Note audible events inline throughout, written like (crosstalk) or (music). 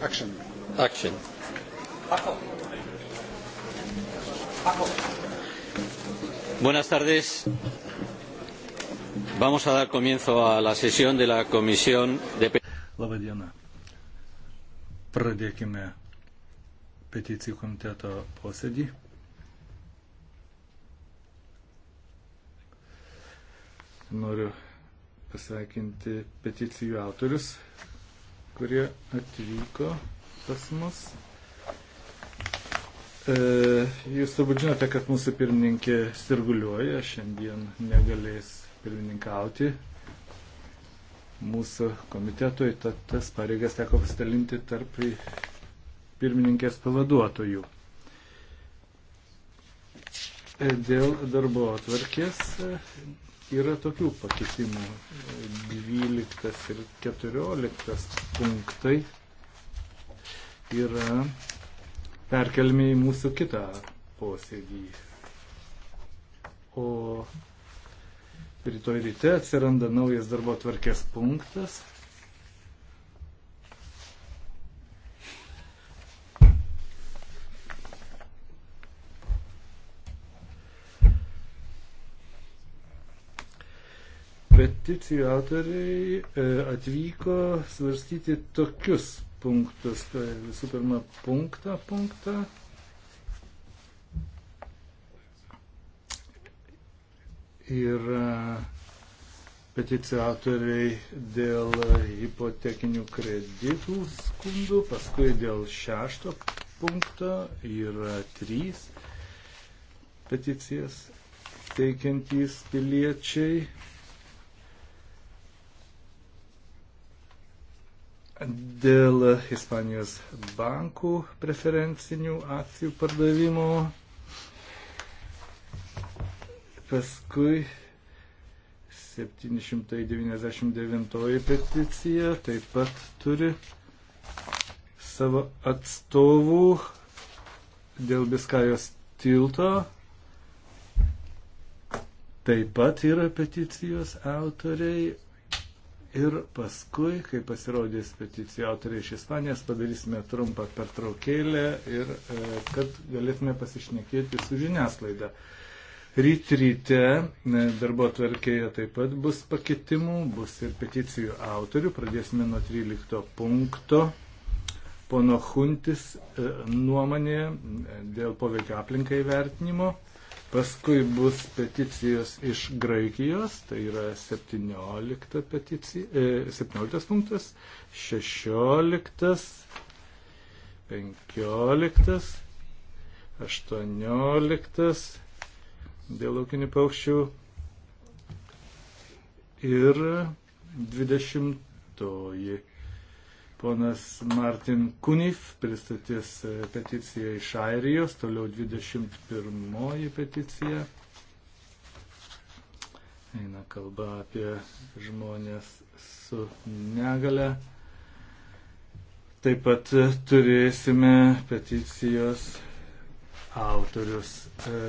Action. Action. Buenas tardes. Vamos a dar comienzo a la sesión de la Comisión de Peticiones. Pradėkime peticijų komiteto posėdį. Noriu pasveikinti peticijų autorius, kurie atvyko pas mus. E, jūs turbūt žinote, kad mūsų pirmininkė sirguliuoja, šiandien negalės pirmininkauti mūsų komitetui, tad tas pareigas teko pasidalinti tarp pirmininkės pavaduotojų. E, dėl darbo atvarkės Yra tokių pakeitimų 12 ir 14 punktai yra perkelmi į mūsų kitą posėdį. O rytoj ryte atsiranda naujas darbo tvarkės punktas Justiciatoriai e, atvyko svarstyti tokius punktus. Tai visų pirma, punktą, punktą. Ir e, peticiatoriai dėl hipotekinių kreditų skundų, paskui dėl šešto punkto yra trys peticijas teikiantys piliečiai. dėl Ispanijos bankų preferencinių akcijų pardavimo. Paskui 799 peticija taip pat turi savo atstovų dėl Biskajos tilto. Taip pat yra peticijos autoriai ir paskui, kai pasirodys peticijų autoriai iš Ispanijos, padarysime trumpą pertraukėlę ir e, kad galėtume pasišnekėti su žiniasklaida. Ryt ryte e, darbo tvarkėje taip pat bus pakitimų, bus ir peticijų autorių. Pradėsime nuo 13 punkto. Pono Huntis e, nuomonė dėl poveikio aplinkai vertinimo. Paskui bus peticijos iš Graikijos, tai yra 17, peticija, 17 e, punktas, 16, 15, 18 dėl laukinių paukščių ir 20 Ponas Martin Kunif pristatys e, peticiją iš Airijos, toliau 21 peticija. Eina kalba apie žmonės su negale. Taip pat turėsime peticijos autorius. E,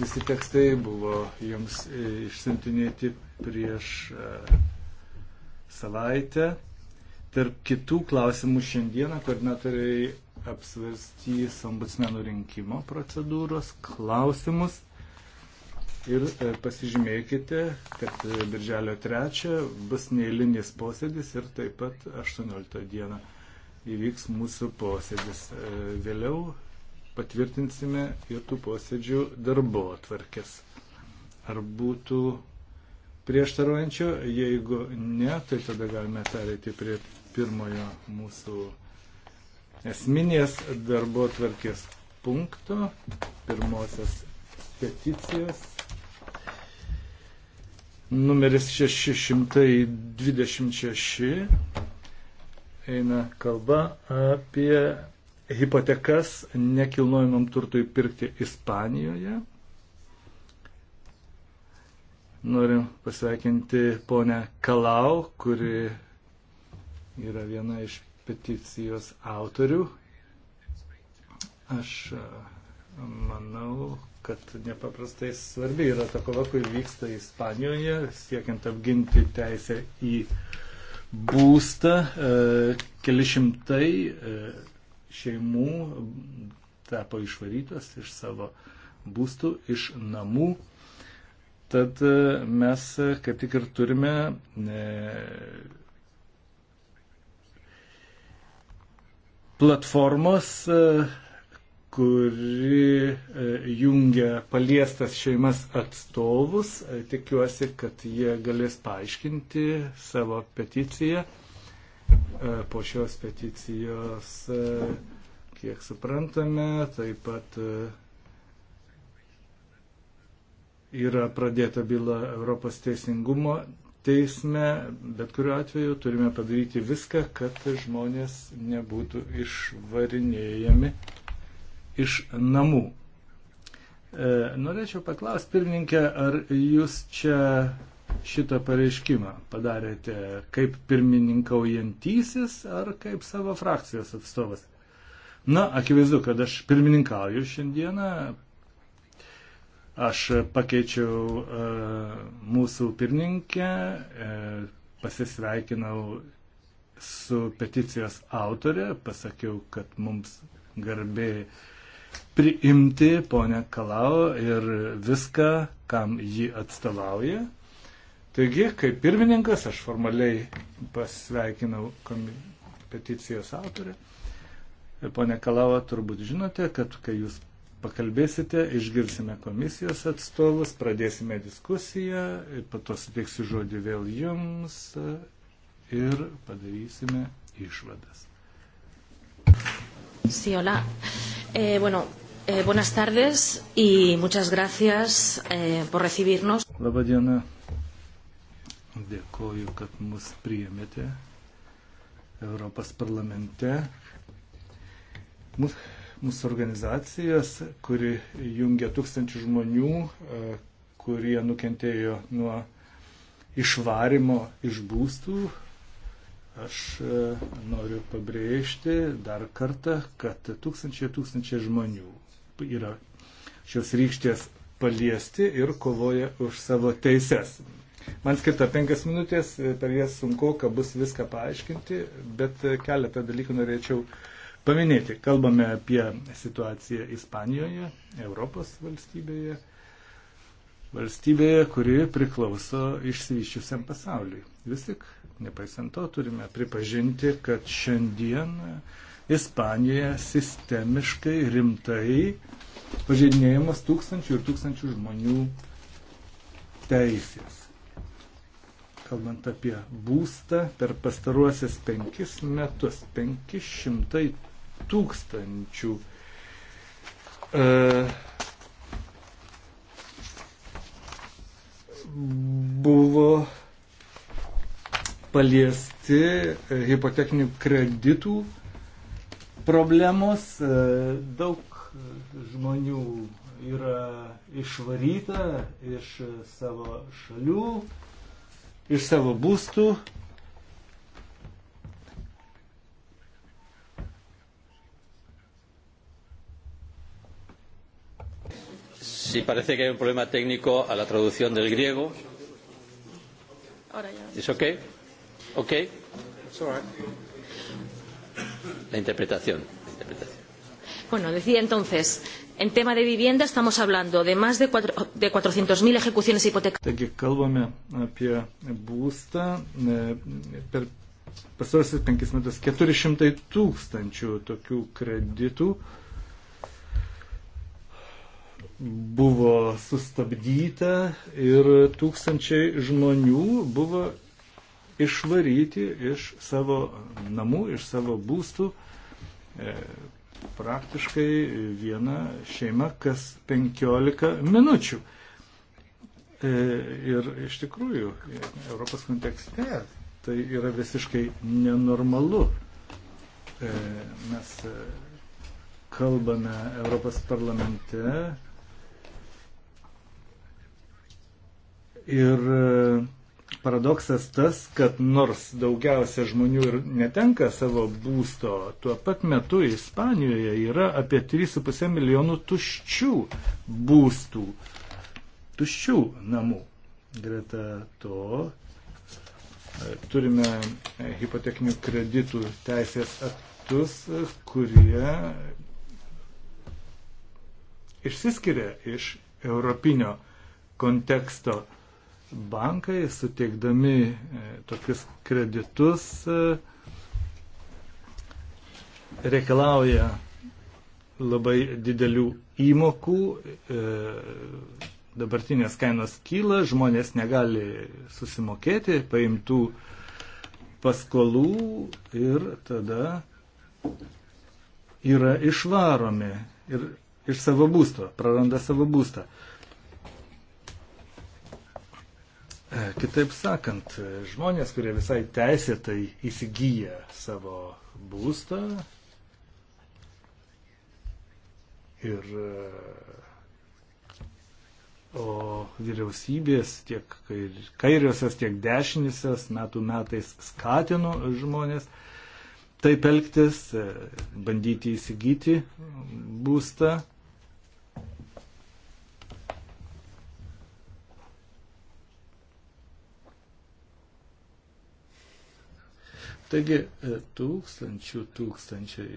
visi tekstai buvo jums išsintinėti prieš e, savaitę. Tarp kitų klausimų šiandieną koordinatoriai apsvarstys ombudsmenų rinkimo procedūros klausimus. Ir e, pasižymėkite, kad birželio 3 bus neįlinis posėdis ir taip pat 18 dieną įvyks mūsų posėdis. E, vėliau patvirtinsime ir tų posėdžių darbo atvarkės. Ar būtų prieštarojančio? Jeigu ne, tai tada galime perėti prie pirmojo mūsų esminės darbo tvarkės punkto, pirmosios peticijos. Numeris 626 eina kalba apie hipotekas nekilnojamam turtui pirkti Ispanijoje. Noriu pasveikinti ponę Kalau, kuri yra viena iš peticijos autorių. Aš e, manau, kad nepaprastai svarbi yra ta kova, kuri vyksta Ispanijoje, siekiant apginti teisę į būstą. E, keli šimtai e, šeimų tapo išvarytos iš savo būstų, iš namų. Tad mes kaip tik ir turime platformos, e, kuri e, jungia paliestas šeimas atstovus. E, tikiuosi, kad jie galės paaiškinti savo peticiją. Po šios peticijos, kiek suprantame, taip pat yra pradėta byla Europos teisingumo teisme, bet kuriuo atveju turime padaryti viską, kad žmonės nebūtų išvarinėjami iš namų. E, norėčiau paklausti, pirmininkė, ar jūs čia šitą pareiškimą padarėte kaip pirmininkaujantysis ar kaip savo frakcijos atstovas? Na, akivaizdu, kad aš pirmininkauju šiandieną, Aš pakeičiau e, mūsų pirmininkę, e, pasisveikinau su peticijos autorė, pasakiau, kad mums garbė priimti ponę Kalau ir viską, kam ji atstovauja. Taigi, kaip pirmininkas, aš formaliai pasveikinau peticijos autorę. Pone Kalava, turbūt žinote, kad kai jūs pakalbėsite, išgirsime komisijos atstovus, pradėsime diskusiją, po to suteiksiu žodį vėl jums ir padarysime išvadas. Sí, hola. Eh, bueno, eh, buenas tardes y muchas gracias eh, por recibirnos. Labadiena. Dėkoju, kad mus priėmėte Europos parlamente. Mūsų mūsų organizacijas, kuri jungia tūkstančių žmonių, e, kurie nukentėjo nuo išvarimo iš būstų. Aš e, noriu pabrėžti dar kartą, kad tūkstančiai tūkstančiai žmonių yra šios rykštės paliesti ir kovoja už savo teises. Man skirta penkias minutės, per jas sunku, kad bus viską paaiškinti, bet keletą dalykų norėčiau uh, paminėti. Kalbame apie situaciją Ispanijoje, Europos valstybėje, valstybėje, kuri priklauso išsivyščiusiam pasauliui. Vis tik, nepaisant to, turime pripažinti, kad šiandien Ispanijoje sistemiškai rimtai pažeidinėjimas tūkstančių ir tūkstančių žmonių teisės. Kalbant apie būstą, per pastaruosius penkis metus 500 tūkstančių. E, buvo paliesti hipotekinių kreditų problemos. E, daug žmonių yra išvaryta iš savo šalių, iš savo būstų Sí, parece que hay un problema técnico a la traducción del griego. ¿Es ok? ¿Ok? La interpretación, la interpretación. Bueno, decía entonces, en tema de vivienda estamos hablando de más de, cuatro, de 400.000 ejecuciones hipotecarias. Taigi, kalbame apie būstą. Per pastarosius penkis metus 400 tūkstančių tokių kreditų. Uh, buvo sustabdyta ir tūkstančiai žmonių buvo išvaryti iš savo namų, iš savo būstų. E, praktiškai viena šeima kas 15 minučių. E, ir iš tikrųjų, Europos kontekste tai yra visiškai nenormalu. E, mes kalbame Europos parlamente Ir e, paradoksas tas, kad nors daugiausia žmonių ir netenka savo būsto, tuo pat metu Ispanijoje yra apie 3,5 milijonų tuščių būstų, tuščių namų. Greta to e, turime e, hipotekinių kreditų teisės aktus, kurie išsiskiria iš europinio konteksto bankai, suteikdami e, tokius kreditus, e, reikalauja labai didelių įmokų, e, dabartinės kainos kyla, žmonės negali susimokėti paimtų paskolų ir tada yra išvaromi ir iš savo būsto, praranda savo būstą. E, kitaip sakant, žmonės, kurie visai teisėtai įsigyja savo būstą ir e, o vyriausybės tiek kairiosios, tiek dešiniosios metų metais skatino žmonės taip elgtis, e, bandyti įsigyti būstą Taigi e, tūkstančių tūkstančiai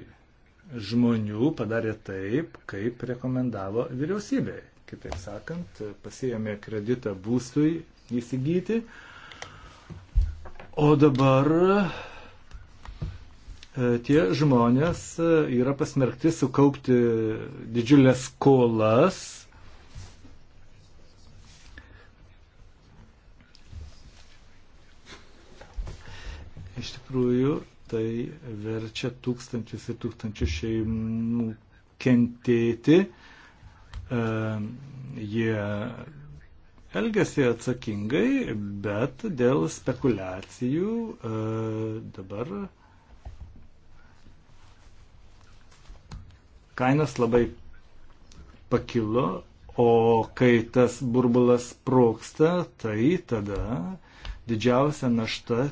žmonių padarė taip, kaip rekomendavo vyriausybė. Kitaip sakant, pasijėmė kreditą būstui įsigyti. O dabar e, tie žmonės e, yra pasmerkti sukaupti didžiulės skolas Iš tikrųjų, tai verčia tūkstančius ir tūkstančius šeimų kentėti. Uh, jie elgesi atsakingai, bet dėl spekulacijų uh, e, dabar kainas labai pakilo, o kai tas burbulas proksta, tai tada didžiausia našta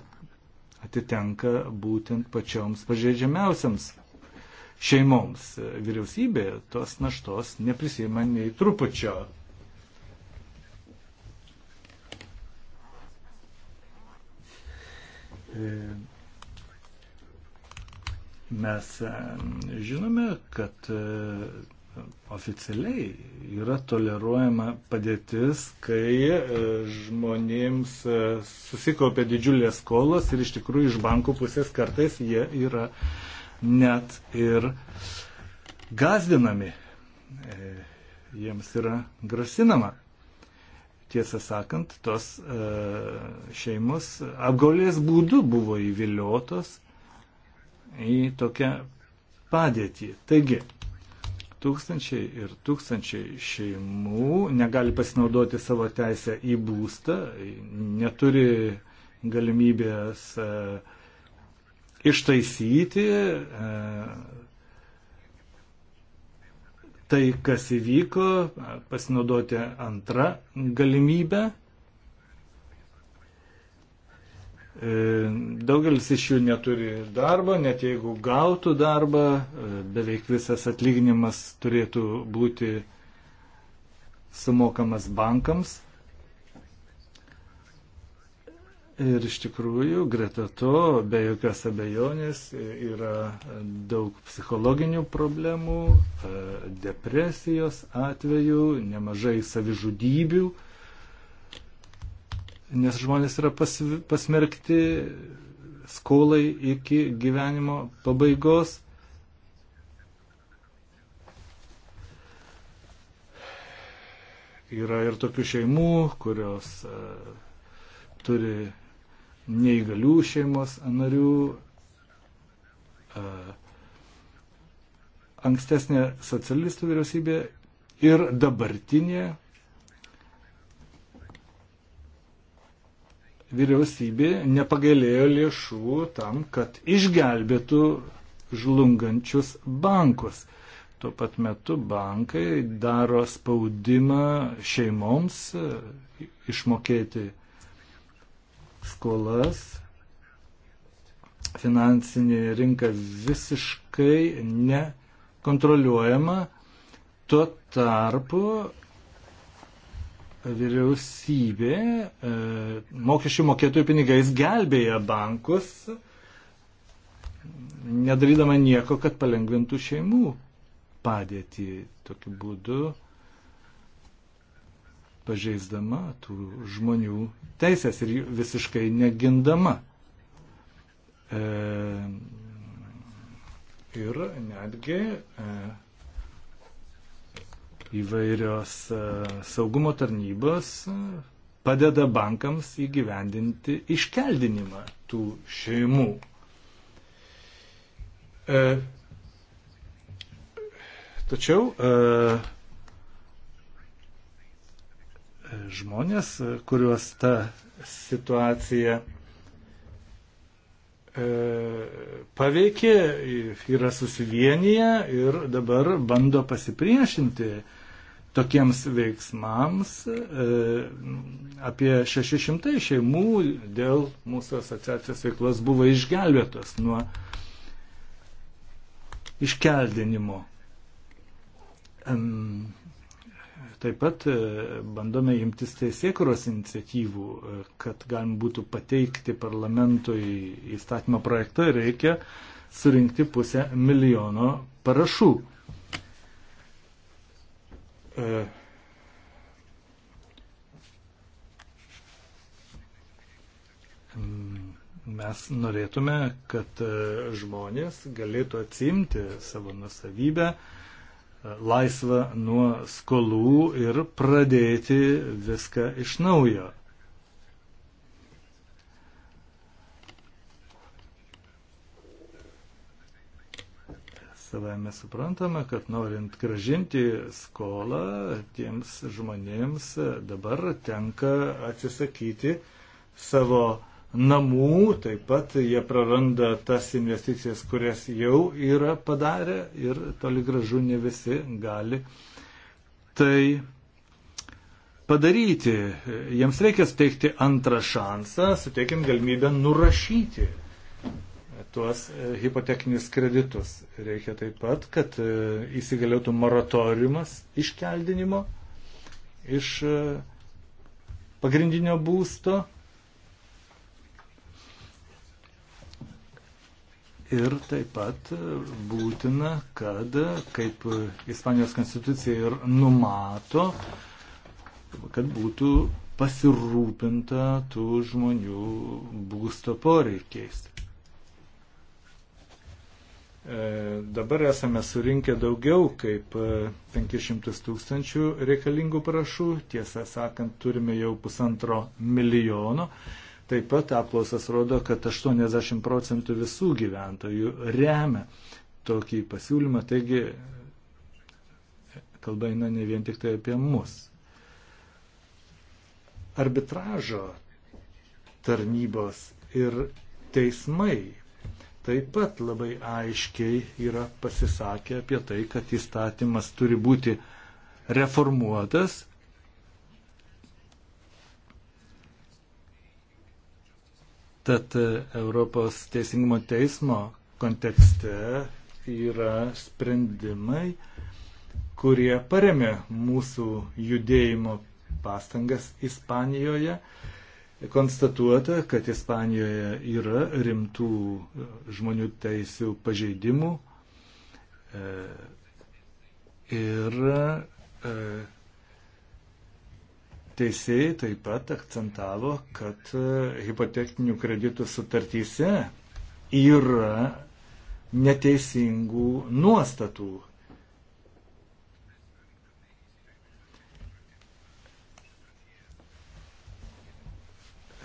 atitenka būtent pačioms pažeidžiamiausiams šeimoms. Vyriausybė tos naštos neprisima nei trupučio. Mes žinome, kad oficialiai yra toleruojama padėtis, kai e, žmonėms e, susikaupia didžiulės skolos ir iš tikrųjų iš bankų pusės kartais jie yra net ir gazdinami. E, jiems yra grasinama. Tiesą sakant, tos šeimos apgaulės būdu buvo įviliotos į tokią padėtį. Taigi, Tūkstančiai ir tūkstančiai šeimų negali pasinaudoti savo teisę į būstą, neturi galimybės e, ištaisyti e, tai, kas įvyko, e, pasinaudoti antrą galimybę E, daugelis iš jų neturi darbo, net jeigu gautų darbą, e, beveik visas atlyginimas turėtų būti sumokamas bankams. Ir iš tikrųjų, greta to, be jokios abejonės, e, yra daug psichologinių problemų, depresijos atvejų, nemažai savižudybių nes žmonės yra pasmerkti skolai iki gyvenimo pabaigos. Yra ir tokių šeimų, kurios e, turi neįgalių šeimos narių. E, ankstesnė socialistų vyriausybė ir dabartinė vyriausybė nepagailėjo lėšų tam, kad išgelbėtų žlungančius bankus. Tuo pat metu bankai daro spaudimą šeimoms e, išmokėti skolas. Finansinė rinka visiškai nekontroliuojama. Tuo tarpu vyriausybė e, mokesčių mokėtojų pinigais gelbėja bankus, nedarydama nieko, kad palengvintų šeimų padėtį tokiu būdu, pažeisdama tų žmonių teisės ir visiškai negindama. E, ir netgi e, įvairios e, saugumo tarnybos padeda bankams įgyvendinti iškeldinimą tų šeimų. E, tačiau e, žmonės, kuriuos ta situacija e, paveikė, yra susivienyje ir dabar bando pasipriešinti tokiems veiksmams e, apie 600 šeimų dėl mūsų asociacijos veiklos buvo išgelbėtos nuo iškeldinimo. Taip pat e, bandome imtis teisėkuros iniciatyvų, e, kad galim būtų pateikti parlamentui įstatymo projektą, reikia surinkti pusę milijono parašų. E, mes norėtume, kad e, žmonės galėtų atsimti savo nusavybę e, laisvą nuo skolų ir pradėti viską iš naujo. Savame suprantama, kad norint gražinti skolą, tiems žmonėms dabar tenka atsisakyti savo namų, taip pat jie praranda tas investicijas, kurias jau yra padarę ir toli gražu ne visi gali tai padaryti. Jiems reikia suteikti antrą šansą, suteikim galimybę nurašyti tuos e, hipotekinius kreditus. Reikia taip pat, kad e, įsigaliotų moratoriumas iškeldinimo iš e, pagrindinio būsto. Ir taip pat būtina, kad, kaip Ispanijos konstitucija ir numato, kad būtų pasirūpinta tų žmonių būsto poreikiais. E, dabar esame surinkę daugiau kaip 500 e, tūkstančių reikalingų parašų, tiesą sakant, turime jau pusantro milijono. Taip pat apklausas rodo, kad 80 procentų visų gyventojų remia tokį pasiūlymą, taigi kalba eina ne vien tik tai apie mus. Arbitražo tarnybos ir teismai taip pat labai aiškiai yra pasisakę apie tai, kad įstatymas turi būti reformuotas. Tad e, Europos teisingumo teismo kontekste yra sprendimai, kurie paremė mūsų judėjimo pastangas Ispanijoje konstatuota, kad Ispanijoje yra rimtų e, žmonių teisių pažeidimų e, ir e, teisėjai taip pat akcentavo, kad hipotekinių kreditų sutartyse yra neteisingų nuostatų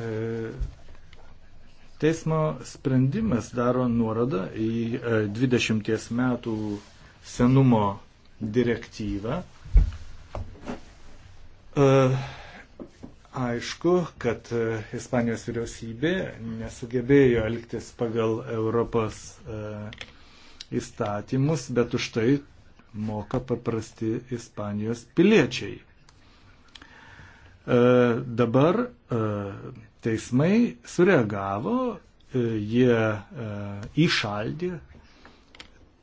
E, teismo sprendimas daro nuorodą į 20 e, metų senumo direktyvą. E, aišku, kad Ispanijos vyriausybė nesugebėjo elgtis pagal Europos įstatymus, bet už tai moka paprasti Ispanijos piliečiai. Dabar Teismai sureagavo, e, jie e, įšaldė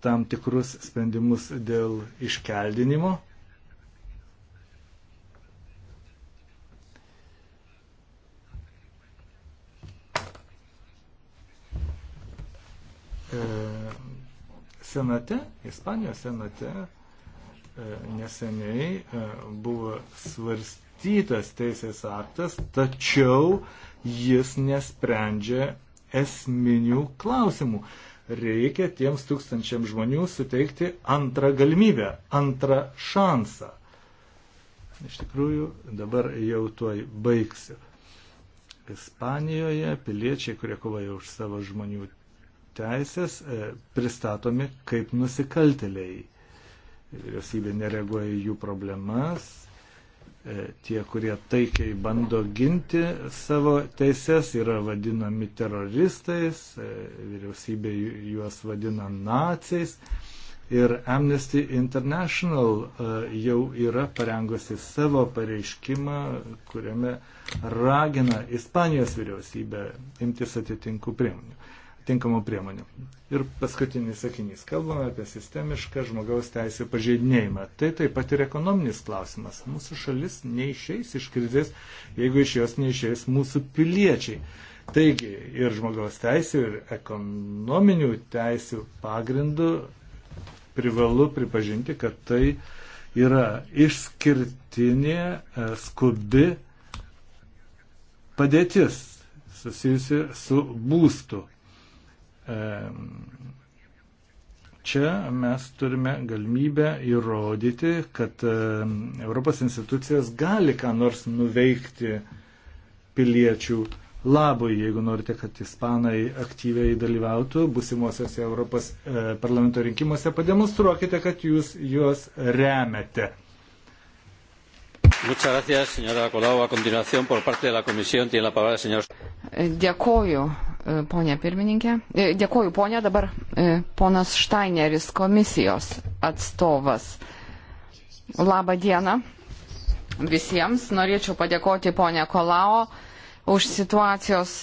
tam tikrus sprendimus dėl iškeldinimo. E, senate, Ispanijos senate neseniai buvo svarstytas teisės aktas, tačiau jis nesprendžia esminių klausimų. Reikia tiems tūkstančiam žmonių suteikti antrą galimybę, antrą šansą. Iš tikrųjų, dabar jau tuoj baigsiu. Ispanijoje piliečiai, kurie kovoja už savo žmonių teisės, e, pristatomi kaip nusikaltėliai. Vyriausybė nereaguoja jų problemas, E, tie, kurie taikiai bando ginti savo teises, yra vadinami teroristais, e, vyriausybė juos vadina naciais. Ir Amnesty International e, jau yra parengusi savo pareiškimą, kuriame ragina Ispanijos vyriausybę imtis atitinkų priemonių tinkamų priemonių. Ir paskutinis sakinys. Kalbame apie sistemišką žmogaus teisų pažeidinėjimą. Tai taip pat ir ekonominis klausimas. Mūsų šalis neišeis iš krizės, jeigu iš jos neišeis mūsų piliečiai. Taigi ir žmogaus teisų, ir ekonominių teisų pagrindų privalu pripažinti, kad tai yra išskirtinė, e, skubi padėtis susijusi su būstu. Čia mes turime galimybę įrodyti, kad Europos institucijas gali ką nors nuveikti piliečių labui, jeigu norite, kad ispanai aktyviai dalyvautų busimuosiuose Europos e, parlamento rinkimuose, pademonstruokite, kad jūs juos remiate. Gracias, Colau, Dėkoju, E, ponė pirmininkė. E, dėkoju, ponė. Dabar e, ponas Štaineris, komisijos atstovas. Labą dieną visiems. Norėčiau padėkoti ponė Kolao už situacijos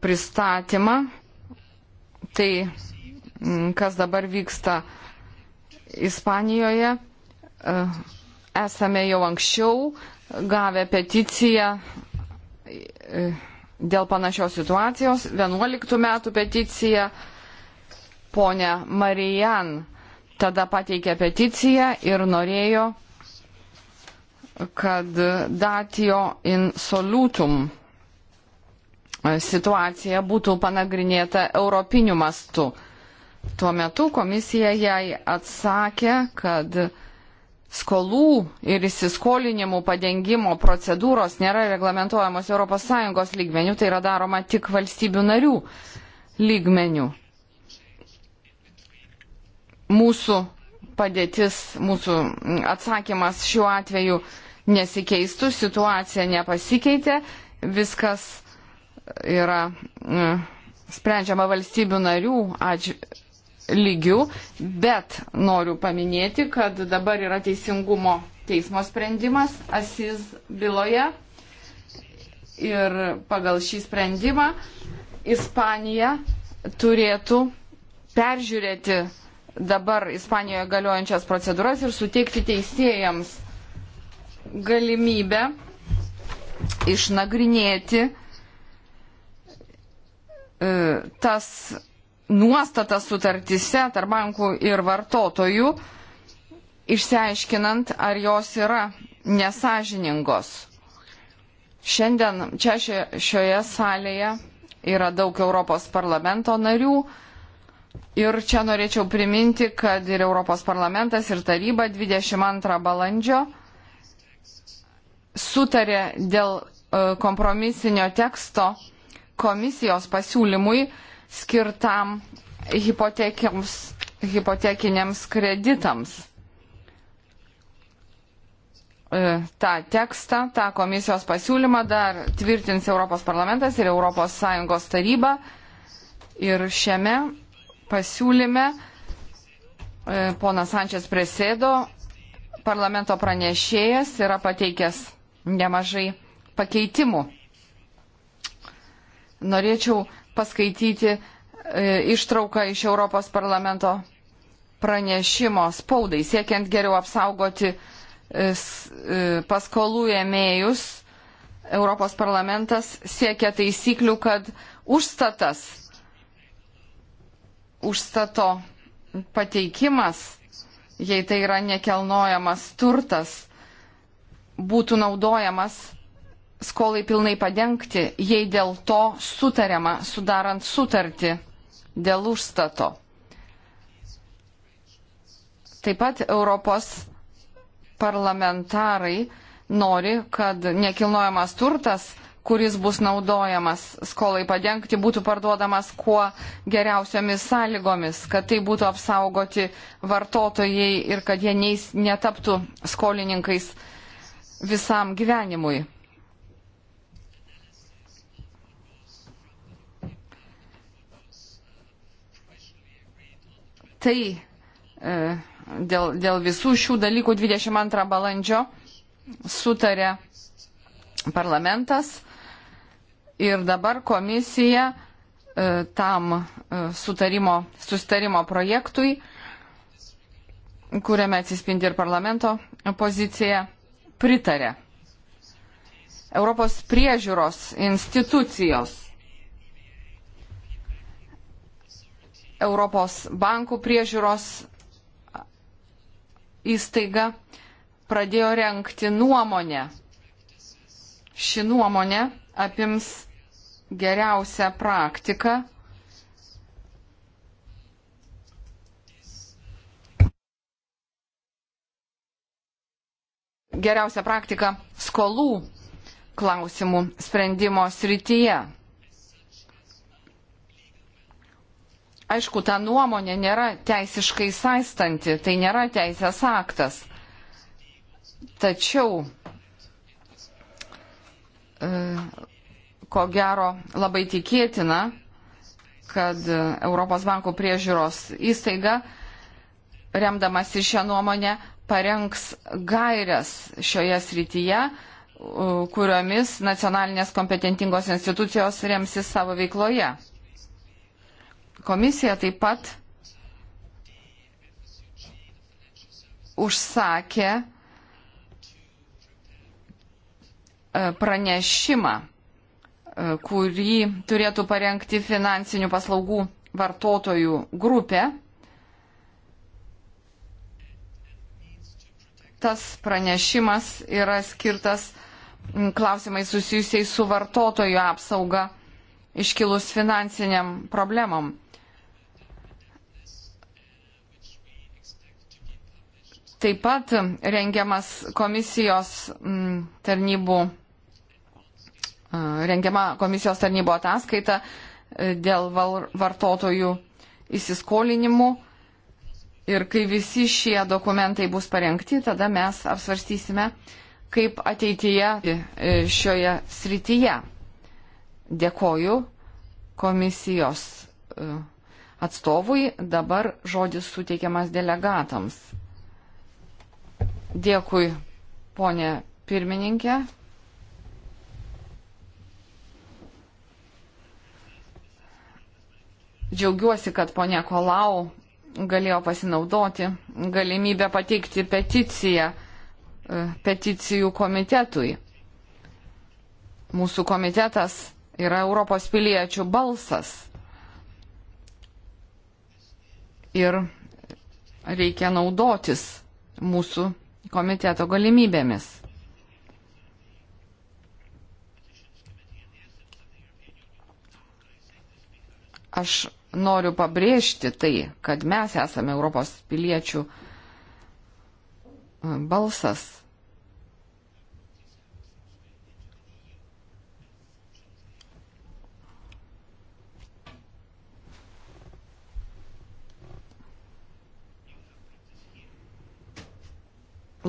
pristatymą. Tai, kas dabar vyksta Ispanijoje, esame jau anksčiau gavę peticiją dėl panašios situacijos. 11 metų peticija ponia Marijan tada pateikė peticiją ir norėjo, kad datio in solutum situacija būtų panagrinėta europiniu mastu. Tuo metu komisija jai atsakė, kad skolų ir įsiskolinimų padengimo procedūros nėra reglamentuojamos ES lygmenių, tai yra daroma tik valstybių narių lygmenių. Mūsų padėtis, mūsų atsakymas šiuo atveju nesikeistų, situacija nepasikeitė, viskas yra mm, sprendžiama valstybių narių atžvilgių lygių, bet noriu paminėti, kad dabar yra teisingumo teismo sprendimas Asiz byloje ir pagal šį sprendimą Ispanija turėtų peržiūrėti dabar Ispanijoje galiojančias procedūras ir suteikti teisėjams galimybę išnagrinėti e, tas nuostatas sutartise tarp bankų ir vartotojų, išsiaiškinant, ar jos yra nesažiningos. Šiandien čia šioje salėje yra daug Europos parlamento narių ir čia norėčiau priminti, kad ir Europos parlamentas ir taryba 22 balandžio sutarė dėl e, kompromisinio teksto komisijos pasiūlymui skirtam hipotekiniams kreditams. E, Ta tekstą, tą komisijos pasiūlymą dar tvirtins Europos parlamentas ir Europos Sąjungos taryba. Ir šiame pasiūlyme e, ponas Sančias Presėdo, parlamento pranešėjas, yra pateikęs nemažai pakeitimų norėčiau paskaityti e, ištrauką iš Europos parlamento pranešimo spaudai, siekiant geriau apsaugoti e, e, paskolų ėmėjus. Europos parlamentas siekia taisyklių, kad užstatas, užstato pateikimas, jei tai yra nekelnojamas turtas, būtų naudojamas skolai pilnai padengti, jei dėl to sutariama, sudarant sutartį dėl užstato. Taip pat Europos parlamentarai nori, kad nekilnojamas turtas, kuris bus naudojamas skolai padengti, būtų parduodamas kuo geriausiamis sąlygomis, kad tai būtų apsaugoti vartotojai ir kad jie netaptų skolininkais visam gyvenimui. Tai e, dėl, dėl visų šių dalykų 22 balandžio sutarė parlamentas ir dabar komisija e, tam e, sutarimo, sustarimo projektui, kuriame atsispindi ir parlamento pozicija, pritarė. Europos priežiūros institucijos Europos bankų priežiūros įstaiga pradėjo renkti nuomonę. Ši nuomonė apims geriausią praktiką. Geriausia praktika skolų klausimų sprendimo srityje. aišku, ta nuomonė nėra teisiškai saistanti, tai nėra teisės aktas. Tačiau, e, ko gero, labai tikėtina, kad Europos bankų priežiūros įstaiga, remdamas į šią nuomonę, parengs gairias šioje srityje, kuriomis nacionalinės kompetentingos institucijos remsis savo veikloje. Komisija taip pat užsakė e, pranešimą, e, kurį turėtų parengti finansinių paslaugų vartotojų grupė. Tas pranešimas yra skirtas klausimai susijusiai su vartotojų apsauga iškilus finansiniam problemam. Taip pat rengiamas komisijos mm, tarnybų, e, rengiama komisijos tarnybų ataskaita e, dėl vartotojų įsiskolinimų. Ir kai visi šie dokumentai bus parengti, tada mes apsvarstysime, kaip ateityje e, šioje srityje. Dėkoju komisijos atstovui. Dabar žodis suteikiamas delegatams. Dėkui, ponė pirmininkė. Džiaugiuosi, kad ponė Kolau galėjo pasinaudoti galimybę pateikti peticiją e, peticijų komitetui. Mūsų komitetas yra Europos piliečių balsas. Ir reikia naudotis mūsų komiteto galimybėmis. Aš noriu pabrėžti tai, kad mes esame Europos piliečių balsas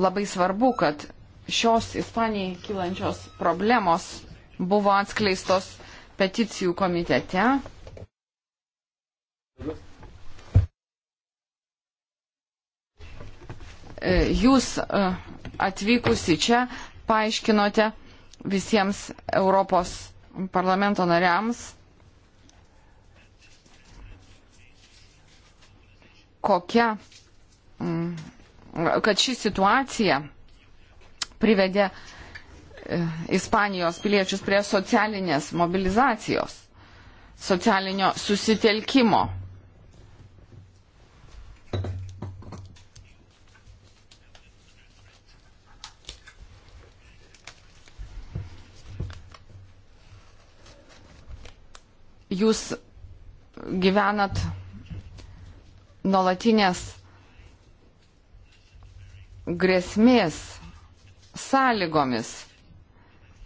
labai svarbu, kad šios Ispanijai kylančios problemos buvo atskleistos peticijų komitete. E, jūs e, atvykusi čia paaiškinote visiems Europos parlamento nariams, kokia mm, kad ši situacija privedė e, Ispanijos piliečius prie socialinės mobilizacijos, socialinio susitelkimo. Jūs gyvenat nuolatinės grėsmės sąlygomis.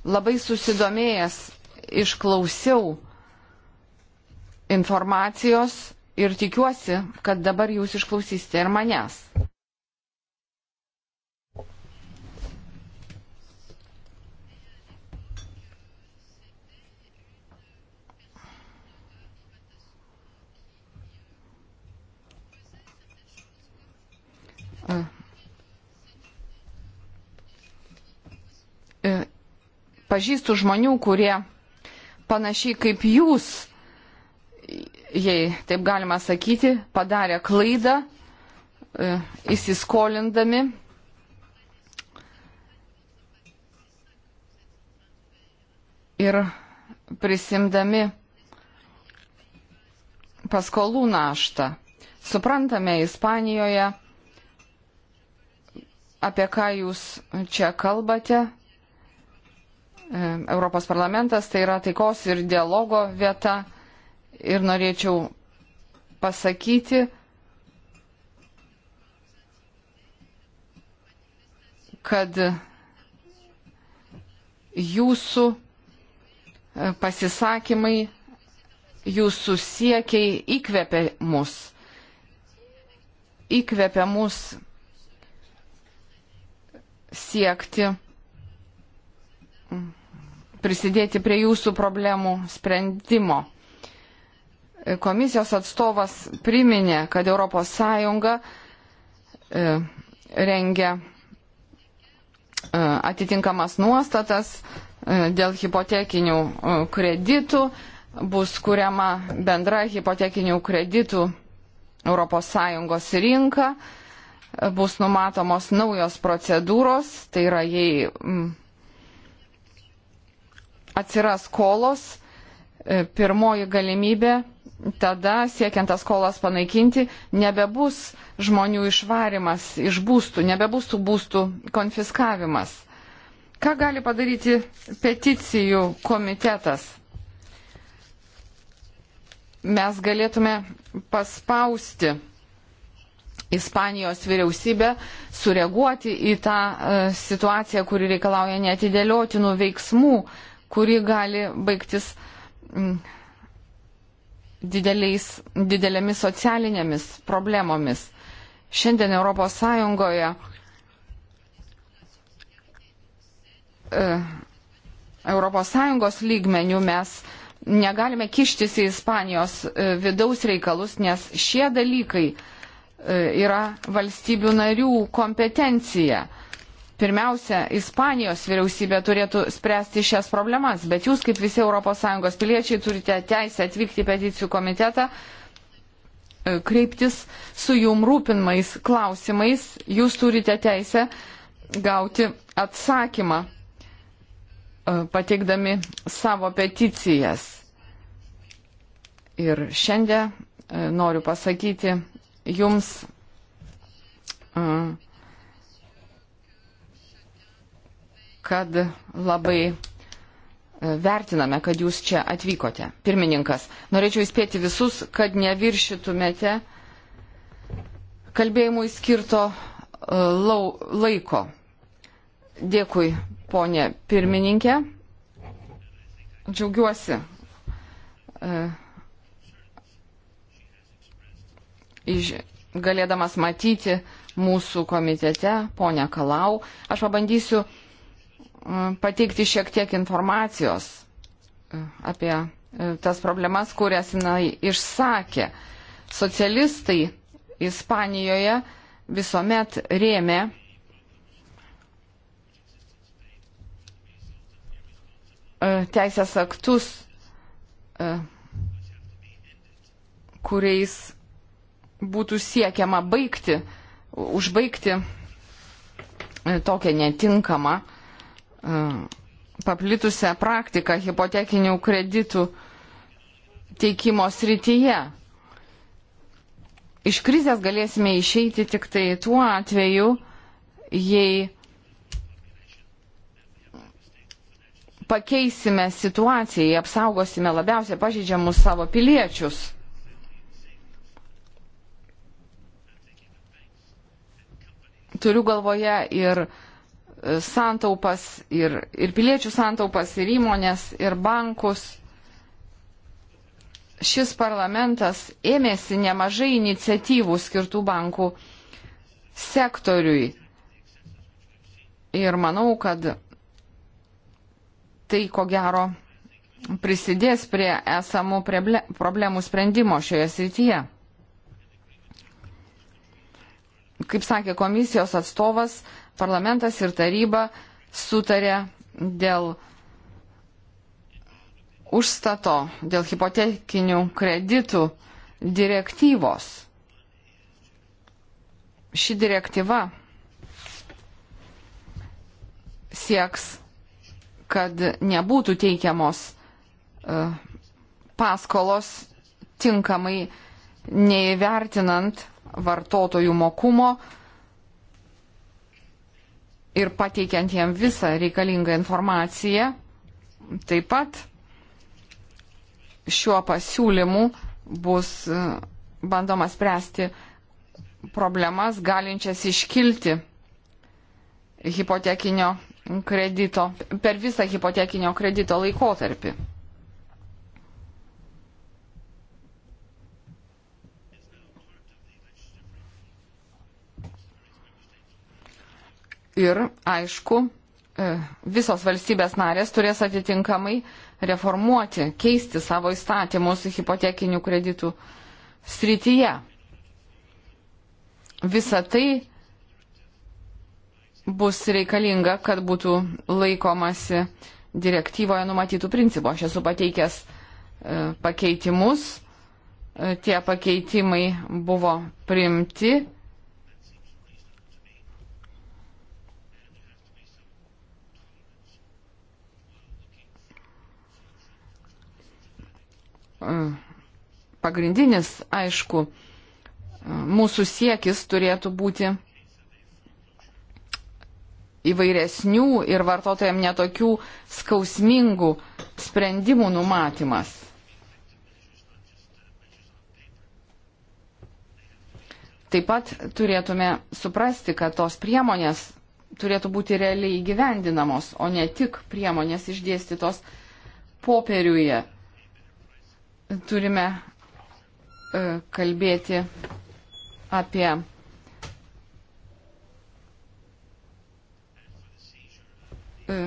Labai susidomėjęs išklausiau informacijos ir tikiuosi, kad dabar jūs išklausysite ir manęs. Uh. pažįstu žmonių, kurie panašiai kaip jūs, jei taip galima sakyti, padarė klaidą e, įsiskolindami. Ir prisimdami paskolų naštą. Suprantame, Ispanijoje, apie ką jūs čia kalbate, E, Europos parlamentas tai yra taikos ir dialogo vieta. Ir norėčiau pasakyti, kad jūsų e, pasisakymai, jūsų siekiai įkvepia mus. Įkvepia mus siekti prisidėti prie jūsų problemų sprendimo. Komisijos atstovas priminė, kad ES e, rengia e, atitinkamas nuostatas e, dėl hipotekinių kreditų, bus kuriama bendra hipotekinių kreditų ES rinka, bus numatomos naujos procedūros, tai yra jei atsiras skolos, e, pirmoji galimybė tada, siekiant tas skolas panaikinti, nebebus žmonių išvarimas iš būstų, nebebus tų būstų konfiskavimas. Ką gali padaryti peticijų komitetas? Mes galėtume paspausti Ispanijos vyriausybę, sureaguoti į tą e, situaciją, kuri reikalauja neatidėliotinų veiksmų, kuri gali baigtis mm, dideliais, didelėmis socialinėmis problemomis. Šiandien ES ES e, lygmenių mes negalime kištis į Ispanijos e, vidaus reikalus, nes šie dalykai e, yra valstybių narių kompetencija. Pirmiausia, Ispanijos vyriausybė turėtų spręsti šias problemas, bet jūs, kaip visi ES piliečiai, turite teisę atvykti į peticijų komitetą, e, kreiptis su jum rūpinmais klausimais, jūs turite teisę gauti atsakymą, e, pateikdami savo peticijas. Ir šiandien e, noriu pasakyti jums, uh, kad labai e, vertiname, kad jūs čia atvykote. Pirmininkas, norėčiau įspėti visus, kad neviršytumėte kalbėjimui skirto e, lau, laiko. Dėkui, ponė pirmininkė. Džiaugiuosi e, iš, galėdamas matyti mūsų komitete ponę Kalau. Aš pabandysiu pateikti šiek tiek informacijos e, apie e, tas problemas, kurias jinai išsakė. Socialistai Ispanijoje visuomet rėmė e, teisės aktus, kuriais būtų siekiama baigti, užbaigti tokią netinkamą E, paplitusią praktiką hipotekinių kreditų teikimo srityje. Iš krizės galėsime išeiti tik tai tuo atveju, jei pakeisime situaciją, jei apsaugosime labiausiai pažydžiamus savo piliečius. Turiu galvoje ir uh, santaupas ir, ir piliečių santaupas ir įmonės ir bankus. Šis parlamentas ėmėsi nemažai iniciatyvų skirtų bankų sektoriui. Ir manau, kad tai ko gero prisidės prie esamų problemų sprendimo šioje srityje. Kaip sakė komisijos atstovas, parlamentas ir taryba sutarė dėl užstato, dėl hipotekinių kreditų direktyvos. Ši direktyva sieks, kad nebūtų teikiamos uh, paskolos tinkamai neįvertinant vartotojų mokumo, uh, ir pateikiant jam visą reikalingą informaciją, taip pat šiuo pasiūlymu bus e, bandoma spręsti problemas galinčias iškilti hipotekinio kredito, per visą hipotekinio kredito laikotarpį. Ir, aišku, e, visos valstybės narės turės atitinkamai reformuoti, keisti savo įstatymus hipotekinių kreditų srityje. Visa tai bus reikalinga, kad būtų laikomasi direktyvoje numatytų principų. Aš esu pateikęs e, pakeitimus, e, tie pakeitimai buvo primti pagrindinis, aišku, mūsų siekis turėtų būti įvairesnių ir vartotojams netokių skausmingų sprendimų numatymas. Taip pat turėtume suprasti, kad tos priemonės turėtų būti realiai įgyvendinamos, o ne tik priemonės išdėstytos popieriuje turime e, kalbėti apie e,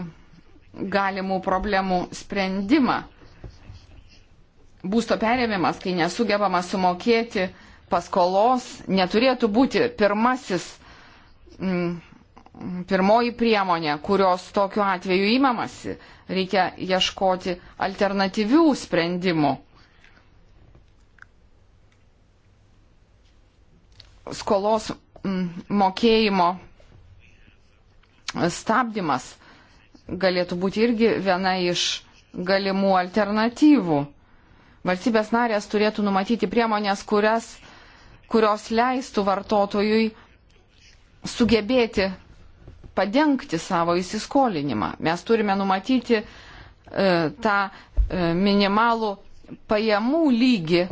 galimų problemų sprendimą. Būsto perėmimas, kai nesugebama sumokėti paskolos, neturėtų būti pirmasis, mm, pirmoji priemonė, kurios tokiu atveju įmamasi. Reikia ieškoti alternatyvių sprendimų. skolos mokėjimo stabdymas galėtų būti irgi viena iš galimų alternatyvų. Valstybės narės turėtų numatyti priemonės, kurias, kurios leistų vartotojui sugebėti padengti savo įsiskolinimą. Mes turime numatyti e, tą e, minimalų pajamų lygį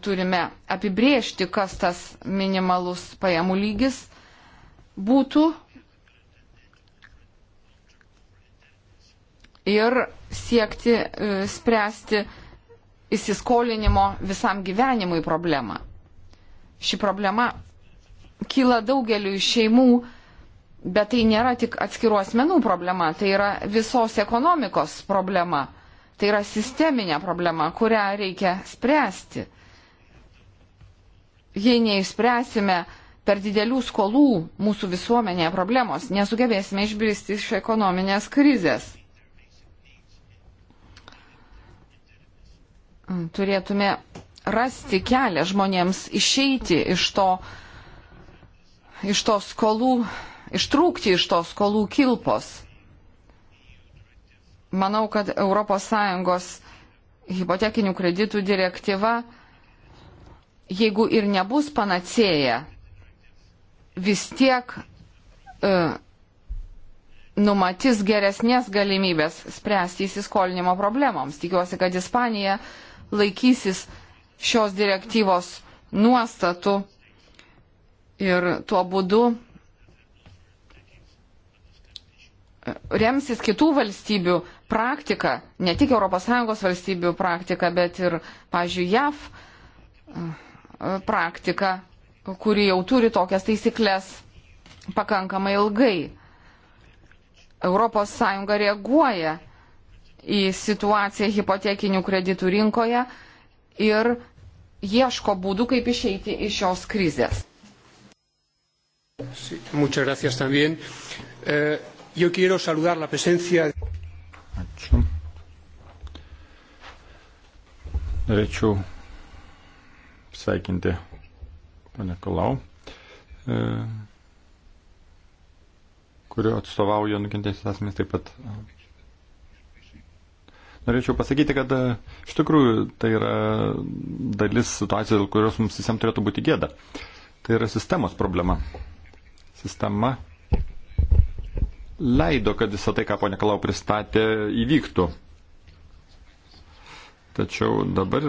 turime apibriežti, kas tas minimalus pajamų lygis būtų ir siekti e, spręsti įsiskolinimo visam gyvenimui problemą. Ši problema kyla daugeliu šeimų, bet tai nėra tik atskirų asmenų problema, tai yra visos ekonomikos problema, tai yra sisteminė problema, kurią reikia spręsti jei neišspręsime per didelių skolų mūsų visuomenėje problemos, nesugebėsime išbristi iš ekonominės krizės. Turėtume rasti kelią žmonėms išeiti iš to, iš to skolų, ištrūkti iš to skolų kilpos. Manau, kad ES hipotekinių kreditų direktyva jeigu ir nebus panacėja, vis tiek e, numatys geresnės galimybės spręsti įsiskolinimo problemams. Tikiuosi, kad Ispanija laikysis šios direktyvos nuostatų ir tuo būdu e, remsis kitų valstybių praktika, ne tik ES valstybių praktika, bet ir, pažiūrėjau, JAV e, praktika, kuri jau turi tokias taisyklės pakankamai ilgai. ES reaguoja į situaciją hipotekinių kreditų rinkoje ir ieško būdų, kaip išeiti iš šios krizės. Sí, muchas gracias también. Eh, yo quiero saludar la presencia. Ačiū. Norėčiau pasveikinti pane Kolau, e, kurio atstovauja nukentėjusius asmenys taip pat. Norėčiau pasakyti, kad e, iš tikrųjų tai yra dalis situacijos, dėl kurios mums visiems turėtų būti gėda. Tai yra sistemos problema. Sistema leido, kad visą tai, ką ponė Kalau pristatė, įvyktų. Tačiau dabar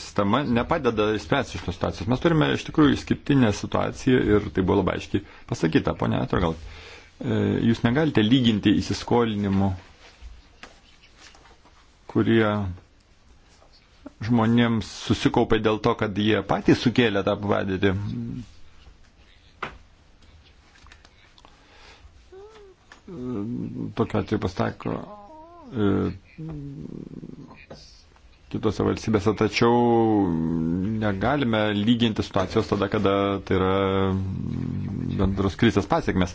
sistema nepadeda išspręsti šitos situacijos. Mes turime iš tikrųjų išskirtinę situaciją ir tai buvo labai aiškiai pasakyta, ponia Atrogal. E, jūs negalite lyginti įsiskolinimų, kurie žmonėms susikaupė dėl to, kad jie patys sukėlė tą padėtį. E, Tokia atveju pasitaiko e, kitose valstybėse, tačiau negalime lyginti situacijos tada, kada tai yra bendros krizės pasiekmes.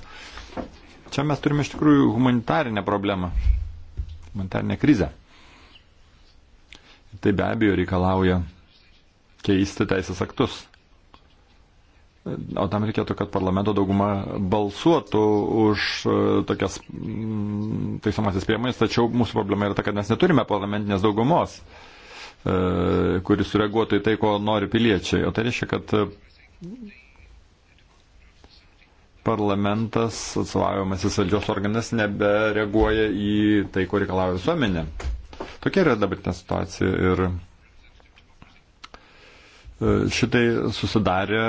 Čia mes turime iš tikrųjų humanitarinę problemą, humanitarinę krizę. Tai be abejo reikalauja keisti teisės aktus. O tam reikėtų, kad parlamento dauguma balsuotų už e, tokias taisomasis priemonės, tačiau mūsų problema yra ta, kad mes neturime parlamentinės daugumos. Uh, E, kuris sureaguotų į tai, ko nori piliečiai. O tai reiškia, kad e, parlamentas, atstovaujamasis valdžios organas, nebereaguoja į tai, ko reikalauja visuomenė. Tokia yra dabartinė situacija ir e, šitai susidarė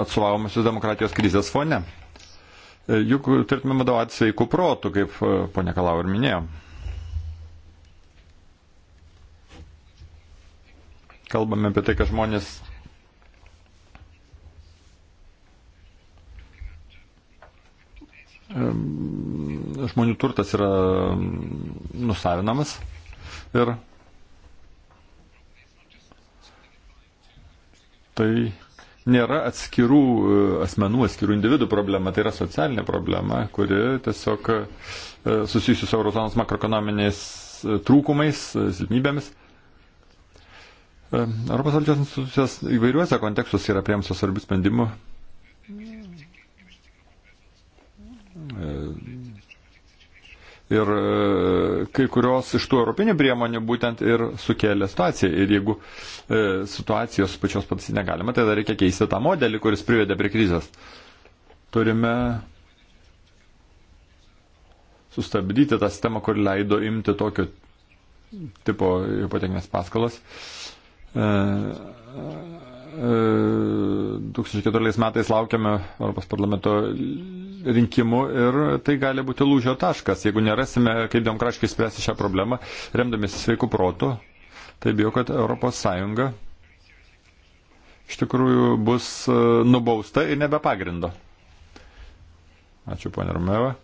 atstovaujamasis demokratijos krizės fone. Juk turėtume vadovautis sveiku protu, kaip ponia Kalau ir minėjo. kalbame apie tai, kad žmonės žmonių turtas yra nusavinamas ir tai nėra atskirų e, asmenų, atskirų individų problema, tai yra socialinė problema, kuri tiesiog e, susijusi su eurozonos makroekonominiais e, trūkumais, silpnybėmis. E, Europos valdžios institucijos įvairiuose kontekstuose yra priemsios svarbių sprendimų. E, ir e, kai kurios iš tų europinių priemonių būtent ir sukėlė situaciją. Ir jeigu situacijos pačios patys negalima, tai dar reikia keisti tą modelį, kuris privedė prie krizės. Turime sustabdyti tą sistemą, kur leido imti tokio tipo hipotekinės paskalas. Uh, 2014 metais laukiame Europos parlamento rinkimų ir tai gali būti lūžio taškas. Jeigu nerasime, kaip demokratiškai spręsti šią problemą, remdamėsi sveiku protu, tai bijau, kad ES iš tikrųjų bus e, nubausta ir nebe pagrindo. Ačiū, ponė Romeva.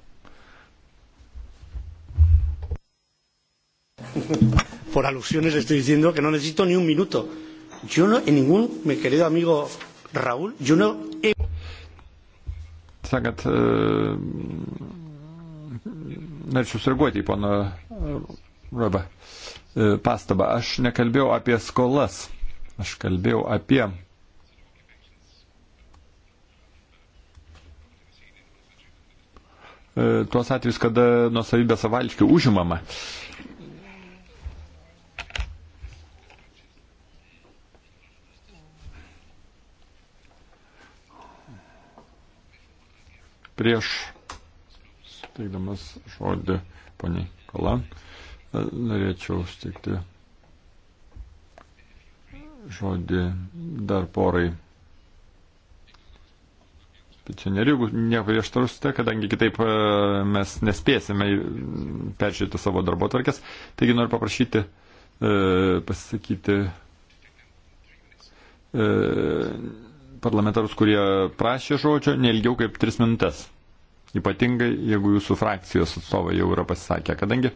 (laughs) por alusiones le estoy diciendo que no necesito ni un minuto. Yo no, en ningún, mi querido amigo Raúl, yo no he... Sakant, e, norėčiau sureaguoti į pono e, Robą e, pastabą. Aš nekalbėjau apie skolas, aš kalbėjau apie tuos atvejus, kada nuosavybė savališkai užimama. E, Prieš suteikdamas žodį poniai Kolan, norėčiau suteikti žodį dar porai pičionerių, tai jeigu neprieštarusite, kadangi kitaip e, mes nespėsime peržiūrėti savo darbo tvarkės. Taigi noriu paprašyti e, pasisakyti e, parlamentarus, kurie prašė žodžio, nelgiau kaip 3 minutės. Ypatingai, jeigu jūsų frakcijos atstovai jau yra pasisakę, kadangi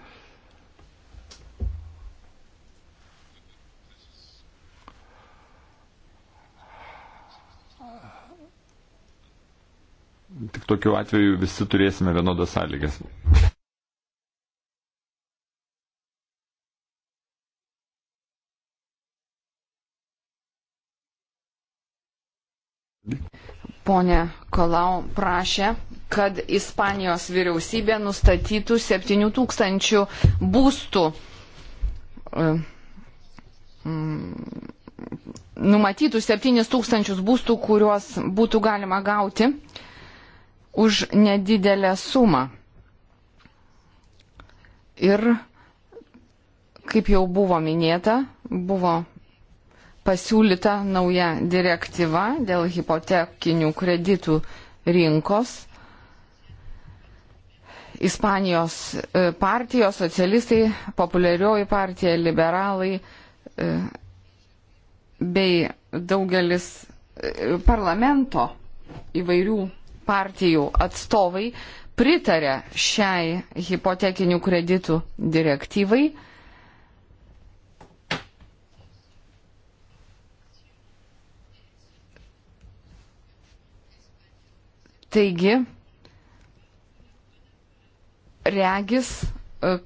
tik tokiu atveju visi turėsime vienodas sąlygas. ponė Kolau prašė, kad Ispanijos vyriausybė nustatytų 7 tūkstančių būstų e, mm, numatytų 7 tūkstančius būstų, kuriuos būtų galima gauti už nedidelę sumą. Ir, kaip jau buvo minėta, buvo pasiūlyta nauja direktyva dėl hipotekinių kreditų rinkos. Ispanijos e, partijos, socialistai, populiarioji partija, liberalai e, bei daugelis e, parlamento įvairių partijų atstovai pritarė šiai hipotekinių kreditų direktyvai Taigi, regis,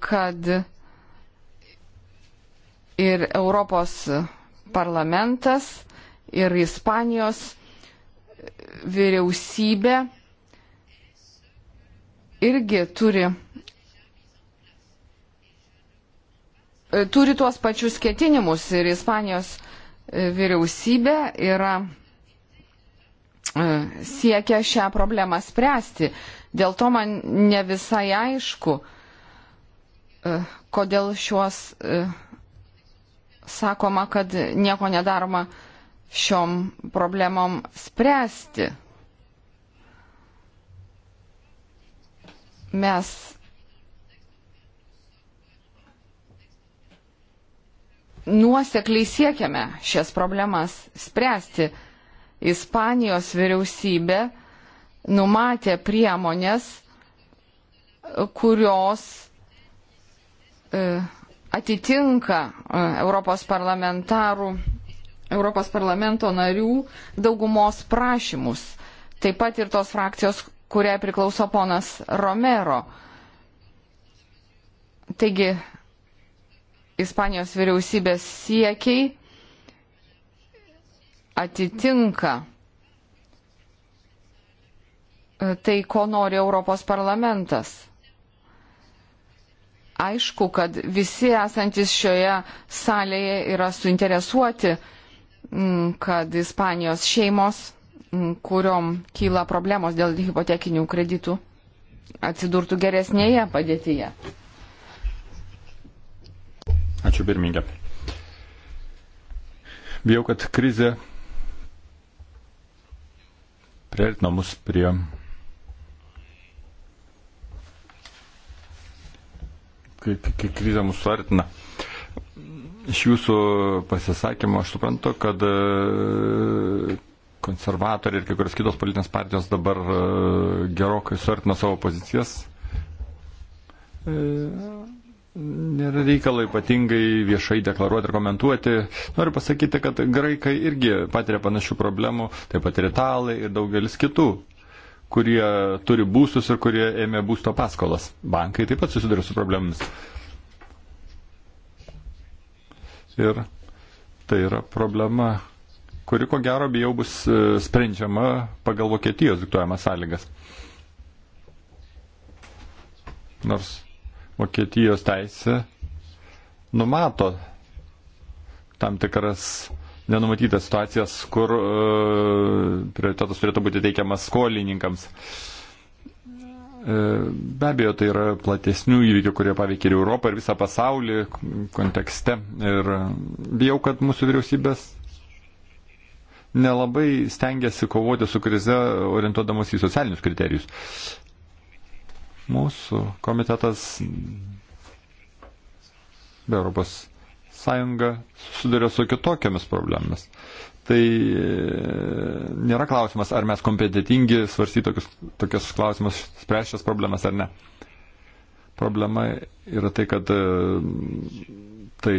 kad ir Europos parlamentas, ir Ispanijos vyriausybė irgi turi, turi tuos pačius ketinimus ir Ispanijos vyriausybė yra E, siekia šią problemą spręsti. Dėl to man ne visai aišku, e, kodėl šiuos e, sakoma, kad nieko nedaroma šiom problemom spręsti. Mes nuosekliai siekiame šias problemas spręsti Ispanijos vyriausybė numatė priemonės, kurios e, atitinka e, Europos parlamentarų, Europos parlamento narių daugumos prašymus. Taip pat ir tos frakcijos, kuriai priklauso ponas Romero. Taigi, Ispanijos vyriausybės siekiai atitinka e, tai, ko nori Europos parlamentas. Aišku, kad visi esantis šioje salėje yra suinteresuoti, kad Ispanijos šeimos, kuriom kyla problemos dėl hipotekinių kreditų, atsidurtų geresnėje padėtyje. Ačiū pirmininkė. Bijau, kad krizė priartino mus prie kai, kai krizė mūsų suartina. Iš jūsų pasisakymo aš suprantu, kad e, konservatoriai ir kai kurios kitos politinės partijos dabar e, gerokai suartina savo pozicijas. E nėra reikalo ypatingai viešai deklaruoti ir komentuoti. Noriu pasakyti, kad graikai irgi patiria panašių problemų, taip pat ir italai ir daugelis kitų kurie turi būstus ir kurie ėmė būsto paskolas. Bankai taip pat susiduria su problemomis. Ir tai yra problema, kuri ko gero bijau bus e, sprendžiama pagal Vokietijos diktuojamas sąlygas. Nors Vokietijos teisė numato tam tikras nenumatytas situacijas, kur e, prioritetas turėtų būti teikiamas skolininkams. E, be abejo, tai yra platesnių įvykių, kurie paveikia ir Europą, ir visą pasaulį kontekste. Ir bijau, kad mūsų vyriausybės nelabai stengiasi kovoti su krize orientuodamas į socialinius kriterijus. Mūsų komitetas be Europos Sąjunga susiduria su kitokiamis problemomis. Tai e, nėra klausimas, ar mes kompetitingi svarstyti tokius, tokius klausimus, spręsti šias problemas ar ne. Problema yra tai, kad e, tai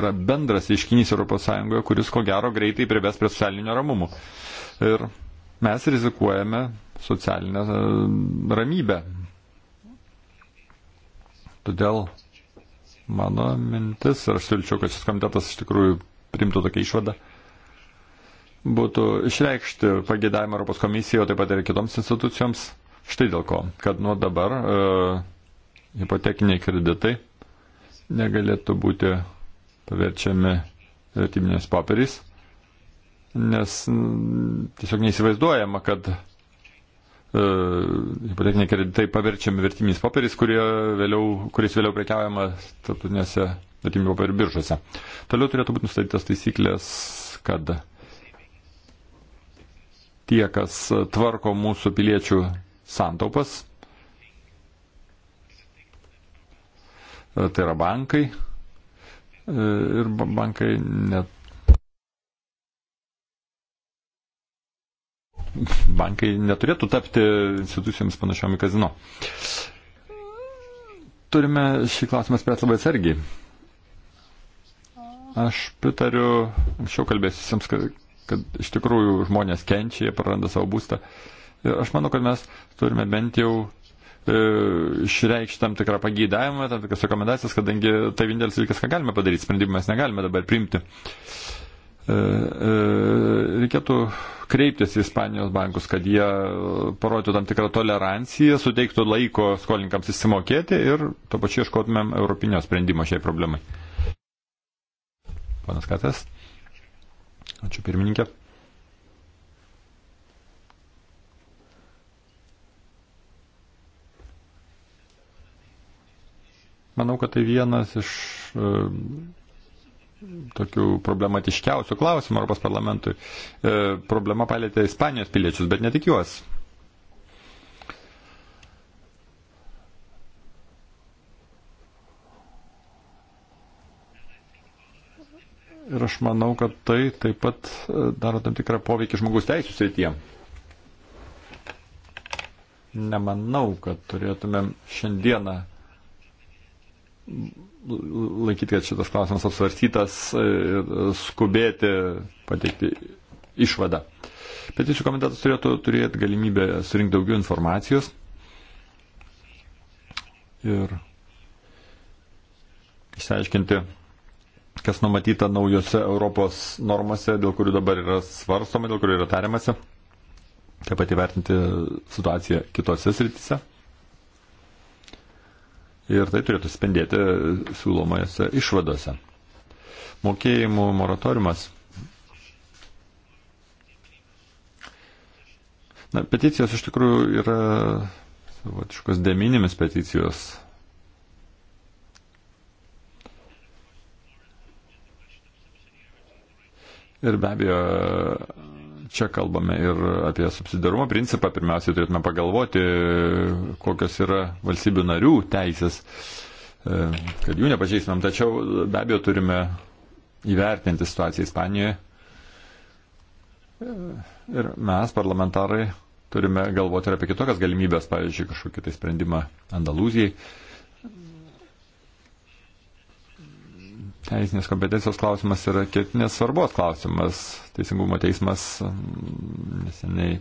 yra bendras iškinys ES, kuris ko gero greitai prives prie socialinio ramumo. Ir mes rizikuojame socialinę e, ramybę Todėl mano mintis, ir aš siūlyčiau, kad šis komitetas iš tikrųjų primtų tokią išvadą, būtų išreikšti pagėdavimą Europos komisijoje, taip pat ir kitoms institucijoms. Štai dėl ko, kad nuo dabar e, hipotekiniai kreditai negalėtų būti paverčiami vertybinės papirys, nes tiesiog neįsivaizduojama, kad E, hipotetiniai kreditai paverčiami vertiminis popieriais, vėliau, kuris vėliau prekiaujama tarptautinėse vertiminių popierių biržose. Toliau turėtų būti nustatytas taisyklės, kad tie, kas tvarko mūsų piliečių santaupas, e, tai yra bankai, e, ir bankai net bankai neturėtų tapti institucijoms panašiom į kazino. Turime šį klausimą spręsti labai atsargiai. Aš pritariu anksčiau kalbėsiams, kad, kad iš tikrųjų žmonės kenčia, jie praranda savo būstą. Ir aš manau, kad mes turime bent jau e, išreikšti tam tikrą pagydavimą, tam tikras rekomendacijas, kadangi tai vienintelis dalykas, ką galime padaryti, sprendimų mes negalime dabar priimti. Uh, E, e, reikėtų kreiptis į Ispanijos bankus, kad jie parodytų tam tikrą toleranciją, suteiktų laiko skolininkams įsimokėti ir to pačiu ieškotumėm europinio sprendimo šiai problemai. Panas Katas. Ačiū pirmininkė. Manau, kad tai vienas iš e, tokių problematiškiausių klausimų Europos parlamentui. E, problema palėtė Ispanijos piliečius, bet ne tik juos. Ir aš manau, kad tai taip pat e, daro tam tikrą poveikį žmogus teisų srityje. Nemanau, kad turėtumėm šiandieną laikyti, kad šitas klausimas apsvarstytas ir e, skubėti pateikti išvadą. Peticijų komitetas turėtų turėti galimybę surinkti daugiau informacijos ir išsiaiškinti, kas numatyta naujose Europos normose, dėl kurių dabar yra svarstoma, dėl kurių yra tariamasi, taip pat įvertinti situaciją kitose srityse ir tai turėtų spendėti siūlomose išvadose. Mokėjimų moratoriumas. Na, peticijos iš tikrųjų yra savotiškos deminimis peticijos. Ir be abejo, čia kalbame ir apie subsidarumo principą, pirmiausiai turėtume pagalvoti, kokios yra valstybių narių teisės, e, kad jų nepažeistumėm. Tačiau be abejo turime įvertinti situaciją Ispanijoje. E, ir mes, parlamentarai, turime galvoti ir apie kitokias galimybės, pavyzdžiui, kažkokį tai sprendimą Andalūzijai. teisinės kompetencijos klausimas yra kertinės svarbos klausimas. Teisingumo teismas mm, neseniai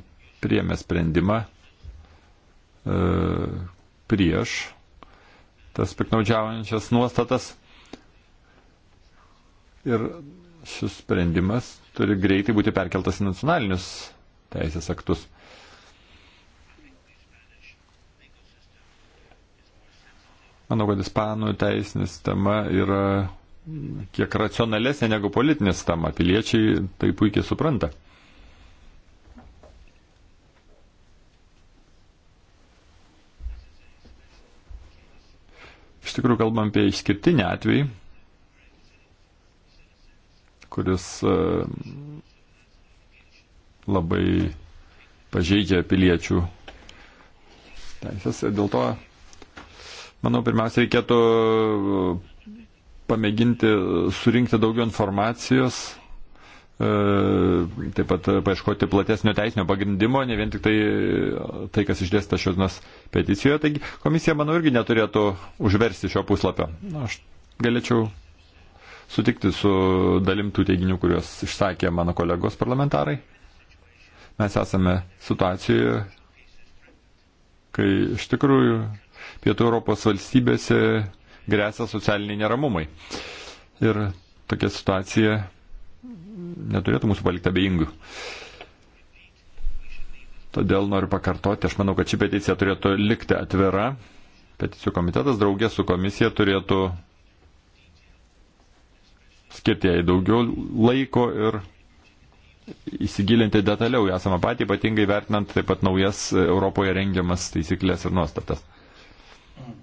priėmė sprendimą e, prieš tas piknaudžiaujančias nuostatas. Ir šis sprendimas turi greitai būti perkeltas į nacionalinius teisės aktus. Manau, kad ispanų teisinė sistema yra kiek racionalesnė negu politinė sistema. Piliečiai tai puikiai supranta. Iš tikrųjų, kalbam apie išskirtinį atvejį, kuris e, labai pažeidžia piliečių teisės. Dėl to, manau, pirmiausia, reikėtų pamėginti e, surinkti daugiau informacijos, e, taip pat e, paieškoti platesnio teisinio pagrindimo, ne vien tik tai, tai kas išdėsta šios dienos peticijoje. Taigi komisija, manau, irgi neturėtų užversti šio puslapio. Na, aš galėčiau sutikti su dalim tų teiginių, kuriuos išsakė mano kolegos parlamentarai. Mes esame situacijoje, kai iš tikrųjų Pietų Europos valstybėse grėsia socialiniai neramumai. Ir tokia situacija neturėtų mūsų palikti abejingų. Todėl noriu pakartoti, aš manau, kad ši peticija turėtų likti atvira. Peticijų komitetas draugė su komisija turėtų skirti jai daugiau laiko ir įsigilinti detaliau į esamą patį, ypatingai vertinant taip pat naujas Europoje rengiamas taisyklės ir nuostatas. Mm.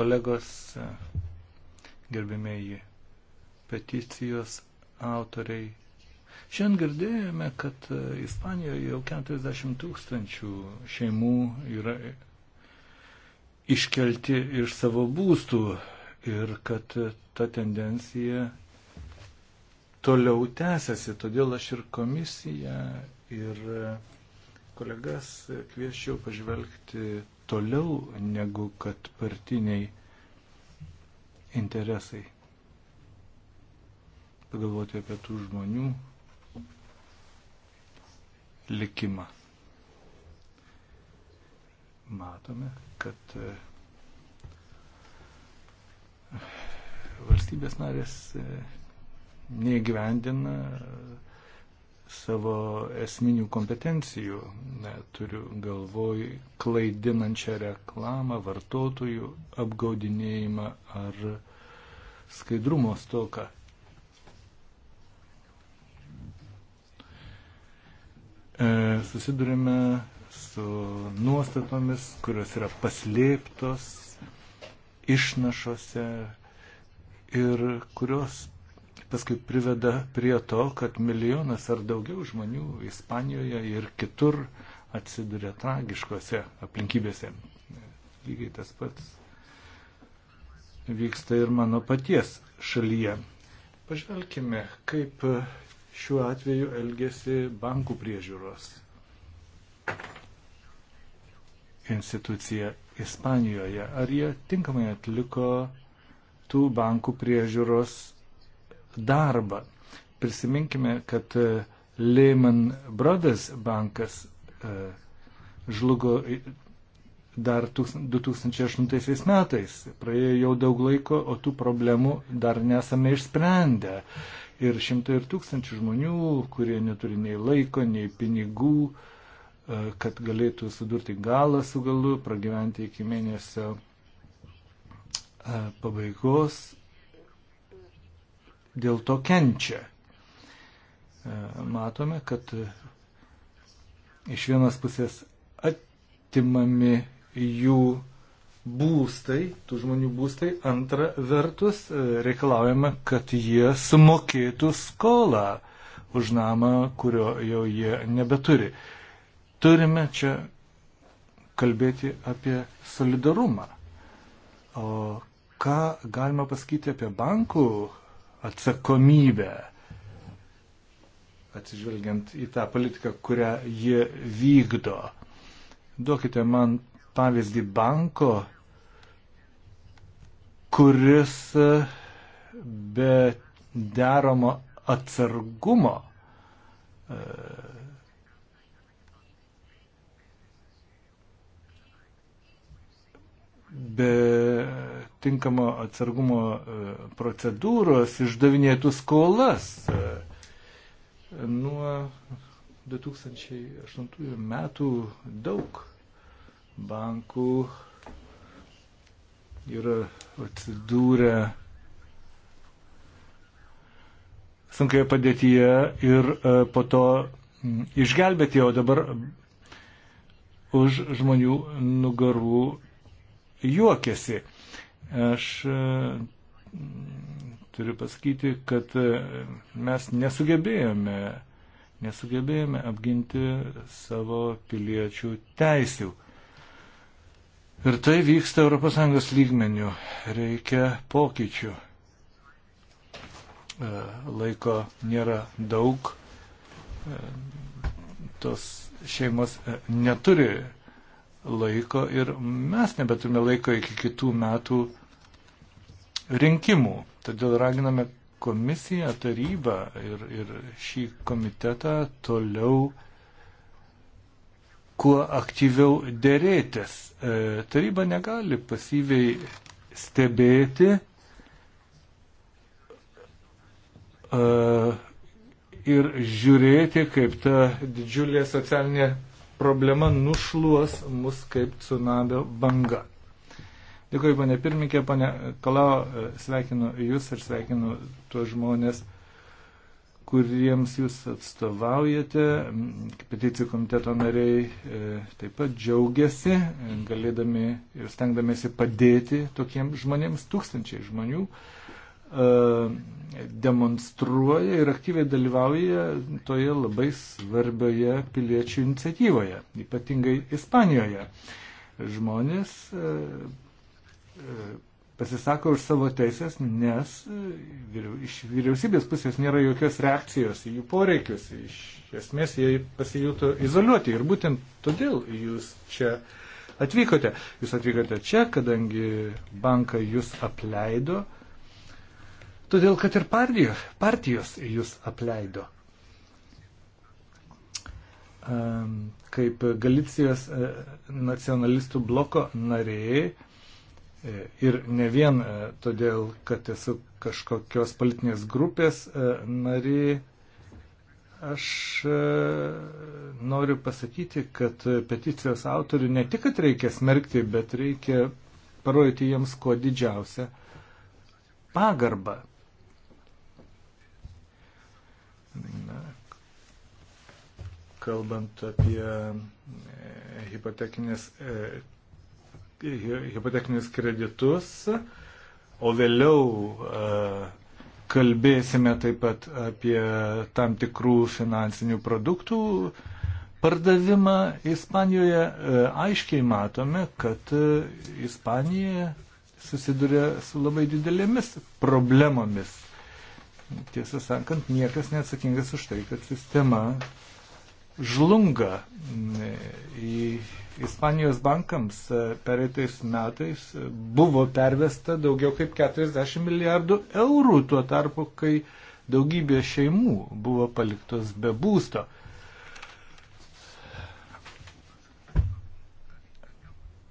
kolegos, gerbimieji peticijos autoriai. Šiandien girdėjome, kad Ispanijoje jau 40 tūkstančių šeimų yra iškelti iš savo būstų ir kad ta tendencija toliau tęsiasi. Todėl aš ir komisiją, ir kolegas kvieščiau pažvelgti toliau negu kad partiniai interesai. Pagalvoti apie tų žmonių likimą. Matome, kad e, valstybės narės e, neįgyvendina savo esminių kompetencijų. Ne, turiu galvoj klaidinančią reklamą, vartotojų apgaudinėjimą ar skaidrumo stoką. E, susidurime su nuostatomis, kurios yra paslėptos išnašose ir kurios paskui priveda prie to, kad milijonas ar daugiau žmonių Ispanijoje ir kitur atsiduria tragiškose aplinkybėse. Lygiai tas pats vyksta ir mano paties šalyje. Pažvelkime, kaip šiuo atveju elgesi bankų priežiūros institucija Ispanijoje. Ar jie tinkamai atliko tų bankų priežiūros darbą. Prisiminkime, kad e, Lehman Brothers bankas e, žlugo dar 2008 metais. Praėjo jau daug laiko, o tų problemų dar nesame išsprendę. Ir šimtai ir tūkstančių žmonių, kurie neturi nei laiko, nei pinigų, e, kad galėtų sudurti galą su galu, pragyventi iki mėnesio pabaigos, dėl to kenčia. E, matome, kad iš vienos pusės atimami jų būstai, tų žmonių būstai, antra vertus e, reikalaujama, kad jie sumokėtų skolą už namą, kurio jau jie nebeturi. Turime čia kalbėti apie solidarumą. O ką galima pasakyti apie bankų atsakomybę, atsižvelgiant į tą politiką, kurią jie vykdo. Duokite man pavyzdį banko, kuris e, be deramo atsargumo e, be tinkamo atsargumo e, procedūros išdavinėtų skolas. E, nuo 2008 metų daug bankų yra atsidūrę sunkioje padėtyje ir e, po to išgelbėti, o dabar už žmonių nugarų juokiasi. Aš e, turiu pasakyti, kad e, mes nesugebėjome, nesugebėjome apginti savo piliečių teisių. Ir tai vyksta ES lygmenių. Reikia pokyčių. E, laiko nėra daug. Tos šeimos neturi laiko ir mes nebeturime laiko iki kitų metų rinkimų. Todėl raginame komisiją, tarybą ir, ir šį komitetą toliau kuo aktyviau dėrėtis. E, taryba negali pasyviai stebėti e, ir žiūrėti, kaip ta didžiulė socialinė problema nušluos mus kaip tsunamio banga. Dėkui, ponė pirmininkė, ponė Kalau, e, sveikinu Jūs ir sveikinu tuos žmonės, kuriems Jūs atstovaujate. Peticijų komiteto nariai e, taip pat džiaugiasi, e, galėdami ir stengdamėsi padėti tokiems žmonėms, tūkstančiai žmonių demonstruoja ir aktyviai dalyvauja toje labai svarbioje piliečių iniciatyvoje, ypatingai Ispanijoje. Žmonės pasisako už savo teisės, nes e, iš vyriausybės pusės nėra jokios reakcijos į jų poreikius. Iš esmės jie pasijuto izoliuoti ir būtent todėl jūs čia atvykote. Jūs atvykote čia, kadangi bankai jūs apleido, todėl kad ir partijos, partijos jūs apleido. Kaip Galicijos e, nacionalistų bloko nariai, E, ir ne vien e, todėl, kad esu kažkokios politinės grupės e, nari, aš noriu pasakyti, kad peticijos autorių ne tik, kad reikia smerkti, bet reikia parodyti jiems kuo didžiausią pagarbą. Na, kalbant apie hipotekinės hipotekinius kreditus, o vėliau e, kalbėsime taip pat apie tam tikrų finansinių produktų pardavimą Ispanijoje. E, aiškiai matome, kad e, Ispanija susiduria su labai didelėmis problemomis. Tiesą sakant, niekas neatsakingas už tai, kad sistema žlunga. E, į Ispanijos bankams e, pereitais metais e, buvo pervesta daugiau kaip 40 milijardų eurų tuo tarpu, kai daugybė šeimų buvo paliktos be būsto.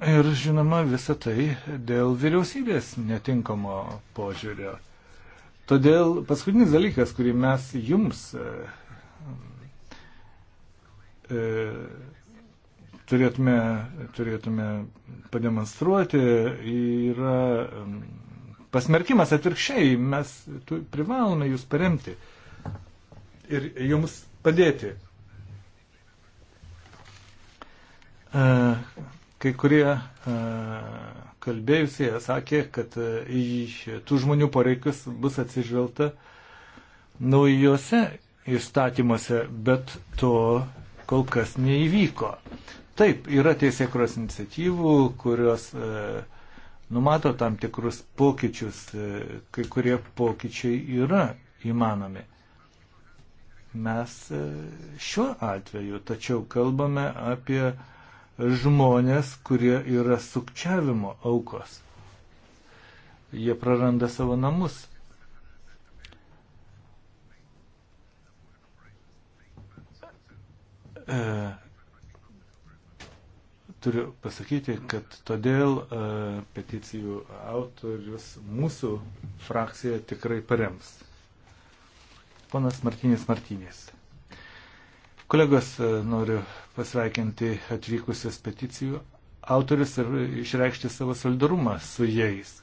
Ir žinoma, visa tai dėl vyriausybės netinkamo požiūrio. Todėl paskutinis dalykas, kurį mes jums E, turėtume, turėtume pademonstruoti, yra pasmerkimas atvirkščiai, mes tu, privalome jūs paremti ir jums padėti. E, kai kurie e, kalbėjusieji sakė, kad į tų žmonių poreikius bus atsižvelgta naujose įstatymuose, bet to kol kas neįvyko. Taip, yra teisėkros iniciatyvų, kurios e, numato tam tikrus pokyčius, e, kai kurie pokyčiai yra įmanomi. Mes e, šiuo atveju tačiau kalbame apie žmonės, kurie yra sukčiavimo aukos. Jie praranda savo namus, E, turiu pasakyti, kad todėl e, peticijų autorius mūsų frakcija tikrai parems. Ponas Martinės Martinės. Kolegos, e, noriu pasveikinti atvykusius peticijų autorius ir išreikšti savo solidarumą su jais.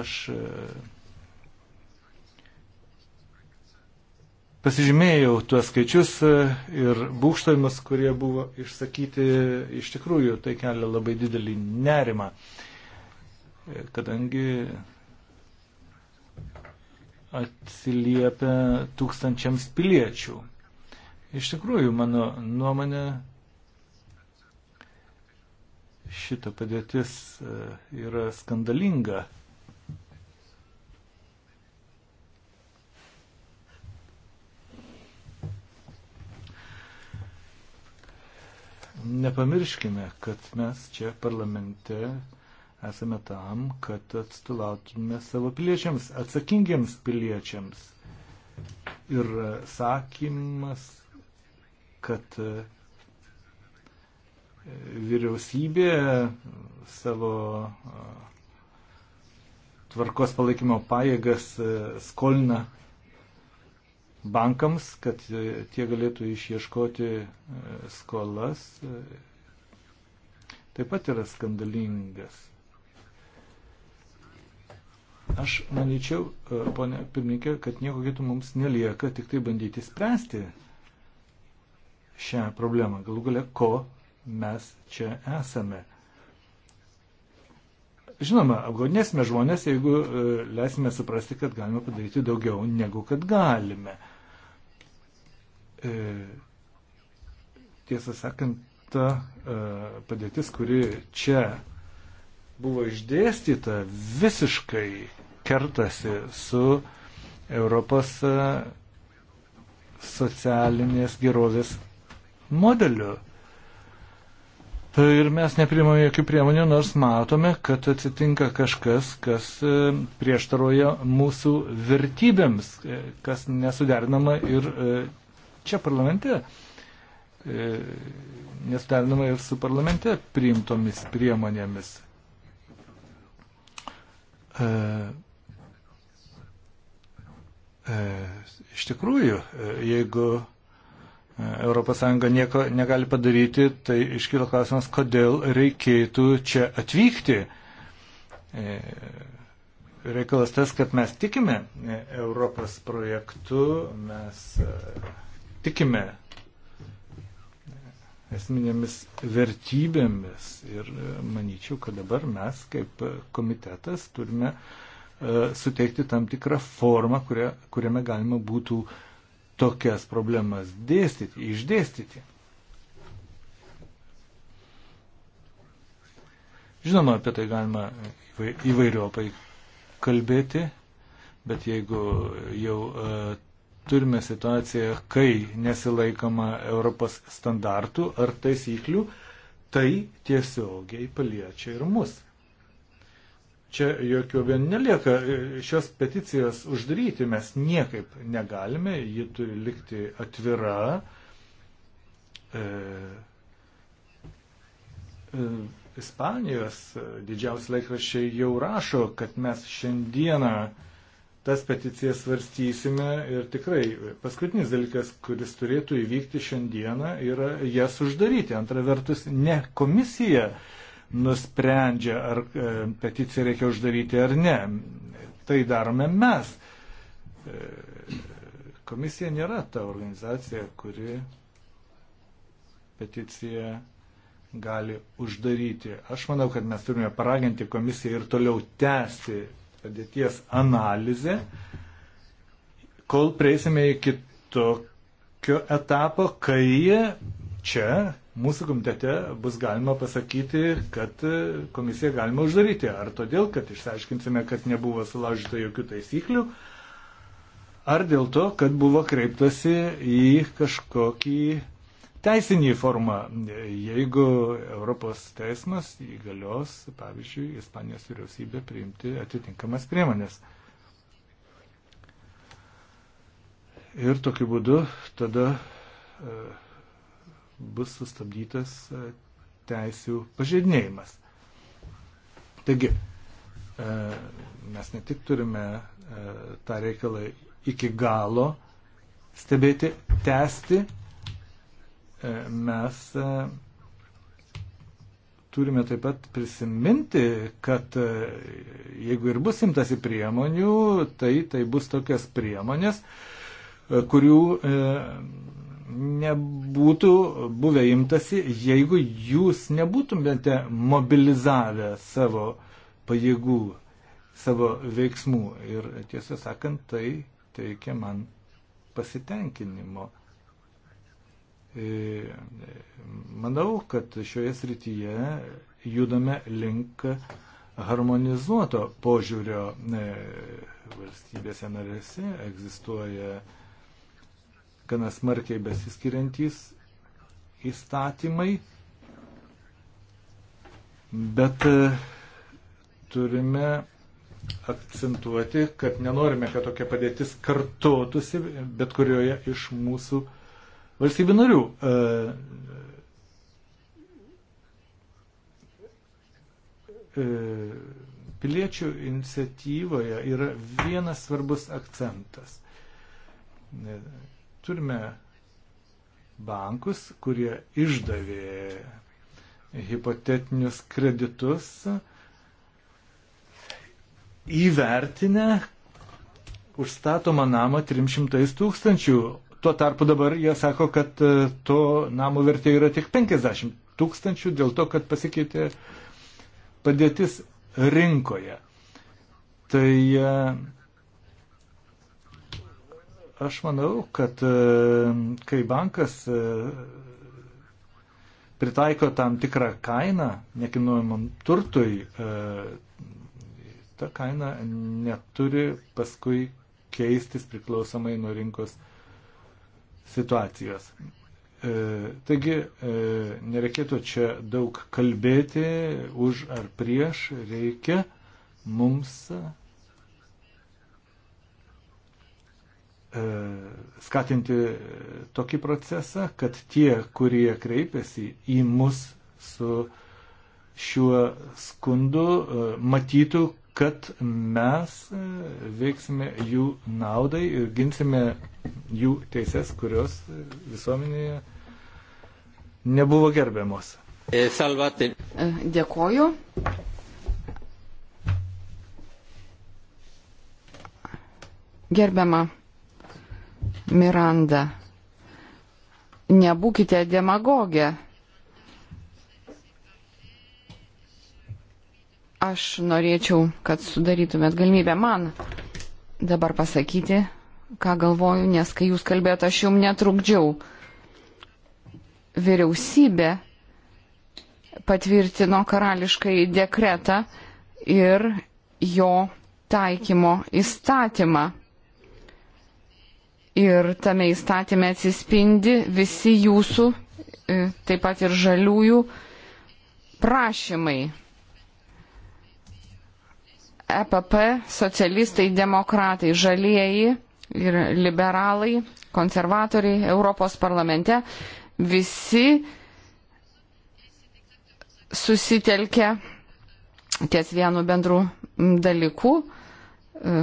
Aš e, Pasižymėjau tuos skaičius e, ir būkštojimus, kurie buvo išsakyti, iš tikrųjų tai kelia labai didelį nerimą, e, kadangi atsiliepia tūkstančiams piliečių. Iš tikrųjų, mano nuomonė, šita padėtis e, yra skandalinga. nepamirškime, kad mes čia parlamente esame tam, kad atstovautume savo piliečiams, atsakingiams piliečiams. Ir sakymas, kad e, vyriausybė savo e, tvarkos palaikymo pajėgas e, skolina bankams, kad e, tie galėtų išieškoti e, skolas, e, taip pat yra skandalingas. Aš manyčiau, ponė pirmininkė, kad nieko kito mums nelieka, tik tai bandyti spręsti šią problemą. Galų gale, ko mes čia esame. Žinoma, apgaudinėsime žmonės, jeigu leisime suprasti, kad galime padaryti daugiau negu kad galime. E, tiesą sakant, ta e, padėtis, kuri čia buvo išdėstyta, visiškai kertasi su Europos e, socialinės gerovės modeliu. Tai ir mes neprimame jokių priemonių, nors matome, kad atsitinka kažkas, kas prieštaroja mūsų vertybėms, kas nesuderinama ir čia parlamente, e, nes derinama ir su parlamente priimtomis priemonėmis. E, e, iš tikrųjų, e, jeigu ES nieko negali padaryti, tai iškilo klausimas, kodėl reikėtų čia atvykti. E, reikalas tas, kad mes tikime e, Europos projektu, mes tikime esminėmis vertybėmis. Ir e, manyčiau, kad dabar mes kaip e, komitetas turime e, suteikti tam tikrą formą, kuria, kuriame galima būtų tokias problemas dėstyti, išdėstyti. Žinoma, apie tai galima įvairiopai kalbėti, bet jeigu jau turime situaciją, kai nesilaikoma Europos standartų ar taisyklių, tai tiesiogiai paliečia ir mus. Čia jokio vien nelieka, šios peticijos uždaryti mes niekaip negalime, ji turi likti atvira. E, e, Ispanijos didžiausi laikraščiai jau rašo, kad mes šiandieną e, tas peticijas svarstysime ir tikrai paskutinis dalykas, kuris turėtų įvykti šiandieną, yra jas uždaryti. Antra vertus, ne komisija nusprendžia, ar e, peticiją reikia uždaryti ar ne. Tai darome mes. E, komisija nėra ta organizacija, kuri peticiją gali uždaryti. Aš manau, kad mes turime paraginti komisiją ir toliau tęsti padėties analizė, kol prieisime iki tokio etapo, kai čia mūsų komitete bus galima pasakyti, kad komisiją galima uždaryti. Ar todėl, kad išsiaiškinsime, kad nebuvo sulaužyta jokių taisyklių, ar dėl to, kad buvo kreiptasi į kažkokį teisinį formą, jeigu Europos teismas įgalios, pavyzdžiui, Ispanijos vyriausybė priimti atitinkamas priemonės. Ir tokiu būdu tada e, bus sustabdytas e, teisių pažeidinėjimas. Taigi, e, mes ne tik turime tą reikalą iki galo stebėti, tęsti, E, mes e, turime taip pat prisiminti, kad e, jeigu ir bus imtasi priemonių, tai tai bus tokias priemonės, kurių nebūtų buvę imtasi, jeigu jūs nebūtumėte mobilizavę savo pajėgų, savo veiksmų. Ir tiesą sakant, tai teikia man pasitenkinimo. E, manau, kad šioje srityje judame link harmonizuoto požiūrio e, valstybėse narėse egzistuoja gana smarkiai besiskiriantys įstatymai, bet e, turime akcentuoti, kad nenorime, kad tokia padėtis kartotųsi bet kurioje iš mūsų valstybių narių. E, e, piliečių iniciatyvoje yra vienas svarbus akcentas. E, turime bankus, kurie išdavė hipotetinius kreditus, įvertinę užstatomą namą 300 tūkstančių, Tuo tarpu dabar jie sako, kad e, to namo vertė yra tik 50 tūkstančių dėl to, kad pasikeitė padėtis rinkoje. Tai e, aš manau, kad e, kai bankas pritaiko tam tikrą kainą nekinuojamam turtui, ta kaina neturi paskui keistis priklausomai nuo rinkos situacijos. E, taigi e, nereikėtų čia daug kalbėti už ar prieš, reikia mums e, skatinti tokį procesą, kad tie, kurie kreipiasi į mus su šiuo skundu, matytų, kad mes e, veiksime jų naudai ir ginsime jų teises, kurios e, visuomenėje nebuvo gerbiamos. E, Salvatė. Dėkoju. Gerbiama Miranda, nebūkite demagogė. Aš norėčiau, kad sudarytumėt galimybę man dabar pasakyti, ką galvoju, nes kai jūs kalbėjote, aš jums netrukdžiau. Vyriausybė patvirtino karališkai dekretą ir jo taikymo įstatymą. Ir tame įstatymė atsispindi visi jūsų, e, taip pat ir žaliųjų prašymai. EPP, socialistai, demokratai, žalieji ir liberalai, konservatoriai Europos parlamente visi susitelkia ties vienu bendru dalyku, e,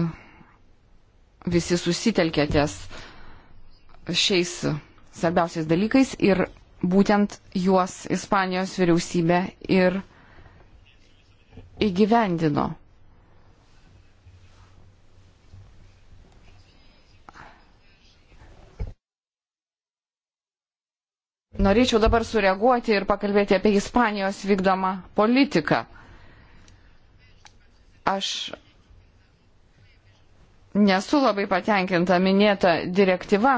visi susitelkia ties šiais svarbiausiais dalykais ir būtent juos Ispanijos vyriausybė ir įgyvendino. Norėčiau dabar sureaguoti ir pakalbėti apie Ispanijos vykdomą politiką. Aš nesu labai patenkinta minėta direktyva,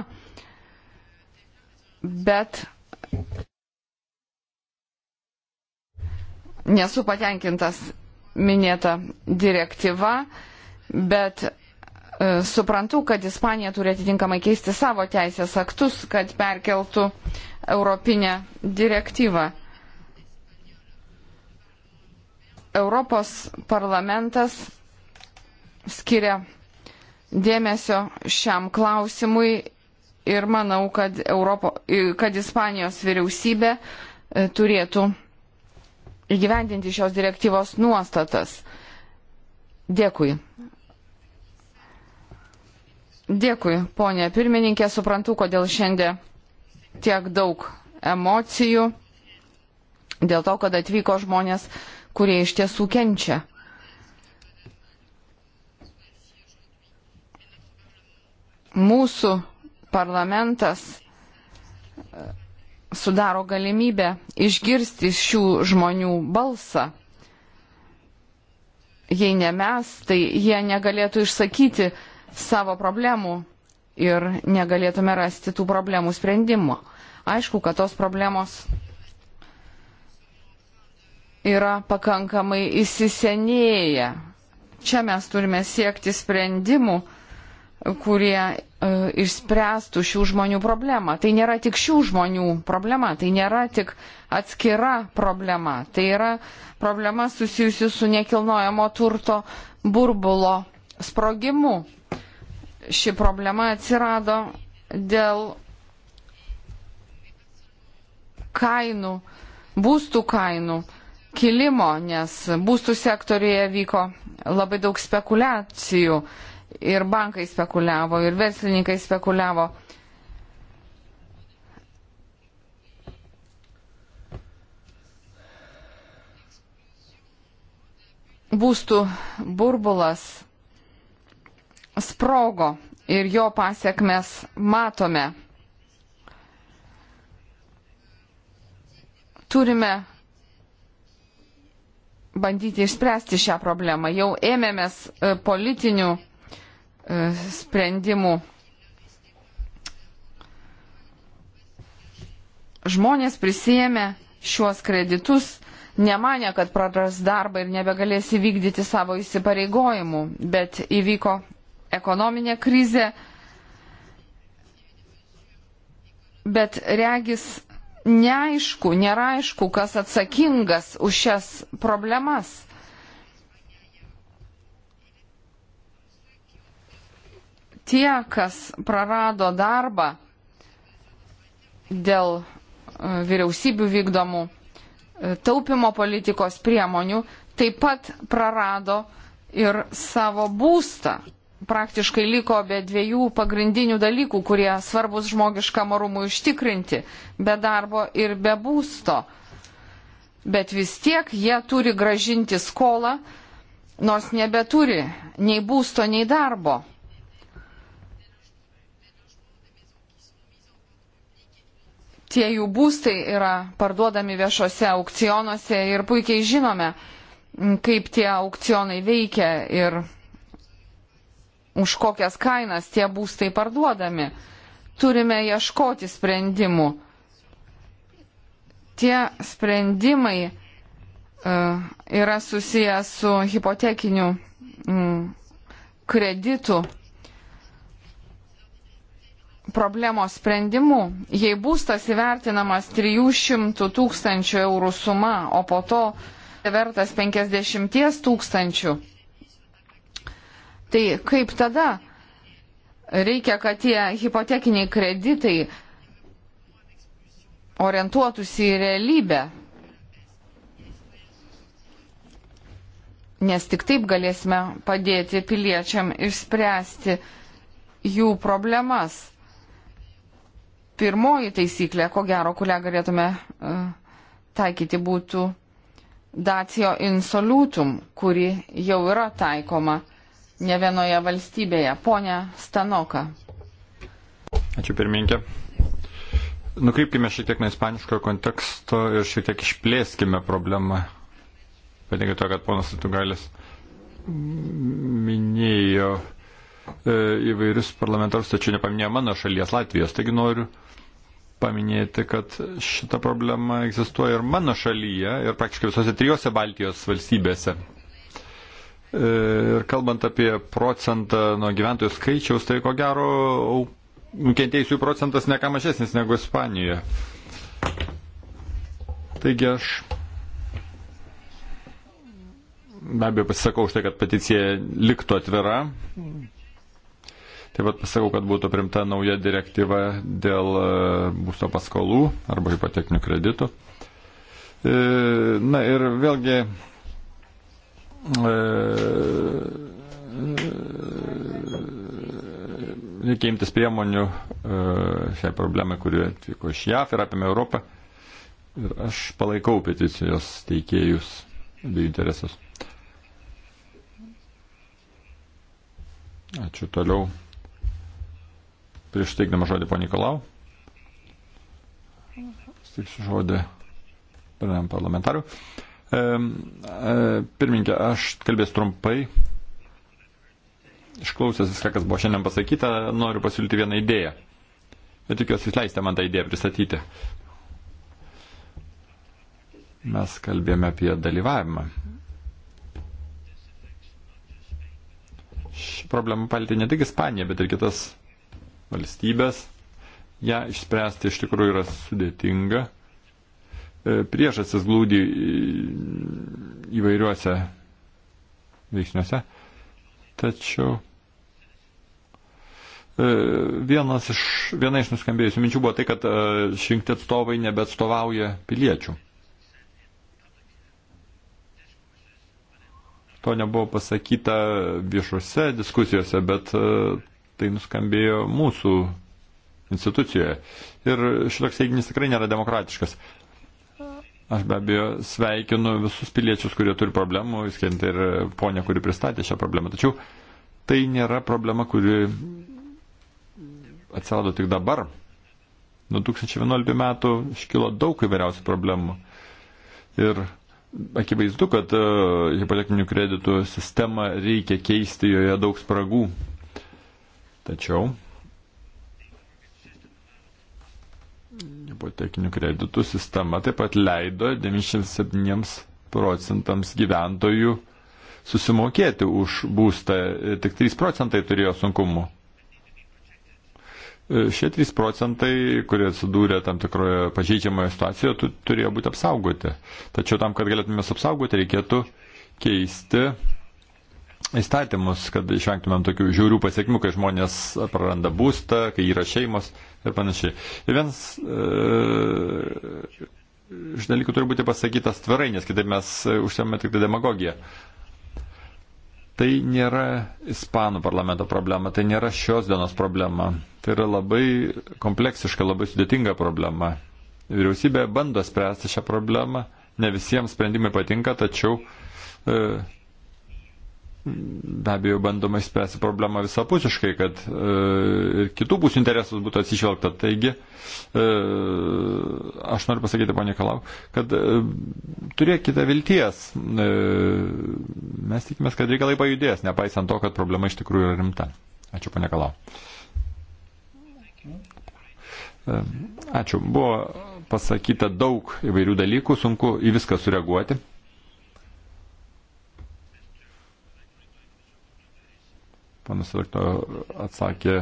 bet nesu patenkintas minėta direktyva, bet e, suprantu, kad Ispanija turi atitinkamai keisti savo teisės aktus, kad perkeltų uh, europinę direktyvą. Europos parlamentas skiria dėmesio šiam klausimui ir manau, kad, Europo, kad Ispanijos vyriausybė e, turėtų įgyvendinti šios direktyvos nuostatas. Dėkui. Dėkui, ponė pirmininkė, suprantu, kodėl šiandien tiek daug emocijų dėl to, kad atvyko žmonės, kurie iš tiesų kenčia. Mūsų parlamentas e, sudaro galimybę išgirsti šių žmonių balsą. Jei ne mes, tai jie negalėtų išsakyti savo problemų ir negalėtume rasti tų problemų sprendimo. Aišku, kad tos problemos yra pakankamai įsisenėję. Čia mes turime siekti sprendimų, kurie e, išspręstų šių žmonių problemą. Tai nėra tik šių žmonių problema, tai nėra tik atskira problema. Tai yra problema susijusi su nekilnojamo turto burbulo sprogimu ši problema atsirado dėl kainų, būstų kainų kilimo, nes būstų sektorėje vyko labai daug spekulacijų ir bankai spekuliavo, ir verslininkai spekuliavo. Būstų burbulas sprogo ir jo pasiekmes matome. Turime bandyti išspręsti šią problemą. Jau ėmėmės e, politinių e, sprendimų. Žmonės prisėmė šiuos kreditus, nemanė, kad praras darbą ir nebegalės įvykdyti savo įsipareigojimų, bet įvyko ekonominė krizė, bet regis neaišku, nėra aišku, kas atsakingas už šias problemas. Tie, kas prarado darbą dėl e, vyriausybių vykdomų e, taupimo politikos priemonių, taip pat prarado ir savo būstą praktiškai liko be dviejų pagrindinių dalykų, kurie svarbus žmogiškam orumui užtikrinti - be darbo ir be būsto. Bet vis tiek jie turi gražinti skolą, nors nebeturi nei būsto, nei darbo. Tie jų būstai yra parduodami viešose aukcionuose ir puikiai žinome, kaip tie aukcionai veikia ir už kokias kainas tie būstai parduodami. Turime ieškoti sprendimų. Tie sprendimai uh, yra susiję su hipotekiniu mm, kreditu problemos sprendimu. Jei būstas įvertinamas 300 tūkstančių eurų suma, o po to vertas 50 tūkstančių, Tai kaip tada reikia, kad tie hipotekiniai kreditai orientuotųsi į realybę? Nes tik taip galėsime padėti piliečiam išspręsti jų problemas. Pirmoji taisyklė, ko gero, kurią galėtume uh, taikyti, būtų dacio insolutum, kuri jau yra taikoma ne vienoje valstybėje. Pone Stanoka. Ačiū pirmininkė. Nukreipkime šiek tiek nuo ispaniškojo konteksto ir šiek tiek išplėskime problemą. Patinka to, kad ponas Tugalis minėjo e, įvairius parlamentarus, tačiau nepaminėjo mano šalies Latvijos. Taigi noriu paminėti, kad šita problema egzistuoja ir mano šalyje, ir praktiškai visose trijose Baltijos valstybėse. Ir kalbant apie procentą nuo gyventojų skaičiaus, tai ko gero nukentėjusių procentas neką mažesnis negu Ispanijoje. Taigi aš be abejo pasisakau už tai, kad peticija liktų atvira. Taip pat pasakau, kad būtų primta nauja direktyva dėl e, būsto paskolų arba hipotekinių kreditų. E, na ir vėlgi E, e, reikia imtis priemonių e, šiai problemai, kuri atvyko iš JAF ir apėmė Europą. Ir aš palaikau peticijos teikėjus bei interesus. Ačiū toliau. Prieš teikdama žodį po Nikolau. Stiksiu žodį pirmam parlamentarui. E, Pirminkė, aš kalbės trumpai. Išklausęs viską, kas buvo šiandien pasakyta, noriu pasiūlyti vieną idėją. Bet tikiuosi, jūs leisite man tą idėją pristatyti. Mes kalbėjome apie dalyvavimą. Ši problema palėtė ne tik Ispaniją, bet ir kitas valstybės. Ja išspręsti iš tikrųjų yra sudėtinga. E, priežastis glūdi įvairiuose veiksniuose. Tačiau e, vienas iš, viena iš nuskambėjusių minčių buvo tai, kad e, išrinkti atstovai nebeatstovauja piliečių. To nebuvo pasakyta viešuose diskusijose, bet tai nuskambėjo mūsų institucijoje. Ir šitoks teiginys tikrai nėra demokratiškas. Aš be abejo sveikinu visus piliečius, kurie turi problemų, įskaitant ir ponę, kuri pristatė šią problemą. Tačiau tai nėra problema, kuri atsirado tik dabar. Nuo 2011 metų iškilo daug įvairiausių problemų. Ir akivaizdu, kad e, hipotekinių kreditų sistemą reikia keisti, joje daug spragų. Tačiau hipotekinių kreditų sistema taip pat leido 97 procentams gyventojų susimokėti už būstą. Tik 3 procentai turėjo sunkumų. E, šie 3 procentai, kurie atsidūrė tam tikroje pažeidžiamoje situacijoje, turėjo būti apsaugoti. Tačiau tam, kad galėtumės apsaugoti, reikėtų keisti įstatymus, kad išvengtumėm tokių žiaurių pasiekmių, kai žmonės praranda būstą, kai yra šeimos ir panašiai. Ir vienas e, iš dalykų turi būti pasakytas tvarai, nes kitaip mes užsiemame tik tai demagogiją. Tai nėra Ispanų parlamento problema, tai nėra šios dienos problema. Tai yra labai kompleksiška, labai sudėtinga problema. Vyriausybė bando spręsti šią problemą, ne visiems sprendimai patinka, tačiau e, be abejo bandoma išspręsti problemą visapusiškai, kad e, ir e, kitų pusių interesus būtų atsižvelgta. Taigi, e, aš noriu pasakyti, ponė Kalau, kad e, turėkite vilties. E, mes tikimės, kad reikalai pajudės, nepaisant to, kad problema iš tikrųjų yra rimta. Ačiū, ponė Kalau. E, ačiū. Buvo pasakyta daug įvairių dalykų, sunku į viską sureaguoti. Panas Urto atsakė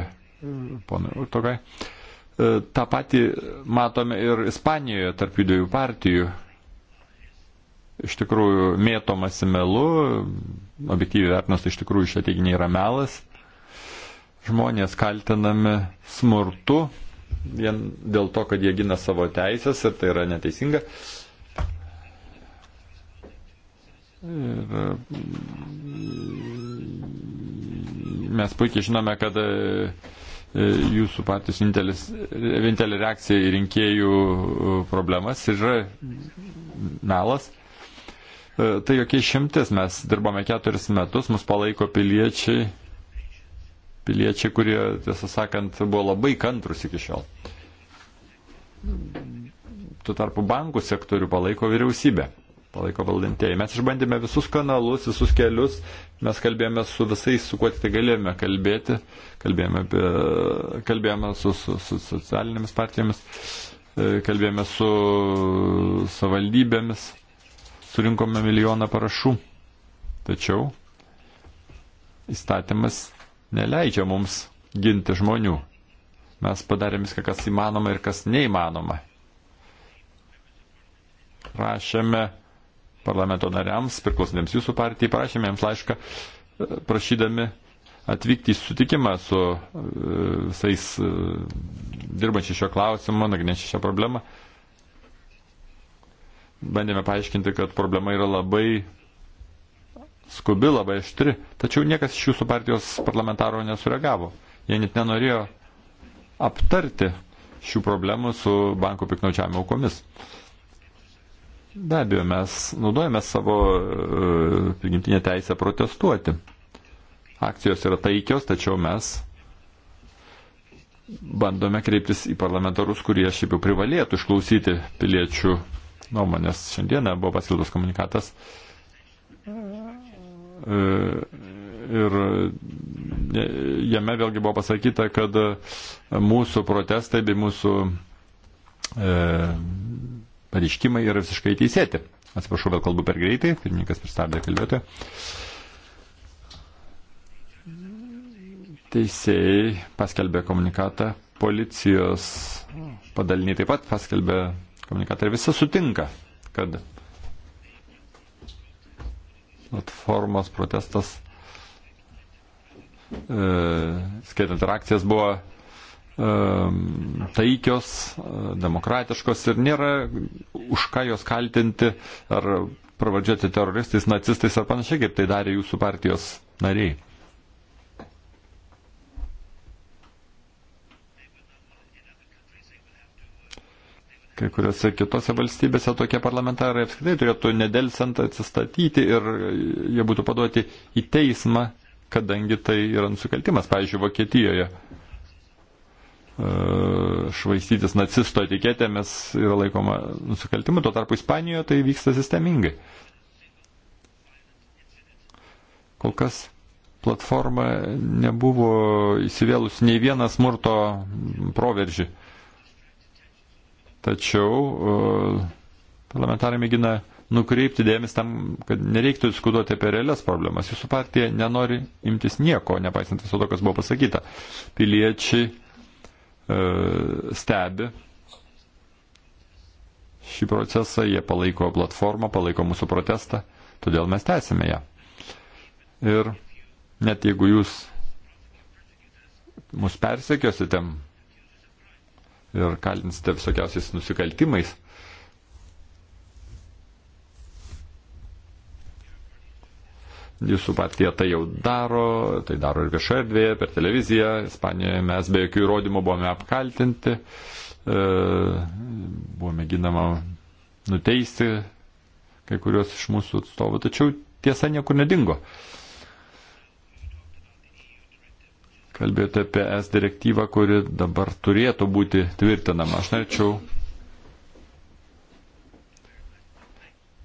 ponui Urtokai. E, Ta pati matome ir Ispanijoje tarp jų dviejų partijų. Iš tikrųjų, mėtomasi melu, objektyviai vertinus, tai iš tikrųjų šie teiginiai yra melas. Žmonės kaltinami smurtu vien dėl to, kad jie gina savo teisės ir tai yra neteisinga. Uh, Ir mes puikiai žinome, kad e, e, jūsų patys vienintelė reakcija į rinkėjų e, problemas yra melas. Tai jokie šimtis, mes dirbame keturis metus, mus palaiko piliečiai, piliečiai, kurie, tiesą sakant, buvo labai kantrus iki šiol. Tuo tarpu bankų sektorių palaiko vyriausybė palaiko valdantieji. Mes išbandėme visus kanalus, visus kelius, mes kalbėjome su visais, su kuo tik tai galėjome kalbėti, kalbėjome, apie, kalbėjome su, su, su socialinėmis partijomis, e, kalbėjome su savaldybėmis, surinkome milijoną parašų. Tačiau įstatymas neleidžia mums ginti žmonių. Mes padarėme viską, kas įmanoma ir kas neįmanoma. Prašėme parlamento nariams, priklausantiems jūsų partijai, parašėme jiems laišką e, prašydami atvykti į sutikimą su e, visais e, dirbančiais šio klausimu, nagrinėčiais šią problemą. Bandėme paaiškinti, kad problema yra labai skubi, labai aštri, tačiau niekas iš jūsų partijos parlamentaro nesureagavo. Jie net nenorėjo aptarti šių problemų su banko piknaučiavimo aukomis. Uh, Be abejo, mes naudojame savo e, prigimtinę teisę protestuoti. Akcijos yra taikios, tačiau mes bandome kreiptis į parlamentarus, kurie šiaip jau privalėtų išklausyti piliečių nuomonės. Šiandieną buvo pasildos komunikatas. E, ir jame vėlgi buvo pasakyta, kad mūsų protestai bei mūsų e, pareiškimai yra visiškai teisėti. Atsiprašau, vėl kalbu per greitai, pirmininkas pristabdė kalbėtoją. Teisėjai paskelbė komunikatą, policijos padaliniai taip pat paskelbė komunikatą ir visi sutinka, kad platformos protestas, e, skaitant ir akcijas, buvo Ehm, taikios, e, demokratiškos ir nėra už ką jos kaltinti ar pravardžiuoti teroristais, nacistais ar panašiai, kaip tai darė jūsų partijos nariai. Kai kuriuose kitose valstybėse tokie parlamentarai apskritai turėtų nedelsiant atsistatyti ir jie būtų paduoti į teismą, kadangi tai yra nusikaltimas, pavyzdžiui, Vokietijoje. E, švaistytis nacisto etiketėmis yra laikoma nusikaltimu, tuo tarpu Ispanijoje tai vyksta sistemingai. Kol kas platforma nebuvo įsivėlus nei vieną smurto proveržį. Tačiau e, parlamentarai mėgina nukreipti dėmesį tam, kad nereiktų diskutuoti apie realias problemas. Jūsų partija nenori imtis nieko, nepaisant viso to, kas buvo pasakyta. Piliečiai E, stebi šį procesą, jie palaiko platformą, palaiko mūsų protestą, todėl mes tęsime ją. Ir net jeigu jūs mus persekiosite ir kaltinsite visokiausiais nusikaltimais, jūsų partija tai jau daro, tai daro ir viešoje erdvėje, per televiziją. Ispanijoje mes be jokių įrodymų buvome apkaltinti, e, buvo mėginama nuteisti kai kurios iš mūsų atstovų, tačiau tiesa niekur nedingo. Kalbėjote apie S direktyvą, kuri dabar turėtų būti tvirtinama. Aš norėčiau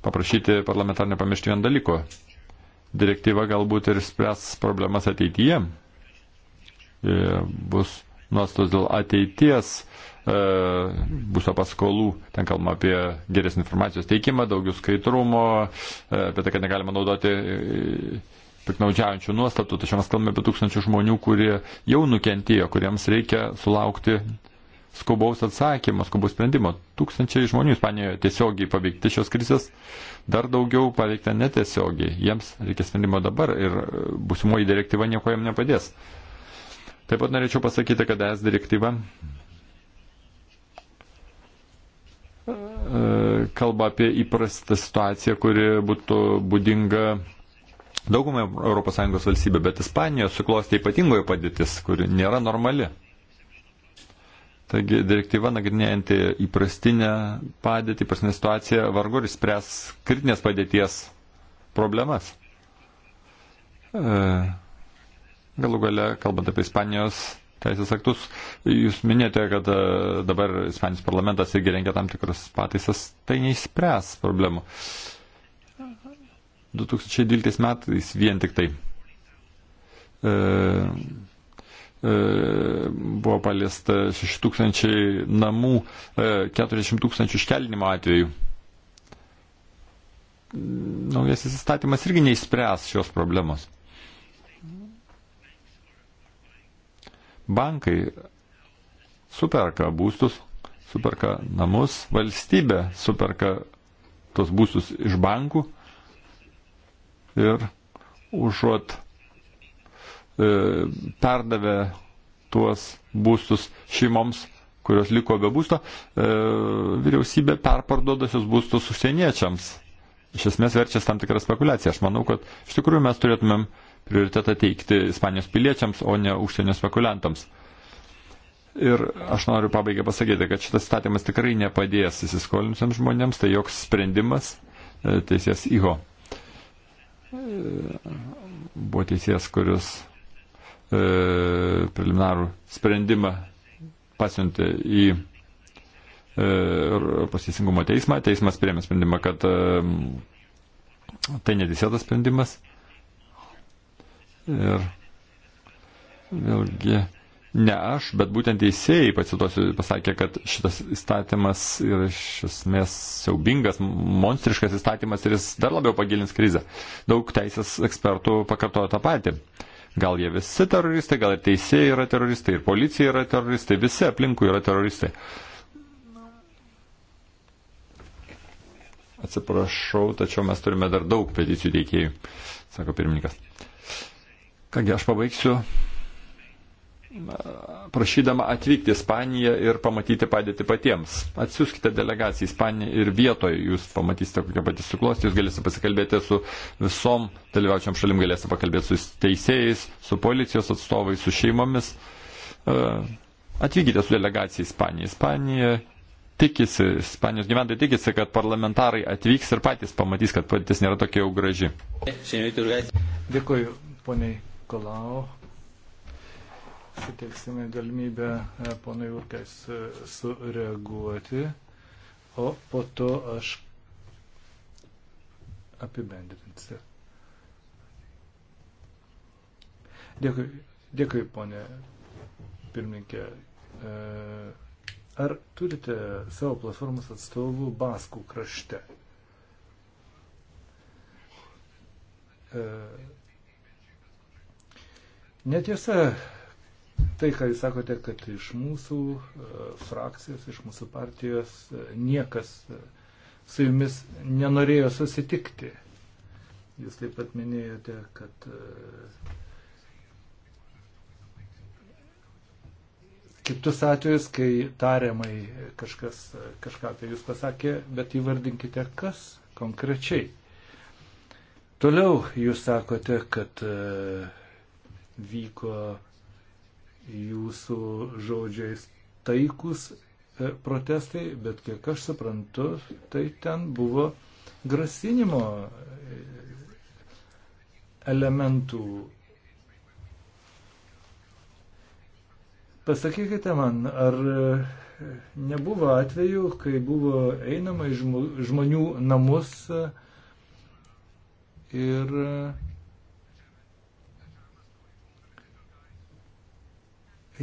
paprašyti parlamentar nepamiršti vien dalyko direktyva galbūt ir spręs problemas ateityje. E, bus nuostos dėl ateities e, būsto paskolų, ten kalbama apie geresnį informacijos teikimą, daugiau skaidrumo, e, apie tai, kad negalima naudoti piknaudžiaujančių nuostatų, tačiau mes kalbame apie tūkstančių žmonių, kurie jau nukentėjo, kuriems reikia sulaukti skubaus atsakymo, skubaus sprendimo. Tūkstančiai žmonių Ispanijoje tiesiogiai paveikti šios krizės, dar daugiau paveikta netiesiogiai. Jiems reikia sprendimo dabar ir e, busimoji direktyva nieko jam nepadės. Taip pat norėčiau pasakyti, kad ES direktyva e, kalba apie įprastą situaciją, kuri būtų būdinga daugumai ES valstybių, bet Ispanijoje suklosti ypatingoje padėtis, kuri nėra normali. Taigi direktyva nagrinėjanti įprastinę padėtį, įprastinę situaciją, vargu ir spręs kritinės padėties problemas. E, galų gale, kalbant apie Ispanijos teisės aktus, jūs minėjote, kad e, dabar Ispanijos parlamentas irgi rengia tam tikras pataisas, tai neišspręs problemų. 2012 metais vien tik tai. E, E, buvo paliesta 6 tūkstančiai namų, 40 e, tūkstančių iškelinimo atveju. Naujasis įstatymas irgi neišspręs šios problemos. Bankai superka būstus, superka namus, valstybė superka tos būstus iš bankų ir užuot E, perdavė tuos būstus šeimoms, kurios liko be būsto, e, vyriausybė perparduoda šios būstus užsieniečiams. Iš esmės verčias tam tikrą spekulaciją. Aš manau, kad iš tikrųjų mes turėtumėm prioritetą teikti Ispanijos piliečiams, o ne užsienio spekuliantams. Ir aš noriu pabaigę pasakyti, kad šitas statymas tikrai nepadės įsiskolinusiems žmonėms, tai joks sprendimas e, teisės Iho. Buvo teisės, kuris E, preliminarų sprendimą pasiuntė į e, pasiteisingumo teismą. Teismas priemė sprendimą, kad e, tai nedėsėtas sprendimas. Ir vėlgi ne aš, bet būtent teisėjai pacituosiu, pasakė, kad šitas įstatymas yra iš esmės siaubingas, monstriškas įstatymas ir jis dar labiau pagilins krizę. Daug teisės ekspertų pakartojo tą patį. Uh, Gal jie visi teroristai, gal ir teisėjai yra teroristai, ir policija yra teroristai, visi aplinkui yra teroristai. Atsiprašau, tačiau mes turime dar daug peticijų teikėjų, sako pirmininkas. Kągi, aš pabaigsiu prašydama atvykti į Ispaniją ir pamatyti padėti patiems. Atsiųskite delegaciją į Ispaniją ir vietoje jūs pamatysite, kokia pati suklosti, jūs galėsite pasikalbėti su visom dalyvaučiam šalim, galėsite pakalbėti su teisėjais, su policijos atstovais, su šeimomis. E, atvykite su delegacija į Ispaniją. Ispanija tikisi, Ispanijos gyventojai tikisi, kad parlamentarai atvyks ir patys pamatys, kad patys nėra tokia jau graži. Dėkuoju, poniai Kolau suteiksime galimybę e, ponui Urkais e, sureaguoti, o po to aš apibendrinsiu. Dėkui, dėkui ponė pirmininkė. E, ar turite savo platformos atstovų Baskų krašte? Netiesa, tai, ką jūs sakote, kad iš mūsų e, frakcijos, iš mūsų partijos e, niekas e, su jumis nenorėjo susitikti. Jūs taip pat minėjote, kad kitus atvejus, kai tariamai kažkas kažką apie jūs pasakė, bet įvardinkite, kas konkrečiai. Toliau jūs sakote, kad vyko jūsų žodžiais taikus e, protestai, bet kiek aš suprantu, tai ten buvo grasinimo e, elementų. Pasakykite man, ar e, nebuvo atveju, kai buvo einama į žmonių namus ir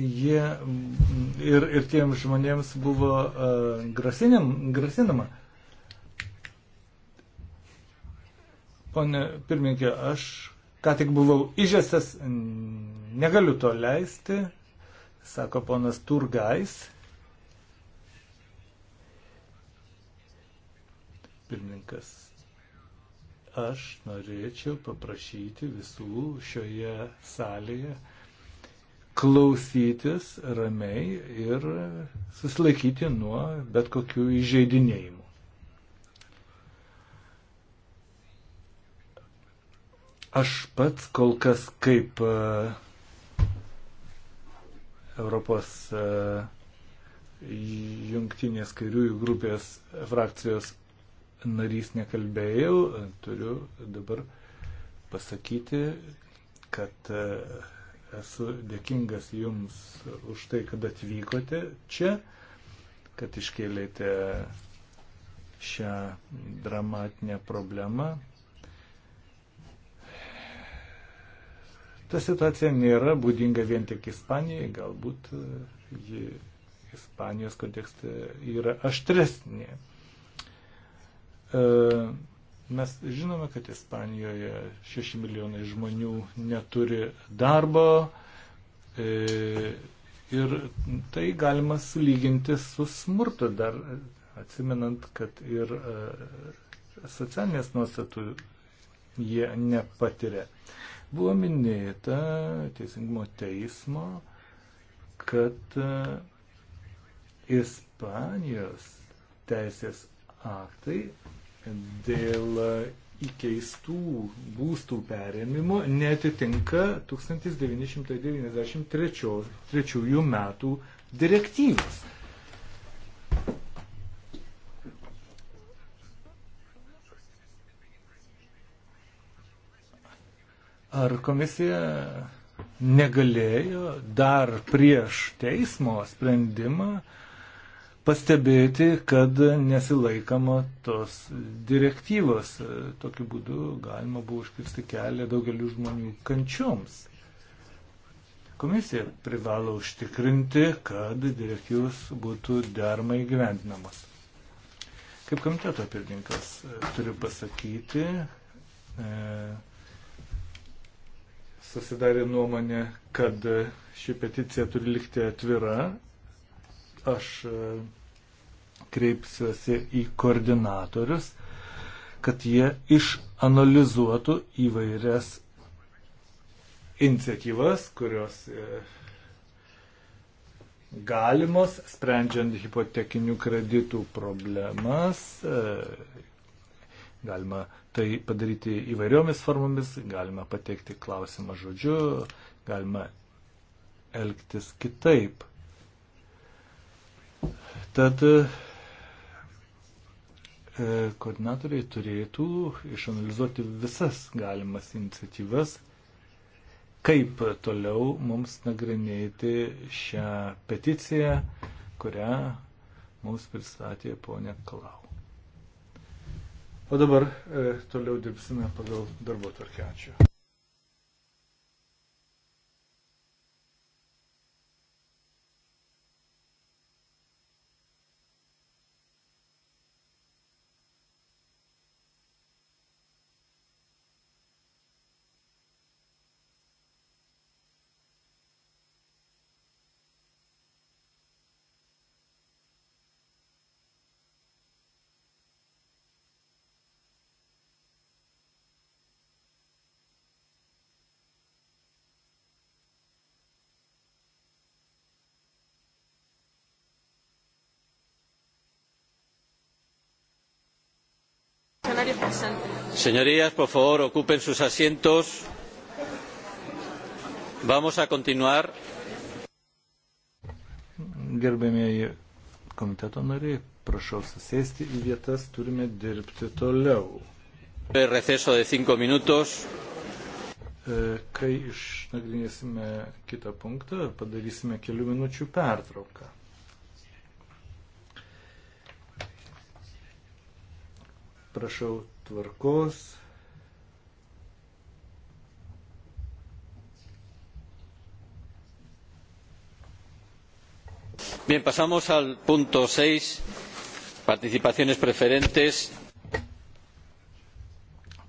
jie mm, ir, ir tiems žmonėms buvo uh, e, grasinim, grasinama. Pone pirmininkė, aš ką tik buvau įžestas, negaliu to leisti, sako ponas Turgais. Pirmininkas, aš norėčiau paprašyti visų šioje salėje klausytis ramiai ir susilaikyti nuo bet kokių įžeidinėjimų. Aš pats kol kas kaip e, Europos e, jungtinės kairiųjų grupės frakcijos narys nekalbėjau, turiu dabar pasakyti, kad e, Esu dėkingas Jums už tai, kad atvykote čia, kad iškėlėte šią dramatinę problemą. Ta situacija nėra būdinga vien tik Ispanijai, galbūt e, ji Ispanijos kontekste yra aštresnė. E, Mes žinome, kad Ispanijoje 6 milijonai žmonių neturi darbo e, ir tai galima sulyginti su smurtu, dar atsimenant, kad ir e, socialinės nuostatų jie nepatiria. Buvo minėta Teisingumo teismo, kad e, Ispanijos teisės aktai dėl e, įkeistų būstų perėmimo netitinka 1993 metų direktyvos. Ar komisija negalėjo dar prieš teismo sprendimą uh, pastebėti, kad nesilaikama tos direktyvos. Tokiu būdu galima buvo užkirsti kelią daugeliu žmonių kančioms. Komisija privalo užtikrinti, kad direktyvos būtų dermai gyvendinamos. Kaip komiteto pirmininkas turiu pasakyti, e, susidarė nuomonė, kad ši peticija turi likti atvira aš e, kreipsiuosi į koordinatorius, kad jie išanalizuotų įvairias iniciatyvas, kurios e, galimos, sprendžiant hipotekinių kreditų problemas. E, galima tai padaryti įvairiomis formomis, galima pateikti klausimą žodžiu, galima elgtis kitaip. Tad e, koordinatoriai turėtų išanalizuoti visas galimas iniciatyvas, kaip toliau mums nagrinėti šią peticiją, kurią mums pristatė ponė Klau. O dabar e, toliau dirbsime pagal darbo tvarkę. Ačiū. Señorías, por favor, ocupen sus asientos. Vamos a continuar. Gerbėmėji komiteto nariai, prašau susėsti į vietas, turime dirbti toliau. Receso de 5 minutos. E, kai išnagrinėsime kitą punktą, padarysime kelių minučių pertrauką. Prašau tvarkos. Bien, pasamos al punto 6, participaciones preferentes.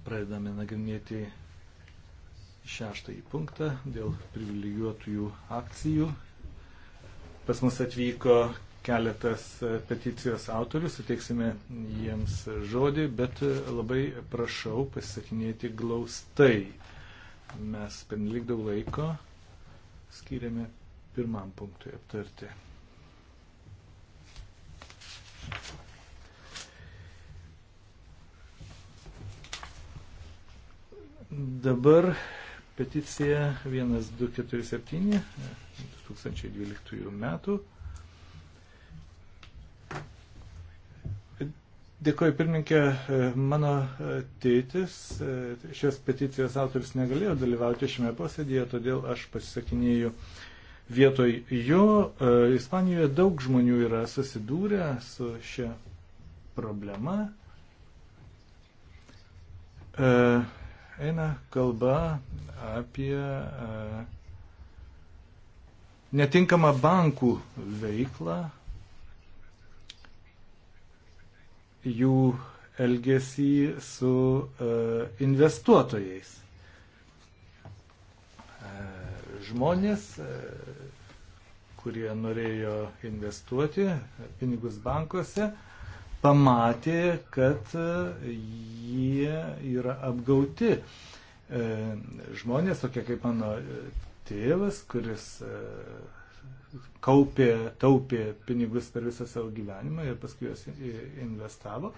Pradedame nagrinėti šeštąjį punktą dėl privilegijuotųjų akcijų. Pas mus atvyko keletas e, peticijos autorių, suteiksime jiems žodį, bet e, labai prašau pasisakinėti glaustai. Mes penlik daug laiko skiriame pirmam punktui aptarti. Dabar peticija 1247 2012 e, metų Dėkuoju pirmininkė, e, mano e, tėtis, e, šios peticijos autoris negalėjo dalyvauti šiame posėdėje, todėl aš pasisakinėjau vietoj jo. Ispanijoje daug žmonių yra susidūrę su šia problema. Eina kalba apie netinkamą bankų veiklą jų elgesį su e, investuotojais. E, žmonės, e, kurie norėjo investuoti pinigus bankuose, pamatė, kad jie yra apgauti. Žmonės, tokie kaip mano tėvas, kuris kaupė, taupė pinigus per visą savo gyvenimą ir paskui juos investavo,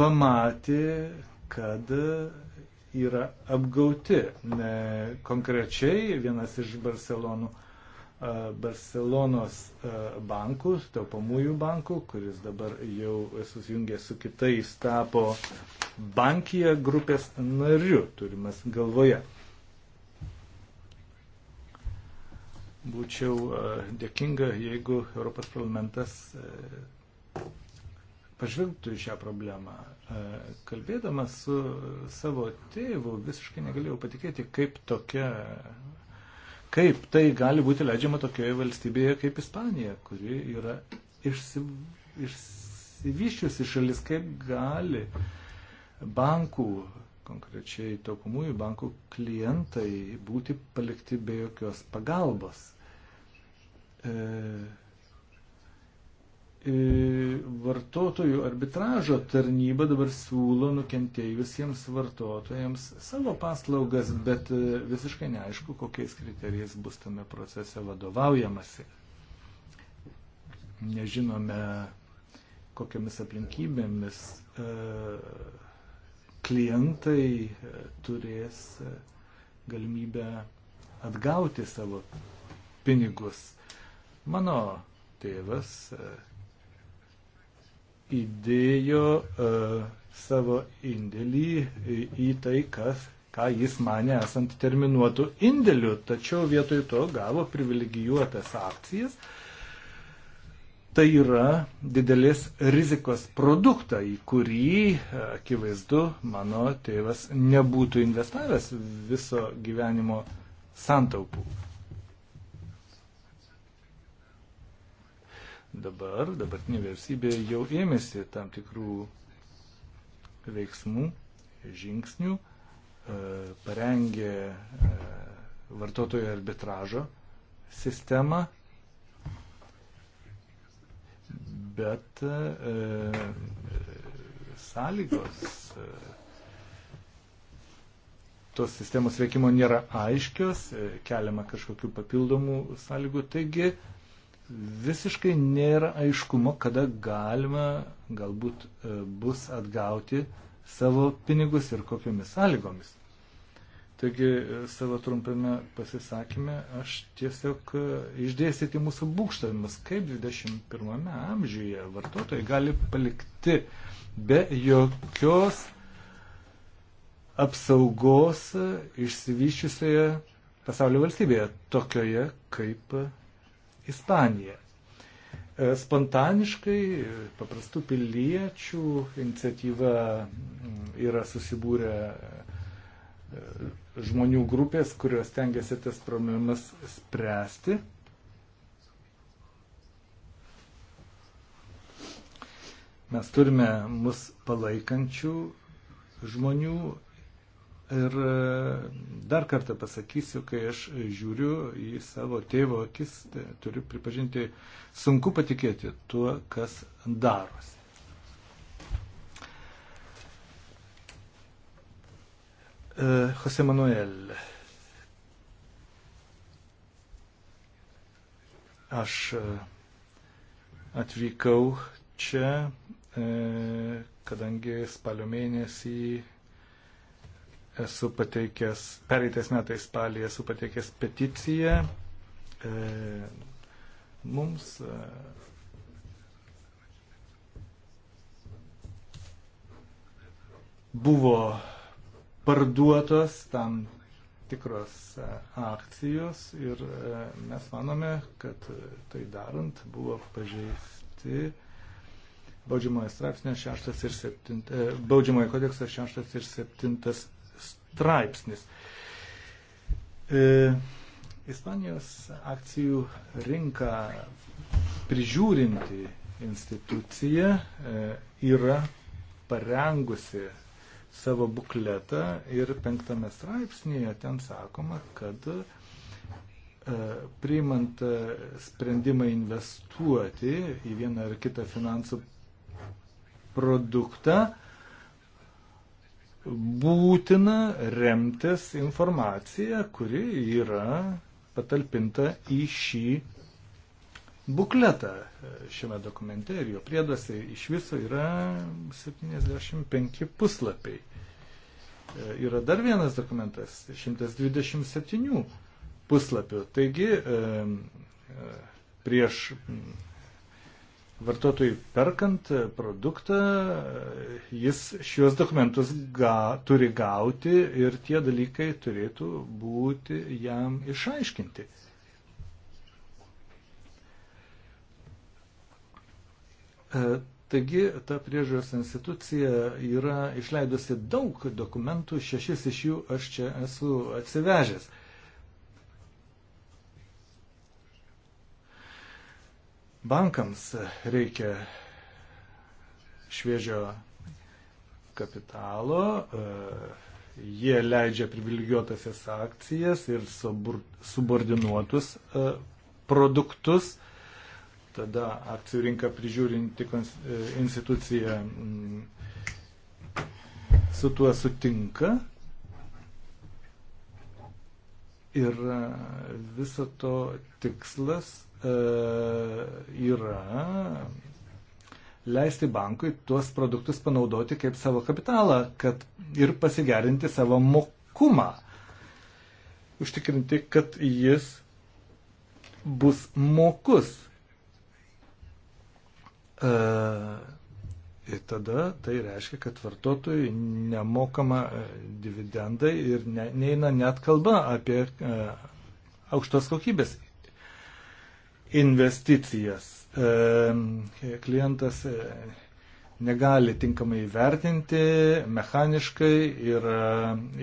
pamatė, kad yra apgauti. Konkrečiai vienas iš Barcelonų, Barcelonos bankų, taupamųjų bankų, kuris dabar jau susijungė su kitais, tapo bankija grupės nariu, turimas galvoje. būčiau e, dėkinga, jeigu Europos parlamentas e, pažvelgtų į šią problemą. E, kalbėdamas su savo tėvu visiškai negalėjau patikėti, kaip tokia, kaip tai gali būti leidžiama tokioje valstybėje kaip Ispanija, kuri yra išsi, išsivyščiusi šalis, kaip gali bankų, konkrečiai taupomųjų bankų klientai būti palikti be jokios pagalbos. E, e, vartotojų arbitražo tarnyba dabar siūlo nukentėjusiems vartotojams savo paslaugas, bet e, visiškai neaišku, kokiais kriterijais bus tame procese vadovaujamasi. Nežinome, kokiamis aplinkybėmis klientai turės galimybę atgauti savo pinigus. Mano tėvas e, įdėjo e, savo indėlį į tai, kas, ką jis mane esant terminuotų indėlių, tačiau vietoj to gavo privilegijuotas akcijas. Tai yra didelės rizikos produktą, į kurį, e, akivaizdu, mano tėvas nebūtų investavęs viso gyvenimo santaupų. Dabar dabartinė vyriausybė jau ėmėsi tam tikrų veiksmų, žingsnių, e, parengė e, vartotojo arbitražo sistemą, bet e, sąlygos tos sistemos veikimo nėra aiškios, keliama kažkokių papildomų sąlygų, taigi visiškai nėra aiškumo, kada galima galbūt e, bus atgauti savo pinigus ir kokiamis sąlygomis. Taigi e, savo trumpame pasisakymė aš tiesiog e, išdėstyti mūsų būkštavimus, kaip 21 amžiuje vartotojai gali palikti be jokios apsaugos išsivyščiusioje pasaulio valstybėje, tokioje kaip Ispaniją. E, spontaniškai e, paprastų piliečių iniciatyva mm, yra susibūrę e, žmonių grupės, kurios tengiasi tas problemas spręsti. Mes turime mus palaikančių žmonių Ir e, dar kartą pasakysiu, kai aš žiūriu į savo tėvo akis, tai turiu pripažinti, sunku patikėti tuo, kas darosi. E, Jose Manuel. Aš e, atvykau čia, kadangi spalio mėnesį esu pateikęs, pereitais metais spalį esu pateikęs peticiją e, mums. E, Buvo parduotos tam tikros e, akcijos ir e, mes manome, kad tai darant buvo pažeisti baudžiamojo straipsnio 6 ir 7, e, baudžiamojo kodekso 6 ir 7 straipsnis. E, Ispanijos akcijų rinką prižiūrinti institucija e, yra parengusi savo bukletą ir penktame straipsnėje ten sakoma, kad e, priimant e, sprendimą investuoti į vieną ar kitą finansų produktą, e, būtina remtis informacija, kuri yra patalpinta į šį bukletą šiame dokumente ir jo prieduose iš viso yra 75 puslapiai. Yra dar vienas dokumentas, 127 puslapių. Taigi prieš vartotojui perkant produktą, jis šiuos dokumentus ga, turi gauti ir tie dalykai turėtų būti jam išaiškinti. E, taigi, ta priežiūros institucija yra išleidusi daug dokumentų, šešis iš jų aš čia esu atsivežęs. Bankams reikia šviežio kapitalo, e, jie leidžia privilegijuotasias akcijas ir subordinuotus e, produktus. Tada akcijų rinka prižiūrinti e, institucija mm, su tuo sutinka. Ir viso to tikslas E, yra leisti bankui tuos produktus panaudoti kaip savo kapitalą kad ir pasigerinti savo mokumą. Užtikrinti, kad jis bus mokus. E, ir tada tai reiškia, kad vartotojui nemokama e, dividendai ir ne, neina net kalba apie e, aukštos kokybės investicijas. Klientas e, negali tinkamai vertinti mechaniškai ir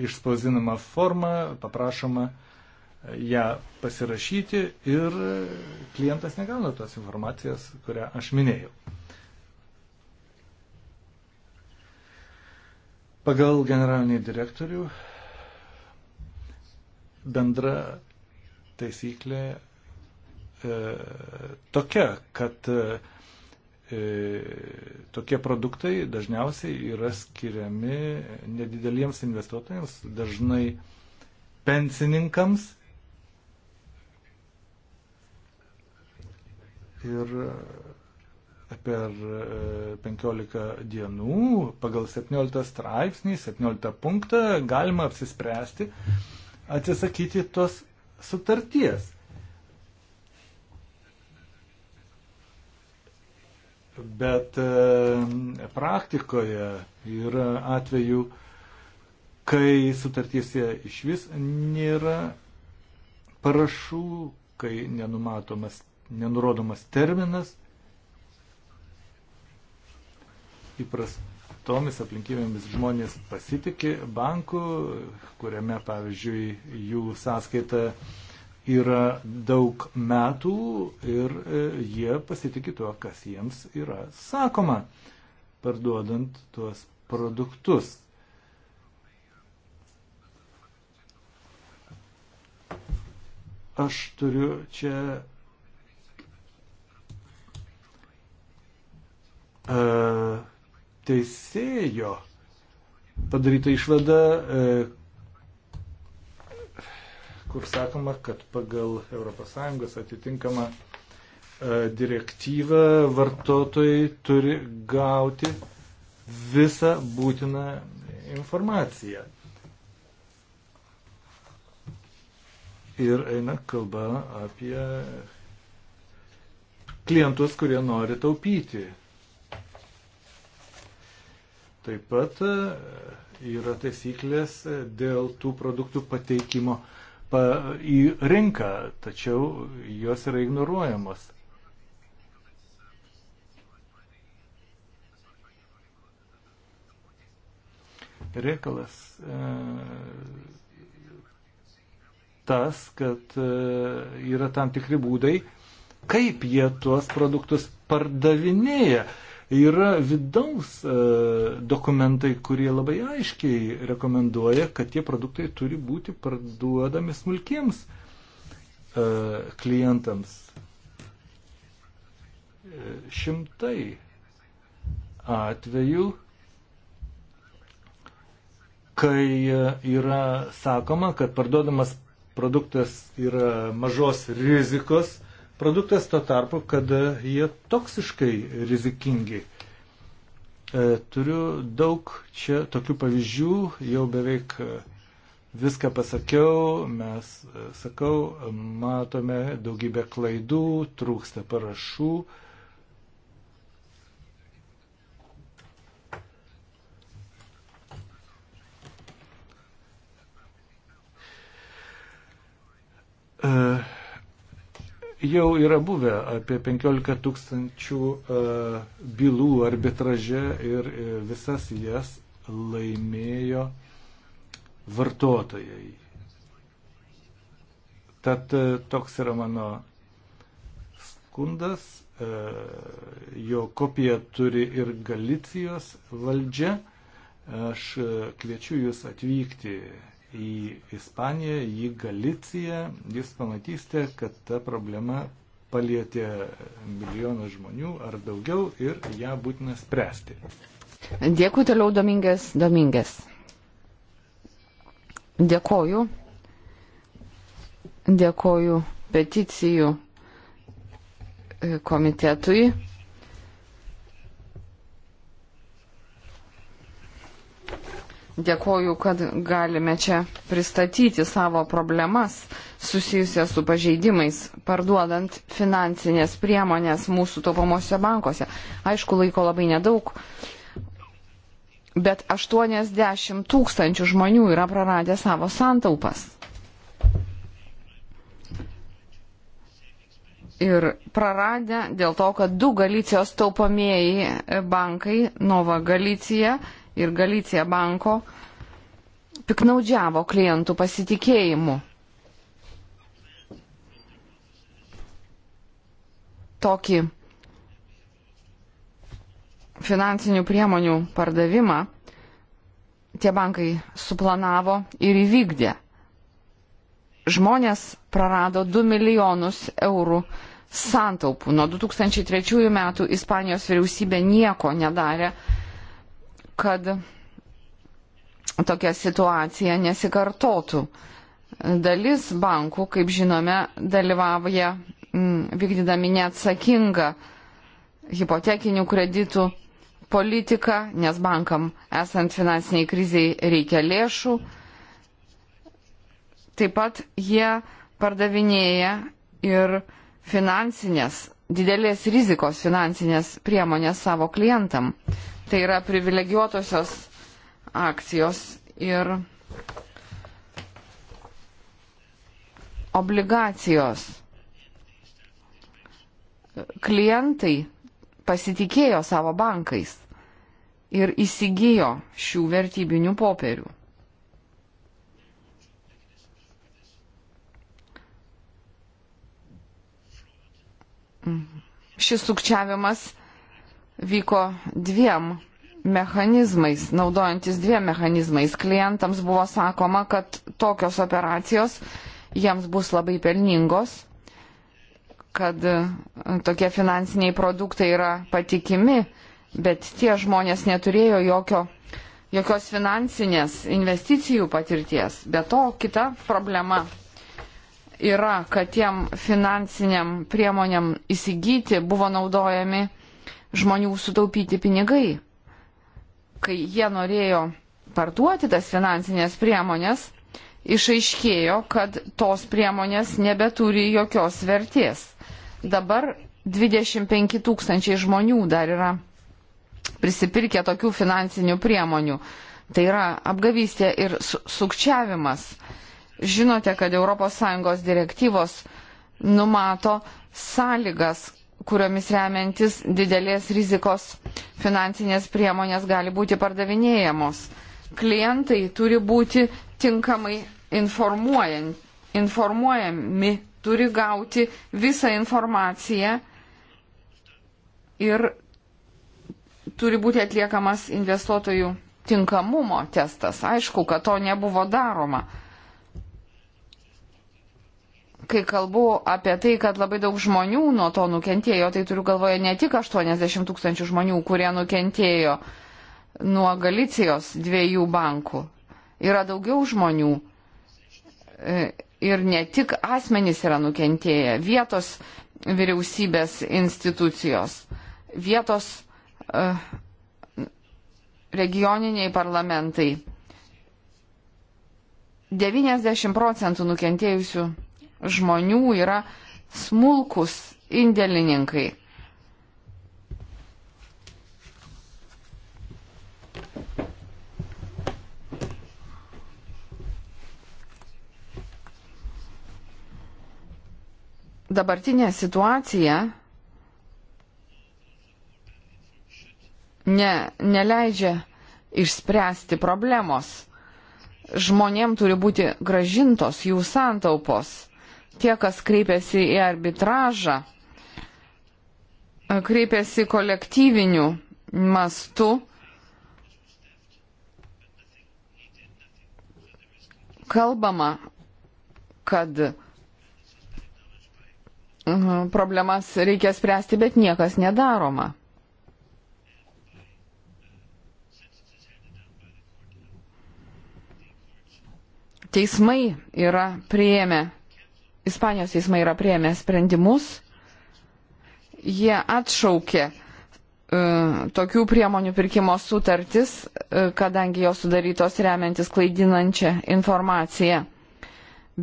išspausdinama forma paprašoma e, ją pasirašyti ir klientas negauna tos informacijos, kurią aš minėjau. Pagal generalinį direktorių bendra taisyklė E, tokia, kad e, e, tokie produktai dažniausiai yra skiriami nedideliems investuotojams, dažnai pensininkams. Ir per 15 dienų pagal 17 straipsnį, 17 punktą galima apsispręsti atsisakyti tos sutarties. bet e, praktikoje yra atveju, kai sutartyse iš vis nėra parašų, kai nenumatomas, nenurodomas terminas. Įprastomis aplinkybėmis žmonės pasitikė banku, kuriame, pavyzdžiui, jų sąskaita yra daug metų ir e, jie pasitikė tuo, kas jiems yra sakoma, parduodant tuos produktus. Aš turiu čia e, teisėjo padaryta išvada, e, kur sakoma, kad pagal ES atitinkamą e, direktyvą vartotojai turi gauti visą būtiną informaciją. Ir eina kalba apie klientus, kurie nori taupyti. Taip pat e, yra taisyklės e, dėl tų produktų pateikimo pa, į rinką, tačiau jos yra ignoruojamos. Reikalas e, tas, kad e, yra tam tikri būdai, kaip jie tuos produktus pardavinėja. E, Yra vidaus e, dokumentai, kurie labai aiškiai rekomenduoja, kad tie produktai turi būti parduodami smulkiems e, klientams. E, šimtai atvejų kai yra sakoma, kad parduodamas produktas yra mažos rizikos produktas to tarpu, kad jie toksiškai rizikingi. E, turiu daug čia tokių pavyzdžių, jau beveik e, viską pasakiau, mes, e, sakau, matome daugybę klaidų, trūksta parašų, jau yra buvę apie 15 tūkstančių e, bylų arbitraže ir e, visas jas laimėjo vartotojai. Tad e, toks yra mano skundas, jo kopiją turi ir Galicijos valdžia. Aš kviečiu jūs atvykti į Ispaniją, į Galiciją, jūs pamatysite, kad ta problema palietė milijoną žmonių ar daugiau ir ją būtina spręsti. Dėkui toliau, Domingės. Domingės. Dėkoju. Dėkoju peticijų e, komitetui. Dėkoju, kad galime čia pristatyti savo problemas susijusias su pažeidimais, parduodant finansinės priemonės mūsų taupomosiose bankuose. Aišku, laiko labai nedaug, bet 80 tūkstančių žmonių yra praradę savo santaupas. ir praradę dėl to, kad du Galicijos taupomieji bankai, Nova Galicija ir Galicija banko piknaudžiavo klientų pasitikėjimu. Tokį finansinių priemonių pardavimą tie bankai suplanavo ir įvykdė. Žmonės prarado 2 milijonus eurų santaupų. Nuo 2003 metų Ispanijos vyriausybė nieko nedarė kad tokia situacija nesikartotų. Dalis bankų, kaip žinome, dalyvauja mm, vykdydami neatsakingą hipotekinių kreditų politiką, nes bankam esant finansiniai kriziai reikia lėšų. Taip pat jie pardavinėja ir finansinės, didelės rizikos finansinės priemonės savo klientam. Tai yra privilegijuotosios akcijos ir obligacijos. Klientai pasitikėjo savo bankais ir įsigijo šių vertybinių popierių. Mhm. Šis sukčiavimas vyko dviem mechanizmais, naudojantis dviem mechanizmais. Klientams buvo sakoma, kad tokios operacijos jiems bus labai pelningos, kad e, tokie finansiniai produktai yra patikimi, bet tie žmonės neturėjo jokio, jokios finansinės investicijų patirties. Be to, kita problema yra, kad tiem finansiniam priemonėm įsigyti buvo naudojami žmonių sutaupyti pinigai. Kai jie norėjo parduoti tas finansinės priemonės, išaiškėjo, kad tos priemonės nebeturi jokios vertės. Dabar 25 tūkstančiai žmonių dar yra prisipirkę tokių finansinių priemonių. Tai yra apgavystė ir sukčiavimas. Žinote, kad ES direktyvos numato sąlygas, kuriomis remiantis didelės rizikos finansinės priemonės gali būti pardavinėjamos. Klientai turi būti tinkamai informuojami, turi gauti visą informaciją ir turi būti atliekamas investuotojų tinkamumo testas. Aišku, kad to nebuvo daroma kai kalbu apie tai, kad labai daug žmonių nuo to nukentėjo, tai turiu galvoje ne tik 80 tūkstančių žmonių, kurie nukentėjo nuo Galicijos dviejų bankų. Yra daugiau žmonių. E, ir ne tik asmenys yra nukentėję, vietos vyriausybės institucijos, vietos e, regioniniai parlamentai. 90 procentų nukentėjusių žmonių yra smulkus indėlininkai. Dabartinė situacija ne, neleidžia išspręsti problemos. Žmonėm turi būti gražintos jų santaupos tie, kas kreipiasi į arbitražą, kreipiasi kolektyviniu mastu. Kalbama, kad problemas reikia spręsti, bet niekas nedaroma. Teismai yra prieėmę Ispanijos teismai yra prieėmę sprendimus, jie atšaukė e, tokių priemonių pirkimo sutartis, e, kadangi jos sudarytos remiantis klaidinančią informaciją.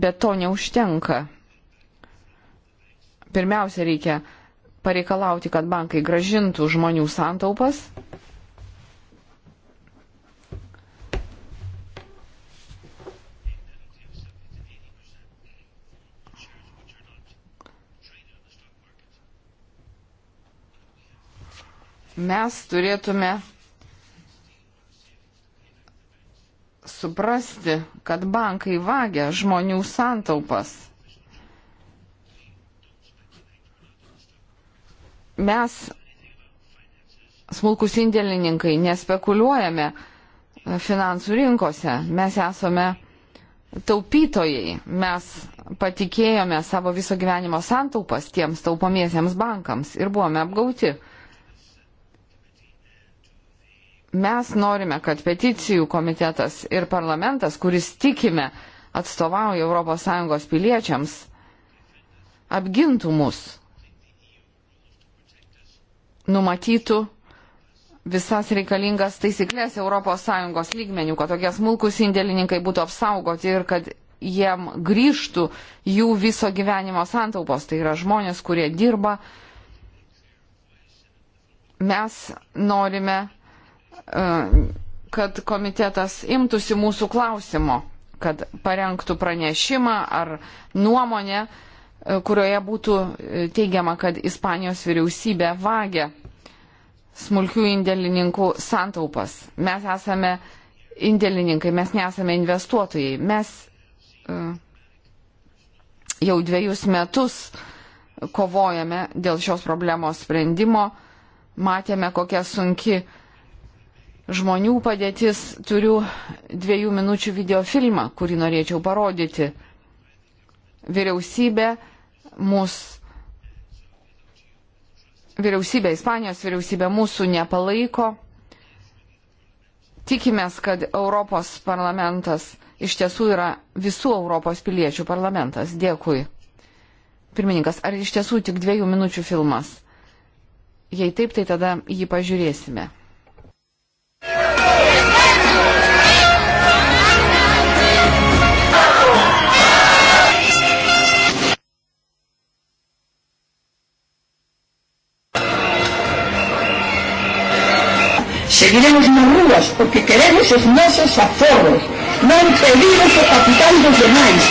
Bet to neužtenka. Pirmiausia, reikia pareikalauti, kad bankai gražintų žmonių santaupas mes turėtume suprasti, kad bankai vagia žmonių santaupas. Mes, smulkus indėlininkai, nespekuliuojame finansų rinkose, mes esame taupytojai, mes patikėjome savo viso gyvenimo santaupas tiems taupomiesiems bankams ir buvome apgauti mes norime, kad peticijų komitetas ir parlamentas, kuris tikime atstovauja ES piliečiams, apgintų mus, numatytų visas reikalingas taisyklės ES lygmenių, kad tokie smulkus indėlininkai būtų apsaugoti ir kad jiem grįžtų jų viso gyvenimo santaupos. Tai yra žmonės, kurie dirba. Mes norime E, kad komitetas imtųsi mūsų klausimo, kad parengtų pranešimą ar nuomonę, e, kurioje būtų e, teigiama, kad Ispanijos vyriausybė vagia smulkių indėlininkų santaupas. Mes esame indėlininkai, mes nesame investuotojai. Mes jau dviejus metus kovojame dėl šios problemos sprendimo, matėme, kokia sunki uh, žmonių padėtis. Turiu dviejų minučių videofilmą, kurį norėčiau parodyti. Vyriausybė mūsų. Vyriausybė, Ispanijos vyriausybė mūsų nepalaiko. Tikimės, kad Europos parlamentas iš tiesų yra visų Europos piliečių parlamentas. Dėkui. Pirmininkas, ar iš tiesų tik dviejų minučių filmas? Jei taip, tai tada jį pažiūrėsime. seguiremos nas ruas porque queremos os nosos aforros, non pedidos o capital dos demais.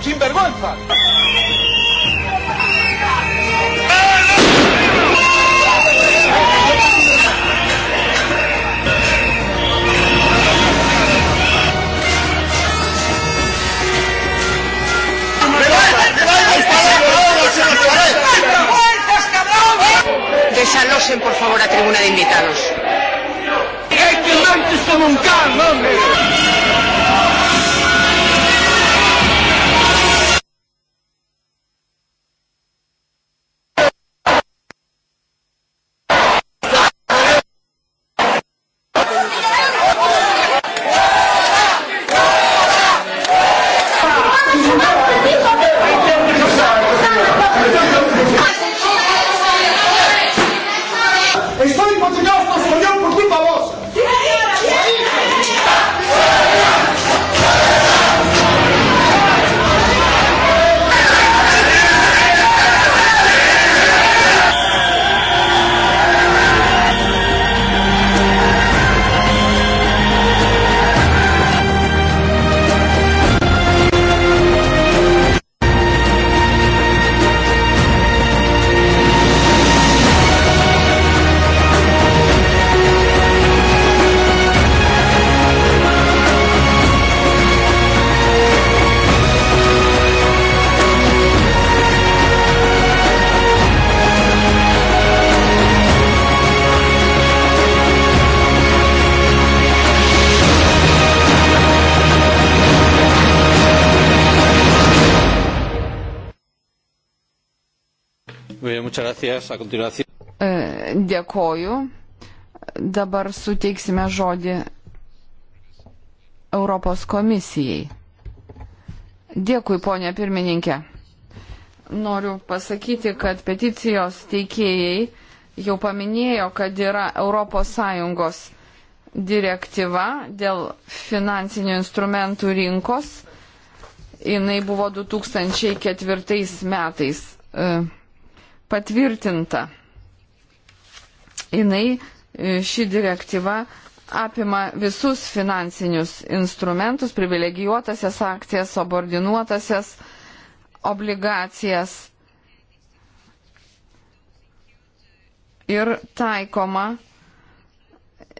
Sin vergüenza. Desalojen, por favor, a tribuna de invitados. ¡Este man es un hombre! E, dėkoju. Dabar suteiksime žodį Europos komisijai. Dėkui, ponė pirmininkė. Noriu pasakyti, kad peticijos teikėjai jau paminėjo, kad yra ES direktyva dėl finansinių instrumentų rinkos. Jis buvo 2004 metais e, patvirtinta. Inai e, ši direktyva apima visus finansinius instrumentus, privilegijuotasias akcijas, subordinuotasias obligacijas ir taikoma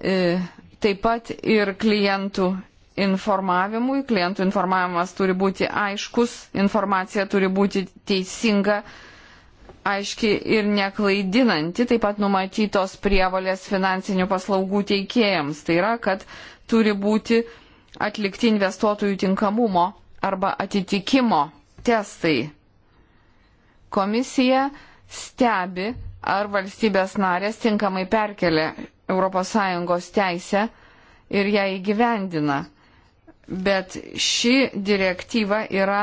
e, taip pat ir klientų informavimui. Klientų informavimas turi būti aiškus, informacija turi būti teisinga aiški ir neklaidinanti, taip pat numatytos prievalės finansinių paslaugų teikėjams. Tai yra, kad turi būti atlikti investuotojų tinkamumo arba atitikimo testai. Komisija stebi, ar valstybės narės tinkamai perkelia ES teisę ir ją įgyvendina. Bet ši direktyva yra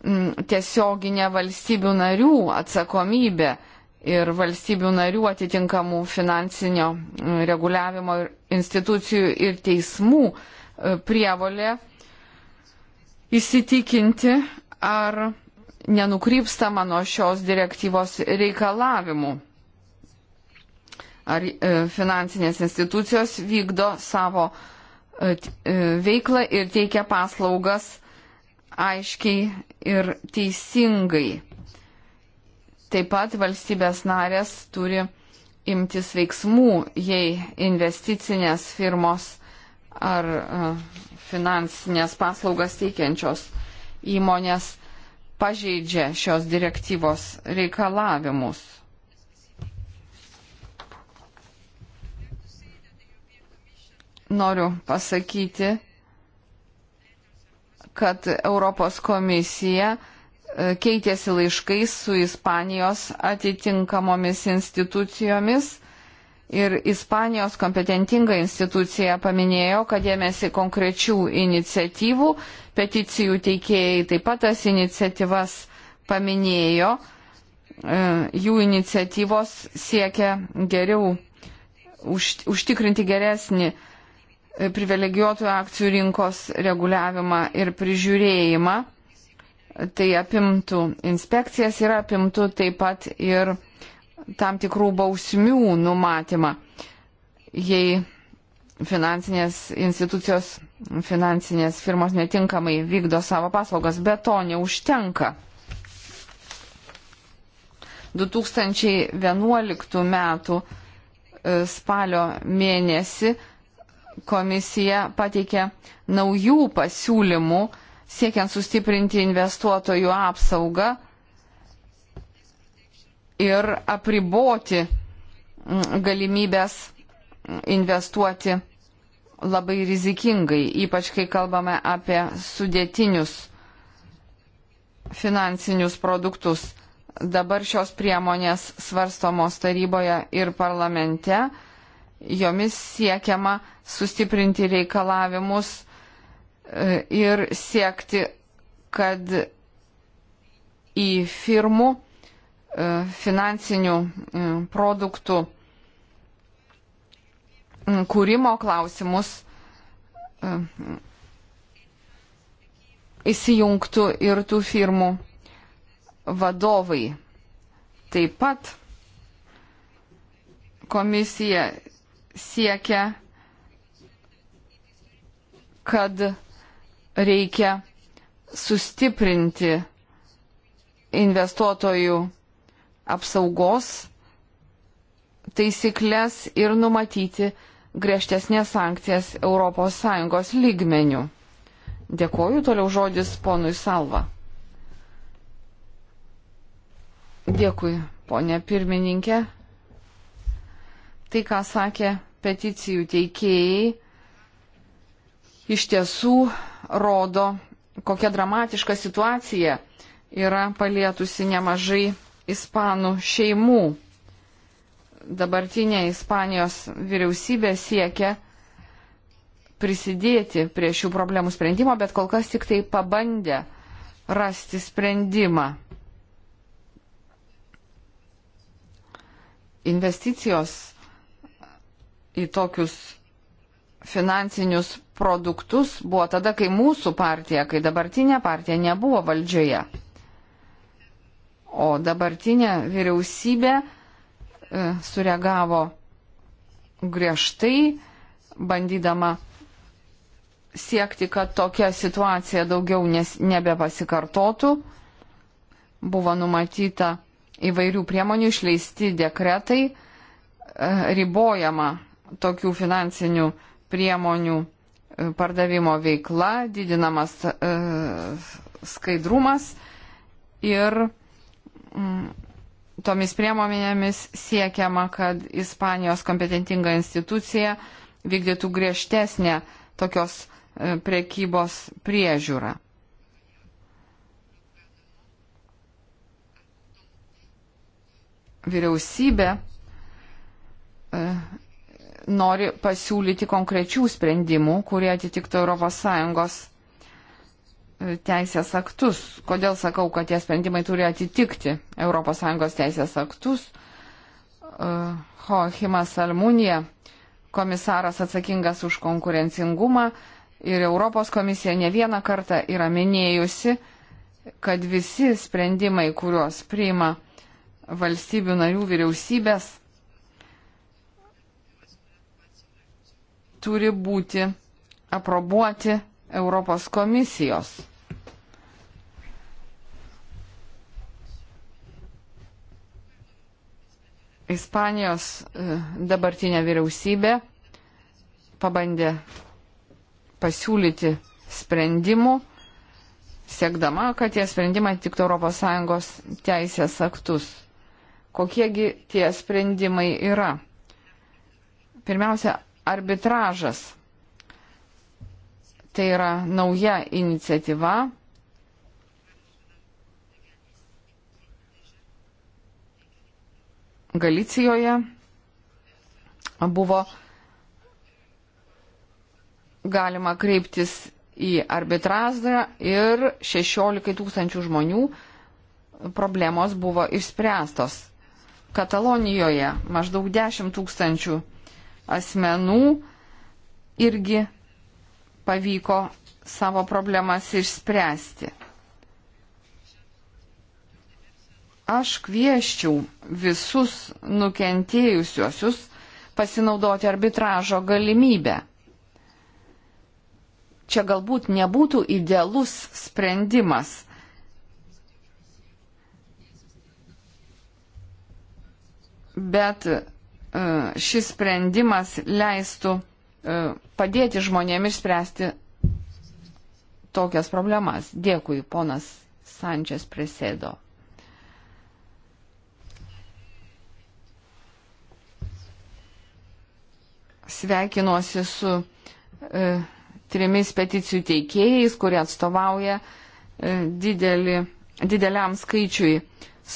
Mm, tiesioginė valstybių narių atsakomybė ir valstybių narių atitinkamų finansinio mm, reguliavimo institucijų ir teismų e, prievolė įsitikinti, ar nenukrypstama nuo šios direktyvos reikalavimų, ar e, finansinės institucijos vykdo savo e, veiklą ir teikia paslaugas aiškiai ir teisingai. Taip pat valstybės narės turi imtis veiksmų, jei investicinės firmos ar e, finansinės paslaugas teikiančios įmonės pažeidžia šios direktyvos reikalavimus. Noriu pasakyti, kad Europos komisija e, keitėsi laiškais su Ispanijos atitinkamomis institucijomis ir Ispanijos kompetentinga institucija paminėjo, kad ėmėsi konkrečių iniciatyvų, peticijų teikėjai taip pat tas iniciatyvas paminėjo, e, jų iniciatyvos siekia geriau užtikrinti geresnį E, privilegijuotų akcijų rinkos reguliavimą ir prižiūrėjimą. Tai apimtų inspekcijas ir apimtų taip pat ir tam tikrų bausmių numatymą, jei finansinės institucijos, finansinės firmos netinkamai vykdo savo paslaugas, bet to neužtenka. 2011 m. E, spalio mėnesį komisija pateikė naujų pasiūlymų, siekiant sustiprinti investuotojų apsaugą ir apriboti mm, galimybės mm, investuoti labai rizikingai, ypač kai kalbame apie sudėtinius finansinius produktus. Dabar šios priemonės svarstomos taryboje ir parlamente jomis siekiama sustiprinti reikalavimus e, ir siekti, kad į firmų e, finansinių produktų kūrimo klausimus e, įsijungtų ir tų firmų vadovai. Taip pat komisija siekia, kad reikia sustiprinti investuotojų apsaugos taisyklės ir numatyti griežtesnės sankcijas ES lygmenių. Dėkoju, toliau žodis ponui Salva. Dėkui, ponė pirmininkė. Tai, ką sakė peticijų teikėjai, iš tiesų rodo, kokia dramatiška situacija yra palietusi nemažai ispanų šeimų. Dabartinė Ispanijos vyriausybė siekia prisidėti prie šių problemų sprendimo, bet kol kas tik tai pabandė rasti sprendimą. Investicijos į tokius finansinius produktus buvo tada, kai mūsų partija, kai dabartinė partija nebuvo valdžioje. O dabartinė vyriausybė e, sureagavo griežtai, bandydama siekti, kad tokia situacija daugiau nes, nebepasikartotų. Buvo numatyta įvairių priemonių išleisti dekretai, e, ribojama tokių finansinių priemonių e, pardavimo veikla, didinamas e, skaidrumas ir mm, tomis priemonėmis siekiama, kad Ispanijos kompetentinga institucija vykdytų griežtesnę tokios e, priekybos priežiūrą. Vyriausybė e, nori pasiūlyti konkrečių sprendimų, kurie atitiktų ES e, teisės aktus. Kodėl sakau, kad tie sprendimai turi atitikti ES teisės aktus? E, Joachimas Almunija, komisaras atsakingas už konkurencingumą ir Europos komisija ne vieną kartą yra minėjusi, kad visi sprendimai, kuriuos priima valstybių narių vyriausybės, turi būti aprobuoti Europos komisijos. Ispanijos e, dabartinė vyriausybė pabandė pasiūlyti sprendimų, siekdama, kad tie sprendimai tiktų ES teisės aktus. Kokiegi tie sprendimai yra? Pirmiausia, arbitražas. Tai yra nauja iniciatyva. Galicijoje buvo galima kreiptis į arbitražą ir 16 tūkstančių žmonių problemos buvo išspręstos. Katalonijoje maždaug 10 tūkstančių 000 asmenų irgi pavyko savo problemas išspręsti. Aš kvieščiau visus nukentėjusiosius pasinaudoti arbitražo galimybę. Čia galbūt nebūtų idealus sprendimas, bet E, šis sprendimas leistų e, padėti žmonėm išspręsti tokias problemas. Dėkui, ponas Sančias Presėdo. Sveikinuosi su e, trimis peticijų teikėjais, kurie atstovauja e, didelį, dideliam skaičiui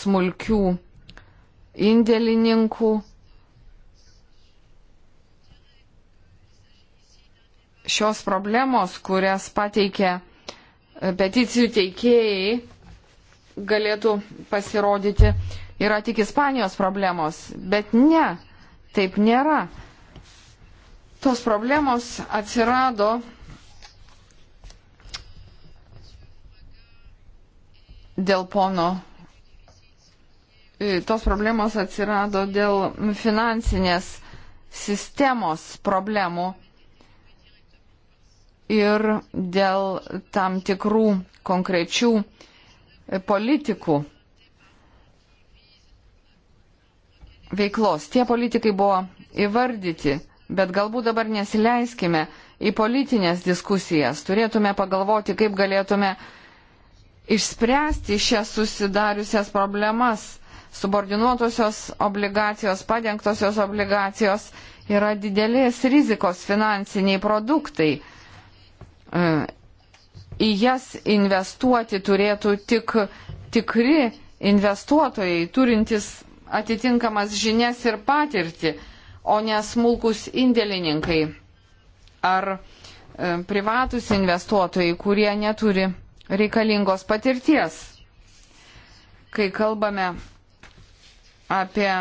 smulkių indėlininkų šios problemos, kurias pateikia e, peticijų teikėjai, galėtų pasirodyti yra tik Ispanijos problemos, bet ne, taip nėra. Tos problemos atsirado dėl pono. E, tos problemos atsirado dėl finansinės sistemos problemų ir dėl tam tikrų konkrečių politikų veiklos. Tie politikai buvo įvardyti, bet galbūt dabar nesileiskime į politinės diskusijas. Turėtume pagalvoti, kaip galėtume išspręsti šias susidariusias problemas. Subordinuotosios obligacijos, padengtosios obligacijos yra didelės rizikos finansiniai produktai į jas investuoti turėtų tik tikri investuotojai, turintys atitinkamas žinias ir patirtį, o ne smulkus indėlininkai ar e, privatus investuotojai, kurie neturi reikalingos patirties. Kai kalbame apie e,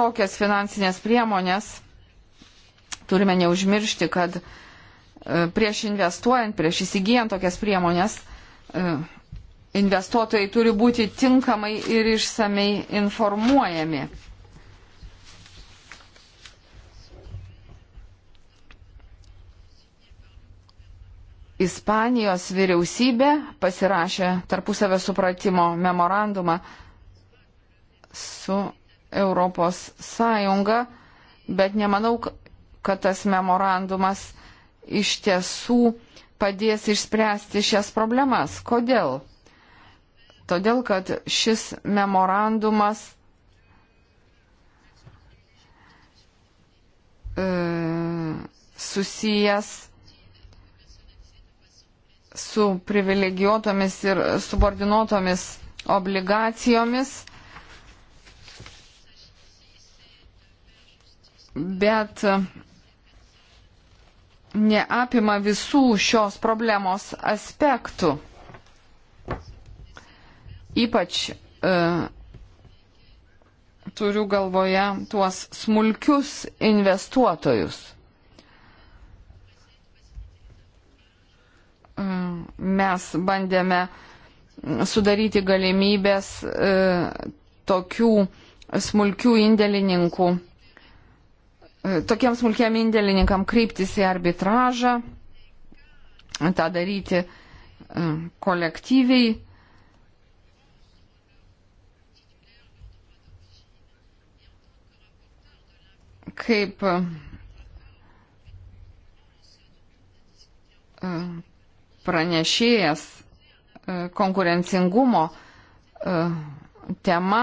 tokias finansinės priemonės, turime neužmiršti, kad uh, prieš investuojant, prieš įsigijant tokias priemonės, e, investuotojai turi būti tinkamai ir išsamei informuojami. Ispanijos vyriausybė pasirašė tarpusavio supratimo memorandumą su Europos Sąjunga, bet nemanau, kad tas memorandumas uh, iš tiesų padės išspręsti šias problemas. Kodėl? Todėl, kad šis memorandumas e, susijęs su privilegijuotomis ir subordinuotomis obligacijomis, bet neapima visų šios problemos aspektų. Ypač e, turiu galvoje tuos smulkius investuotojus. E, mes bandėme sudaryti galimybės e, tokių smulkių indėlininkų E, tokiems smulkiam indėlininkam kryptis į arbitražą, tą daryti e, kolektyviai. Kaip e, pranešėjas konkurencingumo tema,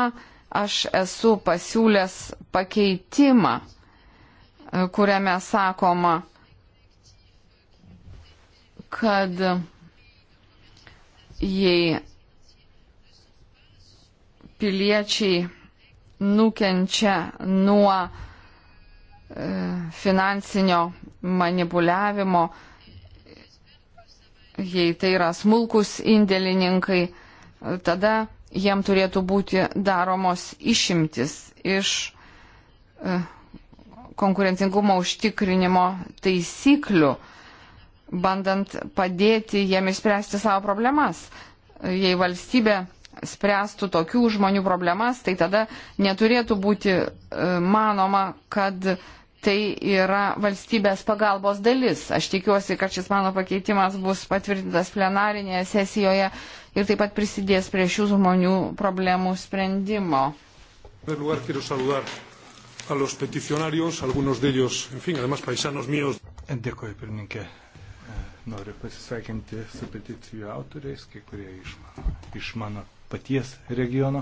aš esu pasiūlęs pakeitimą kuriame sakoma, kad jei piliečiai nukenčia nuo e, finansinio manipuliavimo, jei tai yra smulkus indėlininkai, tada jiem turėtų būti daromos išimtis iš e, konkurencingumo užtikrinimo taisyklių, bandant padėti jiem išspręsti savo problemas. Jei valstybė spręstų tokių žmonių problemas, tai tada neturėtų būti e, manoma, kad tai yra valstybės pagalbos dalis. Aš tikiuosi, kad šis mano pakeitimas bus patvirtintas plenarinėje sesijoje ir taip pat prisidės prie šių žmonių problemų sprendimo. Dar lugar, a los peticionarios, algunos de ellos, en fin, además paisanos míos. Dėkoju, pirmininkė. E, noriu pasisveikinti su peticijų autoriais, kai kurie iš mano, iš mano paties regiono.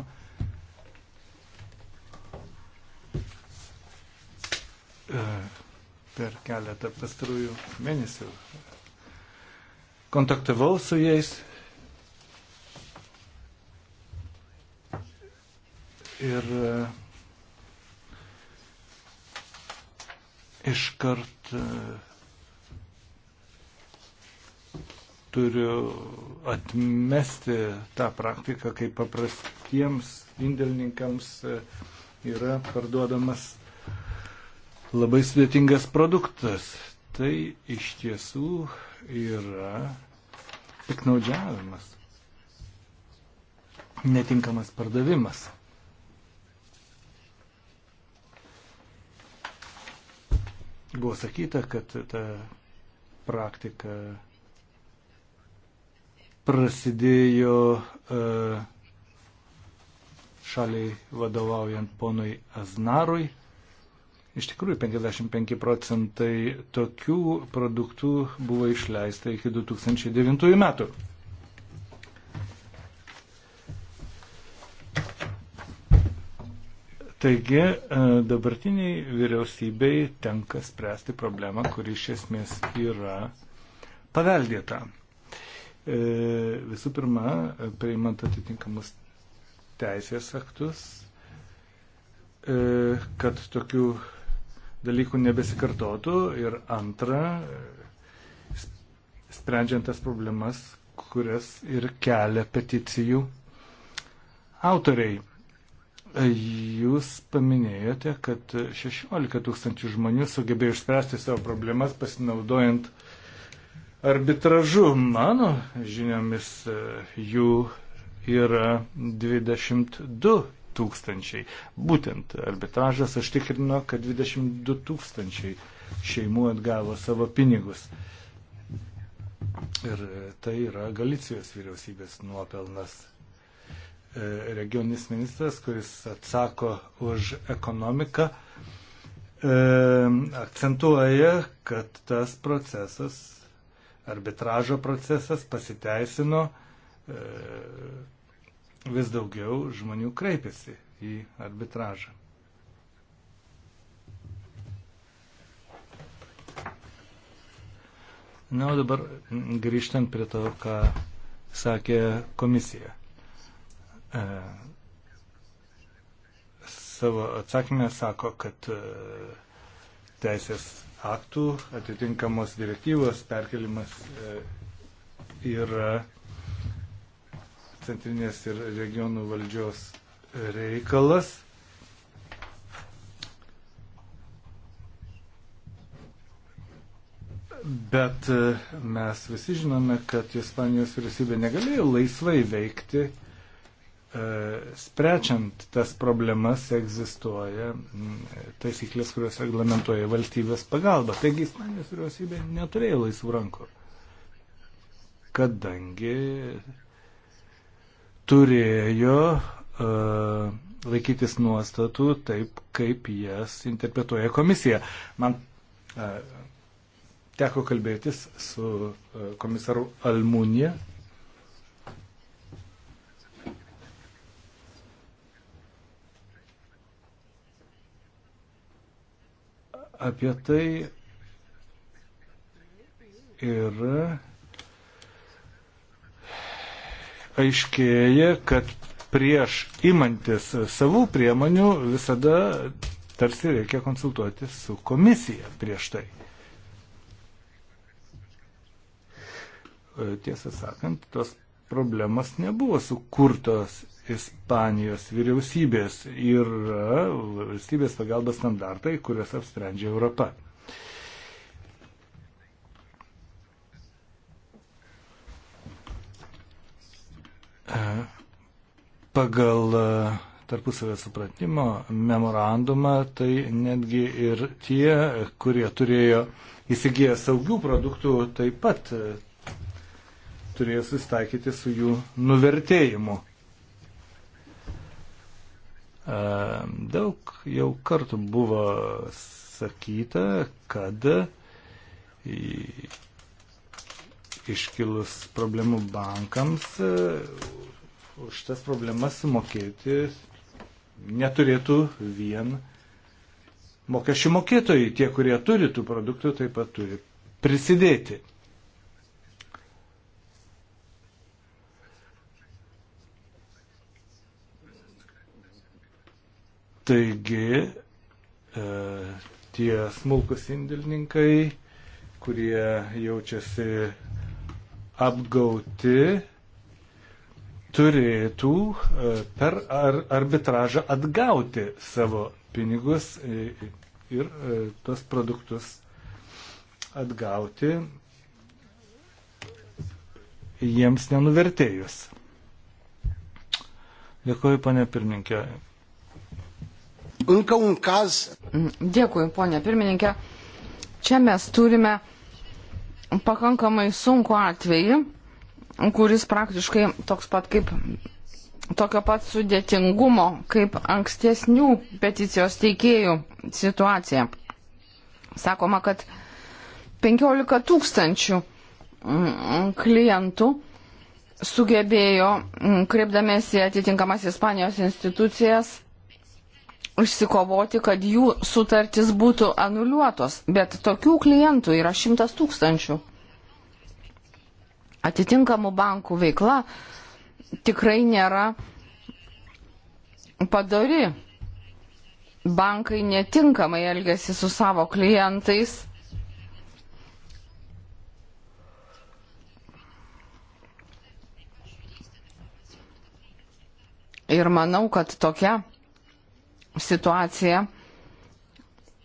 E, per keletą pastarųjų mėnesių kontaktavau su jais ir uh, iškart e, turiu atmesti tą praktiką, kai paprastiems indėlininkams e, yra parduodamas labai sudėtingas produktas. Tai iš tiesų yra piknaudžiavimas, netinkamas pardavimas. Buvo sakyta, kad ta praktika prasidėjo e, šaliai vadovaujant ponui Aznarui. Iš tikrųjų, 55 procentai tokių produktų buvo išleista iki 2009 metų. Taigi e, dabartiniai vyriausybei tenka spręsti problemą, kuri iš esmės yra paveldėta. E, visų pirma, priimant atitinkamus teisės aktus, e, kad tokių dalykų nebesikartotų ir antra, sprendžiant tas problemas, kurias ir kelia peticijų autoriai. Jūs paminėjote, kad 16 tūkstančių žmonių sugebėjo išspręsti savo problemas pasinaudojant arbitražu. Mano žiniomis e, jų yra 22 tūkstančiai. Būtent arbitražas užtikrino, kad 22 tūkstančiai šeimų atgavo savo pinigus. Ir e, tai yra Galicijos vyriausybės nuopelnas regioninis ministras, kuris atsako už ekonomiką, e, akcentuoja, kad tas procesas, arbitražo procesas pasiteisino, e, vis daugiau žmonių kreipiasi į arbitražą. Na, o dabar grįžtant prie to, ką sakė komisija. E, savo atsakymę sako, kad e, teisės aktų atitinkamos direktyvos perkelimas e, yra centrinės ir regionų valdžios reikalas. Bet mes visi žinome, kad Ispanijos vyriausybė negalėjo laisvai veikti E, Sprečiant tas problemas egzistuoja taisyklės, kurios reglamentuoja valstybės pagalba. Taigi Ispanijos vyriausybė neturėjo laisvų rankų, kadangi turėjo uh, laikytis nuostatų taip, kaip jas interpretuoja komisija. Man a, e, teko kalbėtis su a, komisaru Almūnė apie tai ir aiškėja, kad prieš imantis savų priemonių visada tarsi reikia konsultuoti su komisija prieš tai. Tiesą sakant, tos problemas nebuvo sukurtos Ispanijos vyriausybės yra valstybės pagalbos standartai, kuriuos apsprendžia Europa. E, pagal e, tarpusavę supratimo memorandumą, tai netgi ir tie, kurie turėjo įsigiję saugių produktų, taip pat e, turėjo susitaikyti su jų nuvertėjimu. Daug jau kartų buvo sakyta, kad iškilus problemų bankams už tas problemas sumokėti neturėtų vien mokesčių mokėtojai. Tie, kurie turi tų produktų, taip pat turi prisidėti. Taigi e, tie smulkus indėlininkai, kurie jaučiasi apgauti, turėtų e, per arbitražą atgauti savo pinigus e, ir tos produktus atgauti jiems nenuvertėjus. Dėkuoju, pane pirmininkė. Încă un caz. Mm, Dėkui, ponė pirmininkė. Čia mes turime pakankamai sunku atvejį, kuris praktiškai toks pat kaip tokio pat sudėtingumo kaip ankstesnių peticijos teikėjų situacija. Sakoma, kad 15 tūkstančių mm, klientų sugebėjo, mm, kreipdamėsi atitinkamas Ispanijos institucijas, išsikovoti, kad jų sutartis būtų anuliuotos, bet tokių klientų yra šimtas tūkstančių. Atitinkamų bankų veikla tikrai nėra padori. Bankai netinkamai elgesi su savo klientais. Ir manau, kad tokia situacija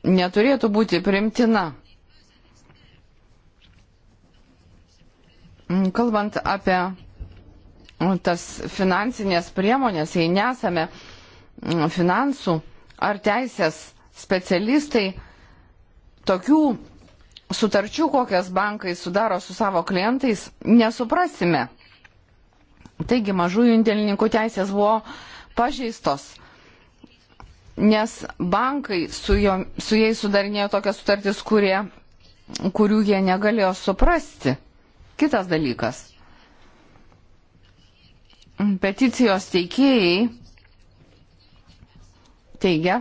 neturėtų būti primtina. Kalbant apie tas finansinės priemonės, jei nesame finansų ar teisės specialistai, tokių sutarčių, kokias bankai sudaro su savo klientais, nesuprasime. Taigi mažųjų indėlininkų teisės buvo pažeistos nes bankai su, jo, su jais sudarinėjo tokias sutartis, kurie, kurių jie negalėjo suprasti. Kitas dalykas. Peticijos teikėjai teigia,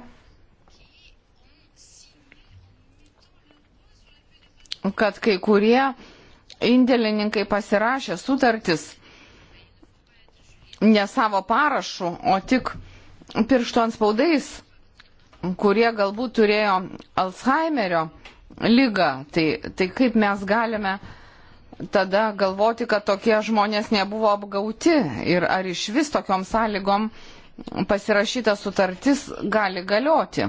kad kai kurie indėlininkai pasirašė sutartis ne savo parašu, o tik piršto ant spaudais kurie galbūt turėjo Alzheimerio lygą, tai, tai kaip mes galime tada galvoti, kad tokie žmonės nebuvo apgauti ir ar iš vis tokiom sąlygom pasirašyta sutartis gali galioti.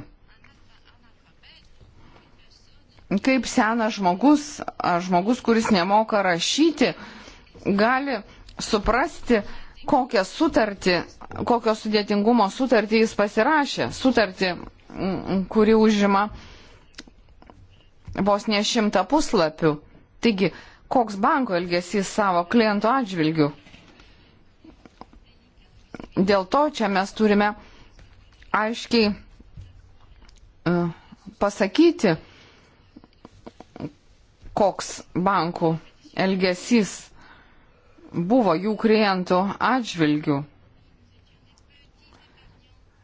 Kaip senas žmogus, ar žmogus, kuris nemoka rašyti, gali suprasti, kokią sutartį, kokio sudėtingumo sutartį jis pasirašė. Sutartį kuri užima vos ne šimtą puslapių. Taigi, koks banko elgesys savo kliento atžvilgių? Dėl to čia mes turime aiškiai e, pasakyti, koks bankų elgesys buvo jų klientų atžvilgių.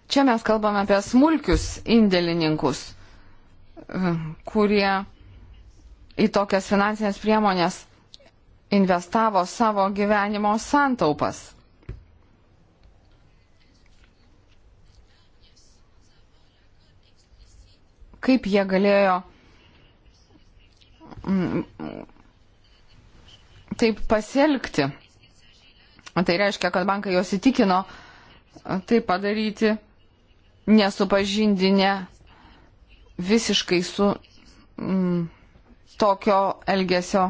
Čia mes kalbame apie smulkius indėlininkus, e, kurie į tokias finansinės priemonės investavo savo gyvenimo santaupas. Kaip jie galėjo mm, taip pasielgti? Tai reiškia, kad bankai juos įtikino e, tai padaryti nesupažindinę visiškai su mm, tokio elgesio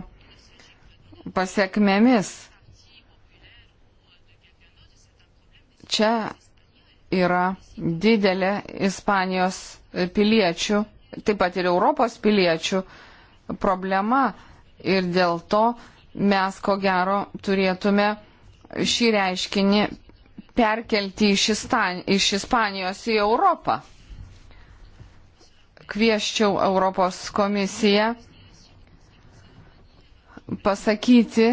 pasiekmėmis. Čia yra didelė Ispanijos piliečių, taip pat ir Europos piliečių problema ir dėl to mes ko gero turėtume šį reiškinį perkelti iš, Istan, iš Ispanijos į Europą. Kvieščiau Europos komisiją pasakyti,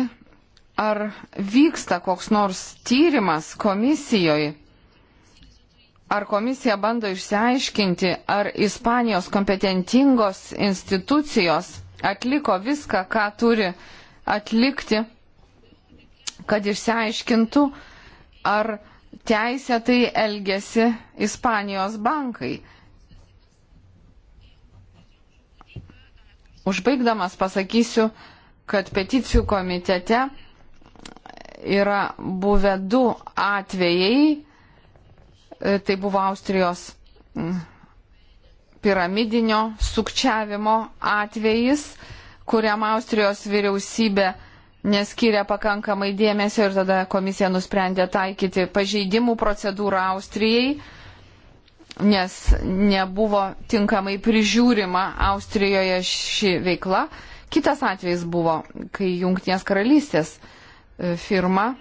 ar vyksta koks nors tyrimas komisijoje ar komisija bando išsiaiškinti, ar Ispanijos kompetentingos institucijos atliko viską, ką turi atlikti, kad išsiaiškintų, ar teisę tai elgesi Ispanijos bankai. Užbaigdamas pasakysiu, kad peticijų komitete yra buvę du atvejai. Tai buvo Austrijos mm, piramidinio sukčiavimo atvejis, kuriam Austrijos vyriausybė neskiria pakankamai dėmesio ir tada komisija nusprendė taikyti pažeidimų procedūrą Austrijai, nes nebuvo tinkamai prižiūrima Austrijoje ši veikla. Kitas atvejis buvo, kai Junktinės karalystės e, firma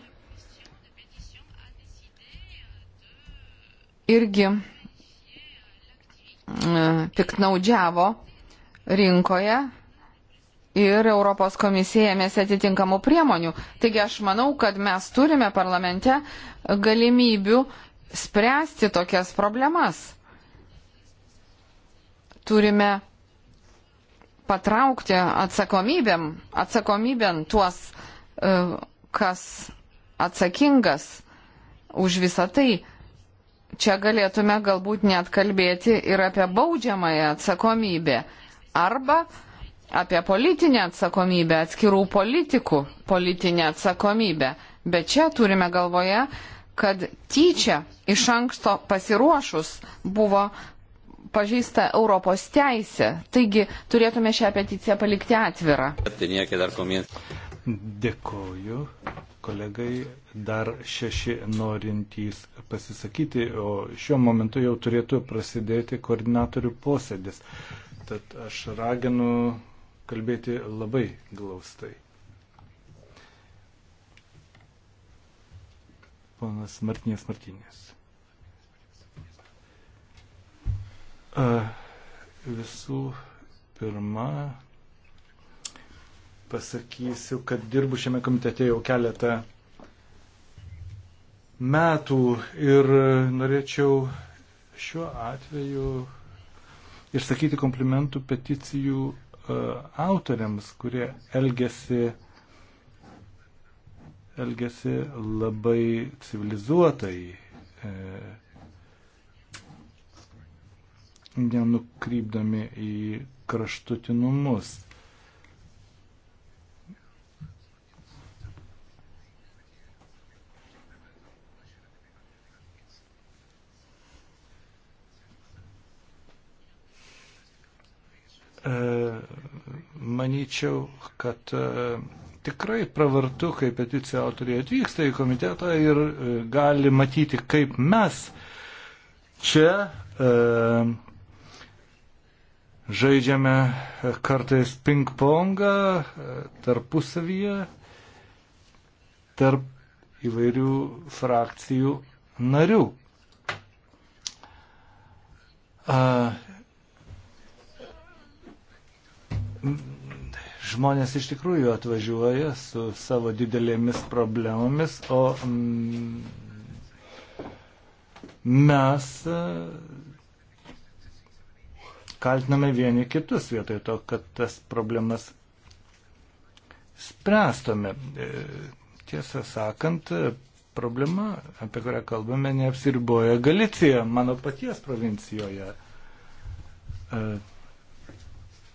irgi e, piknaudžiavo rinkoje ir Europos komisija ėmėsi atitinkamų priemonių. Taigi aš manau, kad mes turime parlamente galimybių spręsti tokias problemas. Turime patraukti atsakomybėm, atsakomybėm tuos, e, kas atsakingas už visą tai. Čia galėtume galbūt net kalbėti ir apie baudžiamąją atsakomybę. Arba uh, apie politinę atsakomybę, atskirų politikų politinę atsakomybę. Bet čia turime galvoje, kad tyčia iš anksto pasiruošus buvo pažįsta Europos teisė. Taigi turėtume šią peticiją palikti atvirą. Dėkoju. Kolegai dar šeši norintys pasisakyti, o šiuo momentu jau turėtų prasidėti koordinatorių posėdis. Tad aš raginu kalbėti labai glaustai. Ponas Martinės Martinės. Visų pirma, pasakysiu, kad dirbu šiame komitete jau keletą metų ir norėčiau šiuo atveju išsakyti komplimentų peticijų E, autoriams, kurie elgesi, elgesi labai civilizuotai, e, nenukrypdami į kraštutinumus. E, manyčiau, kad e, tikrai pravartu, kai peticijų autoriai atvyksta į komitetą ir e, gali matyti, kaip mes čia žaidžiame kartais ping-pongą tarpusavyje tarp įvairių frakcijų narių. žmonės iš tikrųjų atvažiuoja su savo didelėmis problemomis, o mm, mes e, kaltiname vieni kitus vietoj to, kad tas problemas spręstume. E, tiesą sakant, problema, apie kurią kalbame, neapsiriboja Galicija, mano paties provincijoje. E,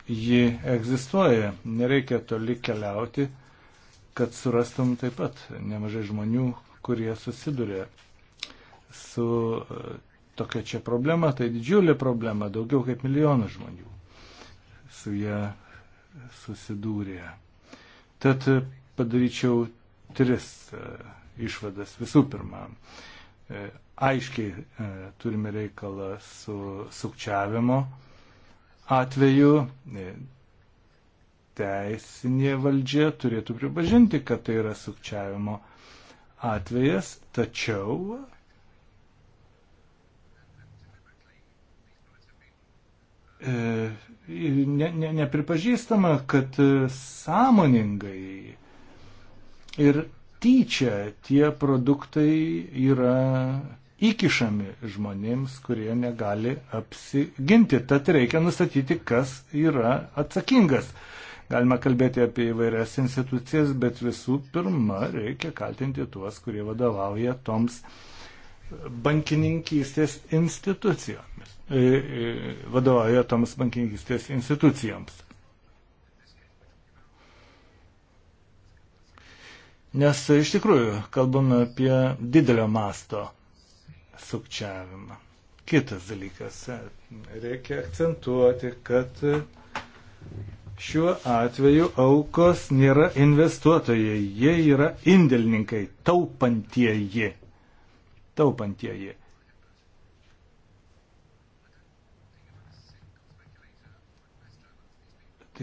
ji egzistuoja. Nereikia toli keliauti, kad surastum taip pat nemažai žmonių, kurie susiduria su e, tokia čia problema, tai didžiulė problema, daugiau kaip milijonas žmonių su ją susidūrė. Tad e, padaryčiau tris e, išvadas. Visų pirma, aiškiai turime reikalą su sukčiavimo atveju e, teisinė valdžia turėtų pripažinti, kad tai yra sukčiavimo atvejas, tačiau e, ne, ne, nepripažįstama, kad sąmoningai ir tyčia tie produktai yra įkišami žmonėms, kurie negali apsiginti. Tad reikia nustatyti, kas yra atsakingas. Galima kalbėti apie įvairias institucijas, bet visų pirma reikia kaltinti tuos, kurie vadovauja toms bankininkystės institucijomis. E, e, vadovauja toms bankininkystės institucijoms. Nes iš tikrųjų kalbame apie didelio masto sukčiavimą. Kitas dalykas, reikia akcentuoti, kad šiuo atveju aukos nėra investuotojai, jie yra indėlininkai, taupantieji. Taupantieji.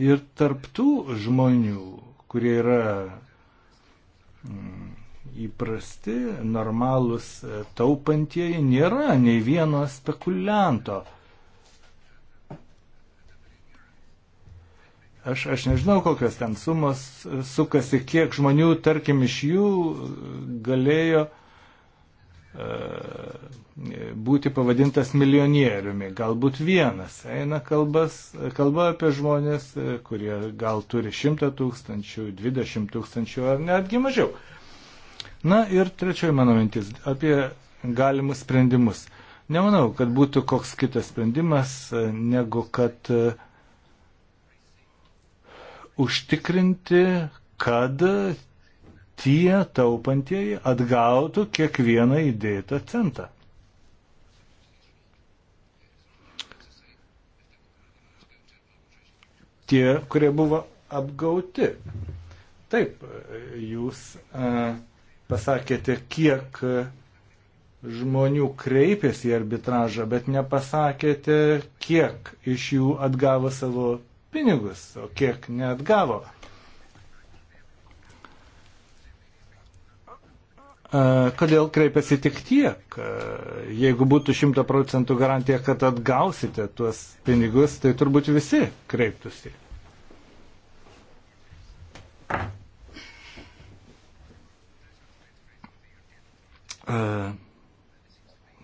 Ir tarptų žmonių, kurie yra mm, įprasti, normalūs e, taupantieji, nėra nei vieno spekulianto. Aš, aš nežinau, kokios ten sumos e, sukasi, kiek žmonių, tarkim, iš jų e, galėjo būti pavadintas milijonieriumi. Galbūt vienas. Eina kalbas, kalba apie žmonės, kurie gal turi 100 tūkstančių, 20 tūkstančių ar netgi mažiau. Uh, Na ir trečioji mano mintis apie galimus sprendimus. Nemanau, kad būtų koks kitas sprendimas, e, negu kad e, užtikrinti, kad tie taupantieji atgautų kiekvieną įdėtą centą. Tie, kurie buvo apgauti. Taip, e, jūs. Uh, pasakėte, kiek žmonių kreipėsi į arbitražą, bet nepasakėte, kiek iš jų atgavo savo pinigus, o kiek neatgavo. Kodėl kreipiasi tik tiek? Jeigu būtų 100 procentų garantija, kad atgausite tuos pinigus, tai turbūt visi kreiptųsi. E,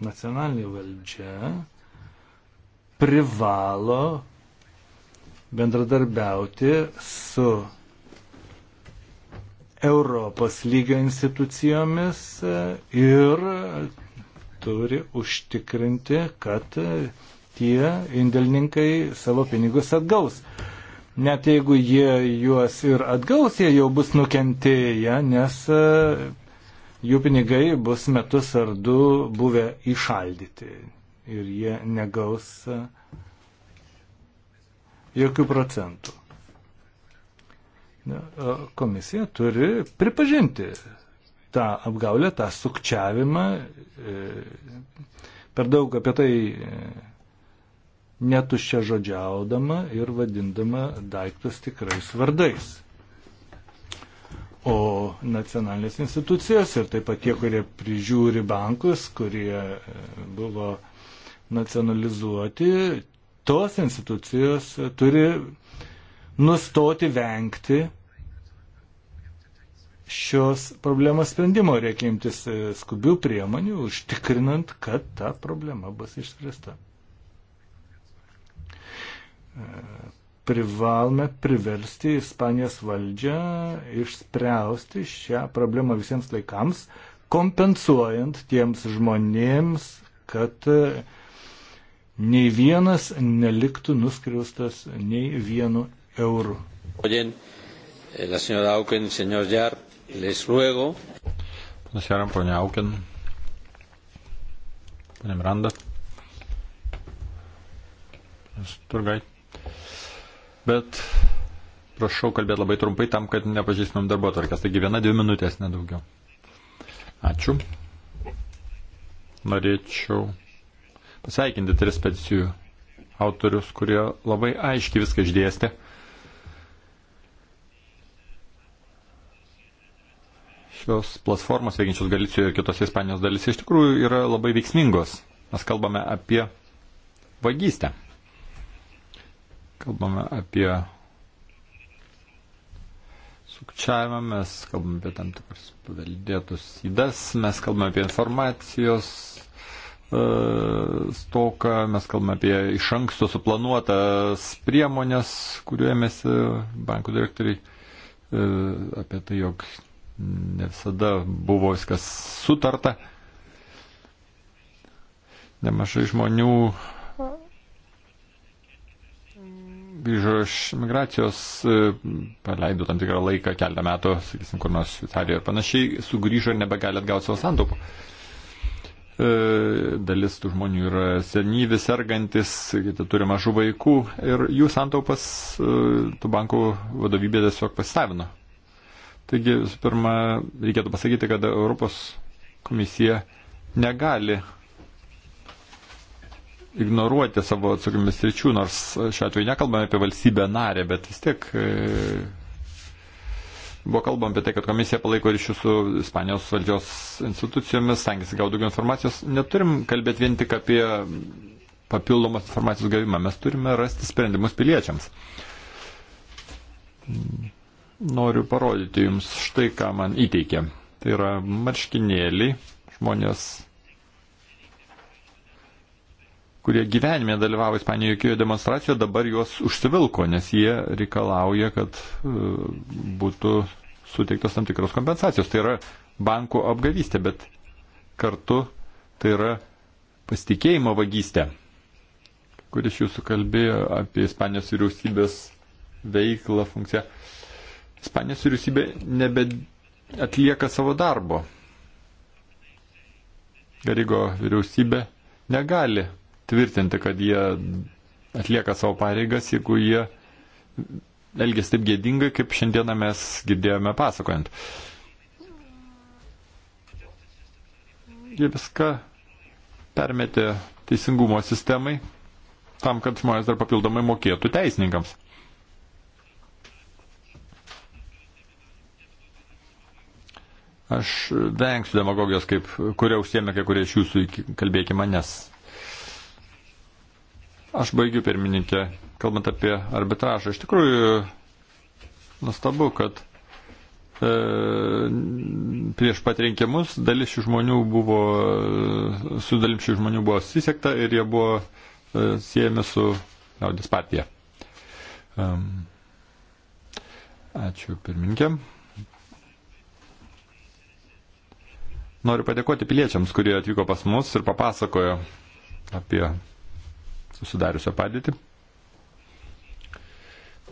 nacionalinė valdžia privalo bendradarbiauti su Europos lygio institucijomis ir turi užtikrinti, kad tie indėlininkai savo pinigus atgaus. Net jeigu jie juos ir atgaus, jie jau bus nukentėję, nes jų pinigai bus metus ar du buvę įšaldyti ir jie negaus e, jokių procentų. Komisija turi pripažinti tą apgaulę, tą sukčiavimą. E, per daug apie tai e, netuščia žodžiaudama ir vadindama daiktus tikrais vardais o nacionalinės institucijos ir taip pat tie, kurie prižiūri bankus, kurie e, buvo nacionalizuoti, tos institucijos turi nustoti vengti šios problemos sprendimo. Reikia imtis e, skubių priemonių, užtikrinant, kad ta problema bus išspręsta. E, privalome priversti Ispanijos valdžią išspręsti šią problemą visiems laikams, kompensuojant tiems žmonėms, kad e, nei vienas neliktų nuskriaustas nei vienu eurų. Ojen, eh, la señora Auken, señor Jar, les ruego. Ponas Jaram, ponia Auken, ponia Miranda, turgait bet prašau kalbėti labai trumpai tam, kad nepažįstumėm darbo tvarkės. Taigi viena, dvi minutės nedaugiau. Ačiū. Norėčiau pasveikinti tris peticijų autorius, kurie labai aiškiai viską išdėstė. Šios platformos veikiančios Galicijoje ir kitose Ispanijos dalyse iš tikrųjų yra labai veiksmingos. Mes kalbame apie vagystę kalbame apie sukčiavimą, mes kalbame apie tam tikrus paveldėtus įdas, mes kalbame apie informacijos e, stoką, mes kalbame apie iš anksto suplanuotas priemonės, kuriuomėsi bankų direktoriai, e, apie tai, jog ne visada buvo viskas sutarta. Nemažai žmonių grįžo iš migracijos, e, paleido tam tikrą laiką, keletą metų, sakysim, kur nors Italijoje ir panašiai, sugrįžo ir nebegali atgauti savo santaupų. E, dalis tų žmonių yra senyvi, sergantis, kiti turi mažų vaikų ir jų santaupas e, tų bankų vadovybė tiesiog pasisavino. Taigi, visų pirma, reikėtų pasakyti, kad Europos komisija negali ignoruoti savo atsakomybės ryčių, nors šiuo atveju nekalbame apie valstybę narę, bet vis tiek e, buvo kalbama apie tai, kad komisija palaiko ryšių su Ispanijos valdžios institucijomis, stengiasi gauti daugiau informacijos. Neturim kalbėti vien tik apie papildomos informacijos gavimą, mes turime rasti sprendimus piliečiams. Noriu parodyti jums štai, ką man įteikė. Tai yra marškinėliai, žmonės kurie gyvenime dalyvavo Ispanijoje jokioje demonstracijoje, dabar juos užsivilko, nes jie reikalauja, kad e, būtų suteiktos tam tikros kompensacijos. Tai yra bankų apgavystė, bet kartu tai yra pasitikėjimo vagystė. Kuris jūsų kalbėjo apie Ispanijos vyriausybės veiklą, funkciją. Ispanijos vyriausybė nebe atlieka savo darbo. Garigo vyriausybė negali tvirtinti, kad jie atlieka savo pareigas, jeigu jie elgesi taip gėdingai, kaip šiandieną mes girdėjome pasakojant. Jie viską permetė teisingumo sistemai, tam, kad žmonės dar papildomai mokėtų teisininkams. Aš vengsiu demagogijos, kaip kuria užsiemė kai kurie iš jūsų, kalbėkime manęs. Aš baigiu pirmininkę, kalbant apie arbitražą. Iš tikrųjų, nustabu, kad e, prieš pat rinkimus dalis šių žmonių buvo, su dalim šių žmonių buvo susisiekta ir jie buvo e, siejami su liaudės partija. Um, ačiū pirmininkė. Noriu padėkoti piliečiams, kurie atvyko pas mus ir papasakojo apie susidariusią padėtį,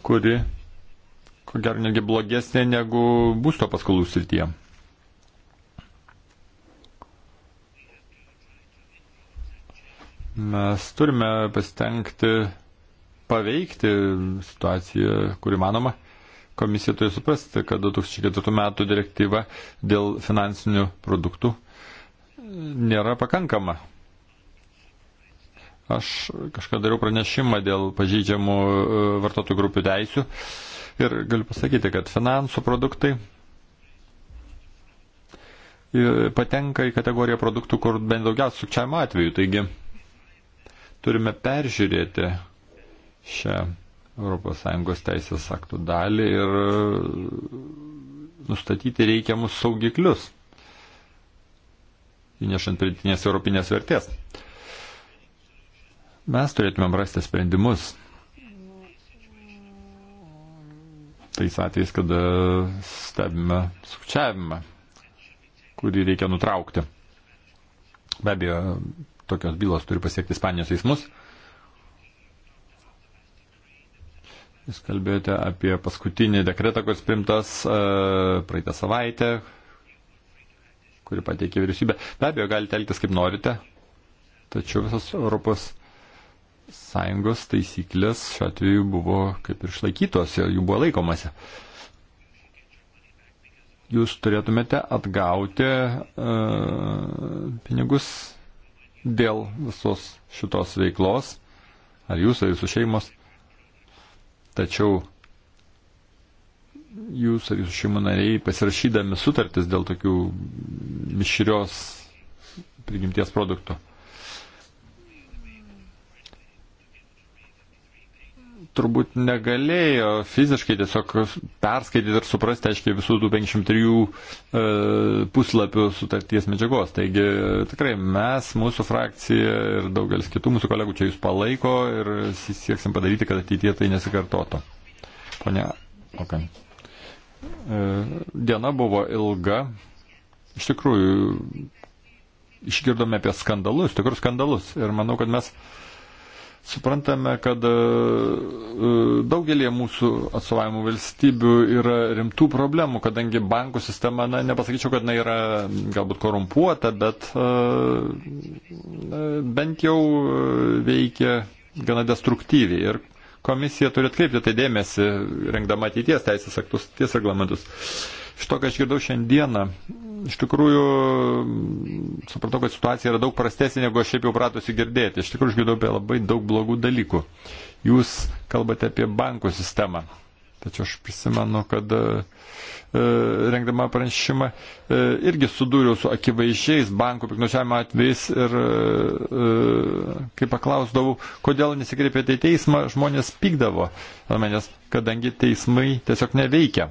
kuri, ko gero, netgi blogesnė negu būsto paskolų srityje. Mes turime pasitengti paveikti situaciją, kuri manoma. Komisija turi suprasti, kad 2004 metų direktyva dėl finansinių produktų nėra pakankama. Aš kažką dariau pranešimą dėl pažydžiamų e, vartotojų grupių teisių ir galiu pasakyti, kad finansų produktai e, patenka į kategoriją produktų, kur bent daugiausia sukčiavimo atveju. Taigi turime peržiūrėti šią ES teisės aktų dalį ir e, nustatyti reikiamus saugiklius, įnešant pridėtinės europinės vertės. Mes turėtumėm rasti sprendimus tais atvejais, kada stebime sukčiavimą, kurį reikia nutraukti. Be abejo, tokios bylos turi pasiekti Ispanijos teismus. Jūs kalbėjote apie paskutinį dekretą, kuris primtas uh, e, praeitą savaitę, kurį pateikė vyriausybė. Be abejo, galite elgtis kaip norite, tačiau visas Europos uh, sąjungos taisyklės šiuo atveju buvo kaip ir išlaikytos, jų buvo laikomasi. Jūs turėtumėte atgauti uh, pinigus dėl visos šitos veiklos, ar jūs, ar jūsų šeimos. Tačiau jūs ar jūsų šeimų nariai pasirašydami sutartis dėl tokių mišrios prigimties produktų turbūt negalėjo fiziškai tiesiog perskaityti ir suprasti, aiškiai, visų tų 503 e, puslapių sutarties medžiagos. Taigi tikrai mes, mūsų frakcija ir daugelis kitų mūsų kolegų čia jūs palaiko ir sieksim padaryti, kad ateitie tai nesikartotų. Pone, okay. e, diena buvo ilga. Iš tikrųjų, išgirdome apie skandalus, tikrus skandalus. Ir manau, kad mes suprantame, kad e, e, daugelie mūsų atsovavimų valstybių yra rimtų problemų, kadangi bankų sistema, na, nepasakyčiau, kad jinai yra galbūt korumpuota, bet e, bent jau veikia gana destruktyviai. Ir komisija turi atkreipti tai dėmesį, rengdama ateities teisės aktus, ties reglamentus. Uh, Iš to, ką išgirdau šiandieną, iš tikrųjų supratau, kad situacija yra daug prastesnė, negu aš šiaip jau pratusi girdėti. Iš tikrųjų išgirdau apie labai daug blogų dalykų. Jūs kalbate apie bankų sistemą. Tačiau aš prisimenu, kad e, e rengdama pranešimą e, irgi sudūriau su akivaizdžiais bankų piknučiavimo atvejais ir e, e, kai paklausdavau, kodėl nesikreipėte į teismą, žmonės pykdavo, manęs, kadangi teismai tiesiog neveikia.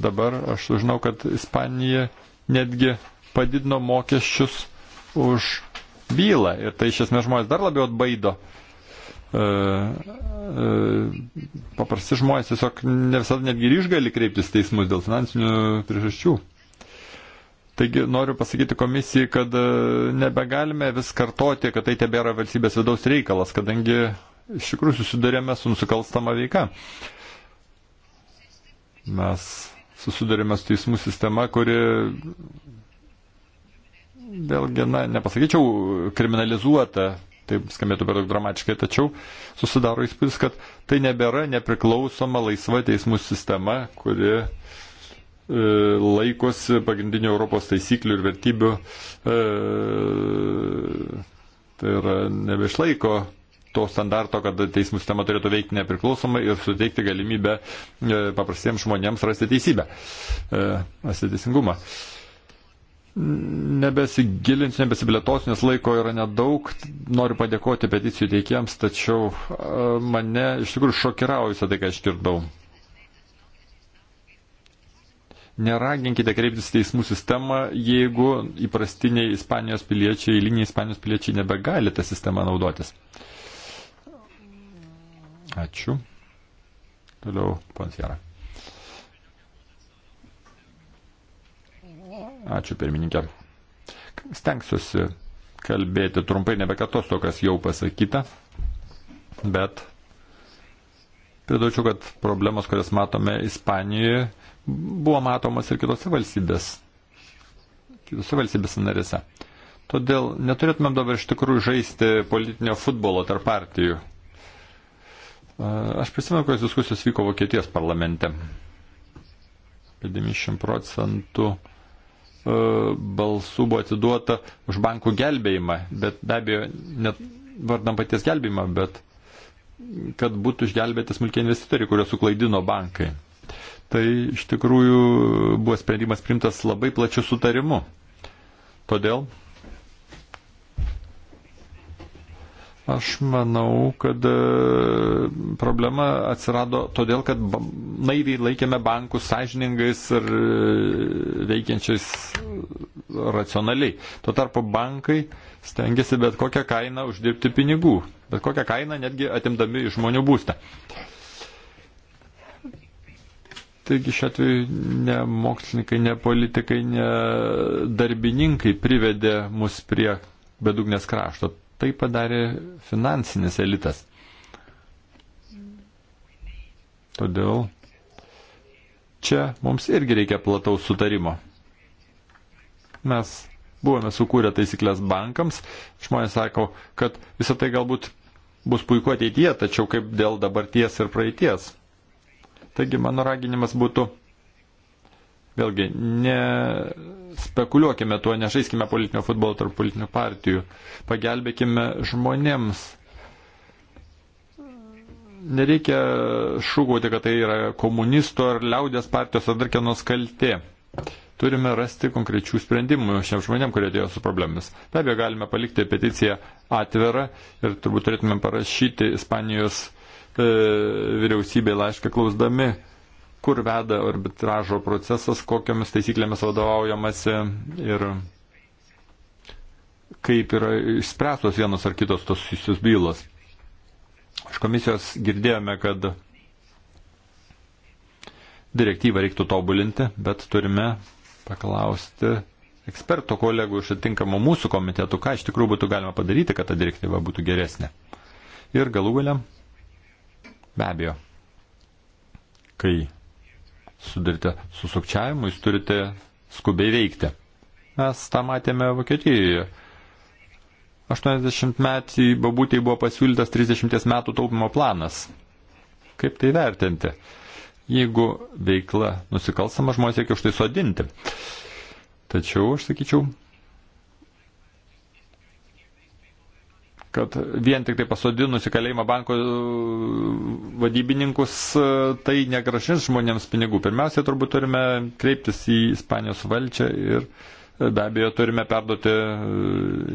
Dabar aš sužinau, kad Ispanija netgi padidino mokesčius už bylą ir tai iš esmės žmonės dar labiau atbaido. E, e, paprasti žmonės tiesiog ne visada netgi ir išgali kreiptis teismus dėl finansinių priežasčių. Taigi noriu pasakyti komisijai, kad e, nebegalime vis kartoti, kad tai tebėra valstybės vidaus reikalas, kadangi iš tikrųjų susidurėme su nusikalstama veika. Mes susidurime su teismų sistema, kuri vėlgi, na, nepasakyčiau, kriminalizuota, taip skambėtų per daug dramatiškai, tačiau susidaro įspūdis, kad tai nebėra nepriklausoma laisva teismų sistema, kuri e, laikosi pagrindinių Europos taisyklių ir vertybių, e, tai yra nebeišlaiko to standarto, kad teismų sistema turėtų veikti nepriklausomai ir suteikti galimybę e, paprastiems žmonėms rasti teisybę, e, rasti teisingumą. Nebesigilinsiu, nebesibilėtosiu, nes laiko yra nedaug. Noriu padėkoti peticijų teikėjams, tačiau e, mane iš tikrųjų šokiravo visą tai, ką išgirdau. Neraginkite kreiptis į teismų sistemą, jeigu įprastiniai Ispanijos piliečiai, eiliniai Ispanijos piliečiai nebegali tą sistemą naudotis. Uh, Ačiū. Toliau, pans Jara. Ačiū, pirmininkė. Stengsiuosi kalbėti trumpai, nebekartos to, kas jau pasakyta, bet pridaučiu, kad problemos, kurias matome Ispanijoje, buvo matomas ir kitose valstybės, kitose valstybės narėse. Todėl neturėtumėm dabar iš tikrųjų žaisti politinio futbolo tarp partijų. Aš prisimenu, kokios diskusijos vyko Vokietijos parlamente. Apie 90 procentų e, balsų buvo atiduota už bankų gelbėjimą, bet be abejo, net vardam paties gelbėjimą, bet kad būtų išgelbėti smulkiai investitoriai, kuriuos suklaidino bankai. Tai iš tikrųjų buvo sprendimas primtas labai plačiu sutarimu. Todėl Aš manau, kad e, problema atsirado todėl, kad naiviai laikėme bankus sąžiningais ir e, veikiančiais racionaliai. Tuo tarpu bankai stengiasi bet kokią kainą uždirbti pinigų, bet kokią kainą netgi atimdami iš žmonių būstą. Taigi šiuo atveju ne mokslininkai, ne politikai, ne darbininkai privedė mus prie bedugnės krašto tai padarė finansinis elitas. Todėl čia mums irgi reikia plataus sutarimo. Mes buvome sukūrę taisyklės bankams, žmonės sako, kad visą tai galbūt bus puiku ateityje, tačiau kaip dėl dabarties ir praeities. Taigi mano raginimas būtų Vėlgi, nespekuliuokime tuo, nešaiskime politinio futbolo tarp politinių partijų. Pagelbėkime žmonėms. Nereikia šūkauti, kad tai yra komunisto ar liaudės partijos ar dar kienos kaltė. Turime rasti konkrečių sprendimų šiems žmonėm, kurie atėjo su problemomis. Be abejo, galime palikti peticiją atvirą ir turbūt turėtume parašyti Ispanijos e, vyriausybė laišką klausdami, kur veda arbitražo procesas, kokiamis taisyklėmis vadovaujamasi ir kaip yra išspręstos vienos ar kitos tos susijusios bylos. Iš komisijos girdėjome, kad direktyvą reiktų tobulinti, bet turime paklausti eksperto kolegų iš atinkamo mūsų komitetų, ką iš tikrųjų būtų galima padaryti, kad ta direktyva būtų geresnė. Ir galų galę, be abejo, kai sudarite su sukčiavimu, jūs turite skubiai veikti. Mes tą matėme Vokietijoje. 80 metį babutį buvo pasiūlytas 30 metų taupimo planas. Kaip tai vertinti? Jeigu veikla nusikalstama, žmonės reikia už tai sodinti. Tačiau, aš sakyčiau, kad vien tik tai pasodinus į kalėjimą banko e, vadybininkus e, tai negražins žmonėms pinigų. Pirmiausia, turbūt turime kreiptis į Ispanijos valdžią ir e, be abejo turime perduoti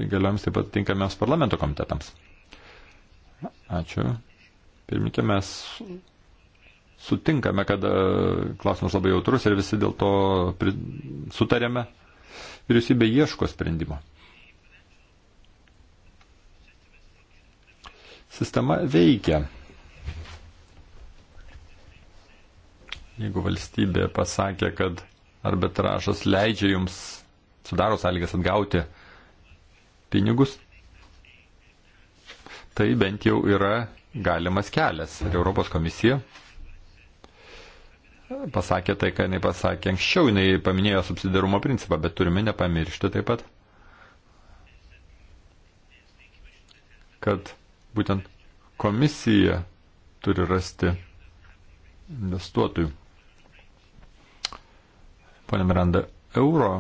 įgaliojams taip pat tinkamiams parlamento komitetams. Ačiū. Pirmininkė, mes sutinkame, kad klausimas labai jautrus ir visi dėl to sutarėme. Vyriausybė ieško sprendimo. Sistema veikia. Jeigu valstybė pasakė, kad arbitražas leidžia jums, sudaro sąlygas atgauti pinigus, tai bent jau yra galimas kelias. Ir Europos komisija pasakė tai, ką jinai pasakė anksčiau, jinai paminėjo subsidarumo principą, bet turime nepamiršti taip pat, kad būtent komisija turi rasti investuotojų. Pane Miranda, euro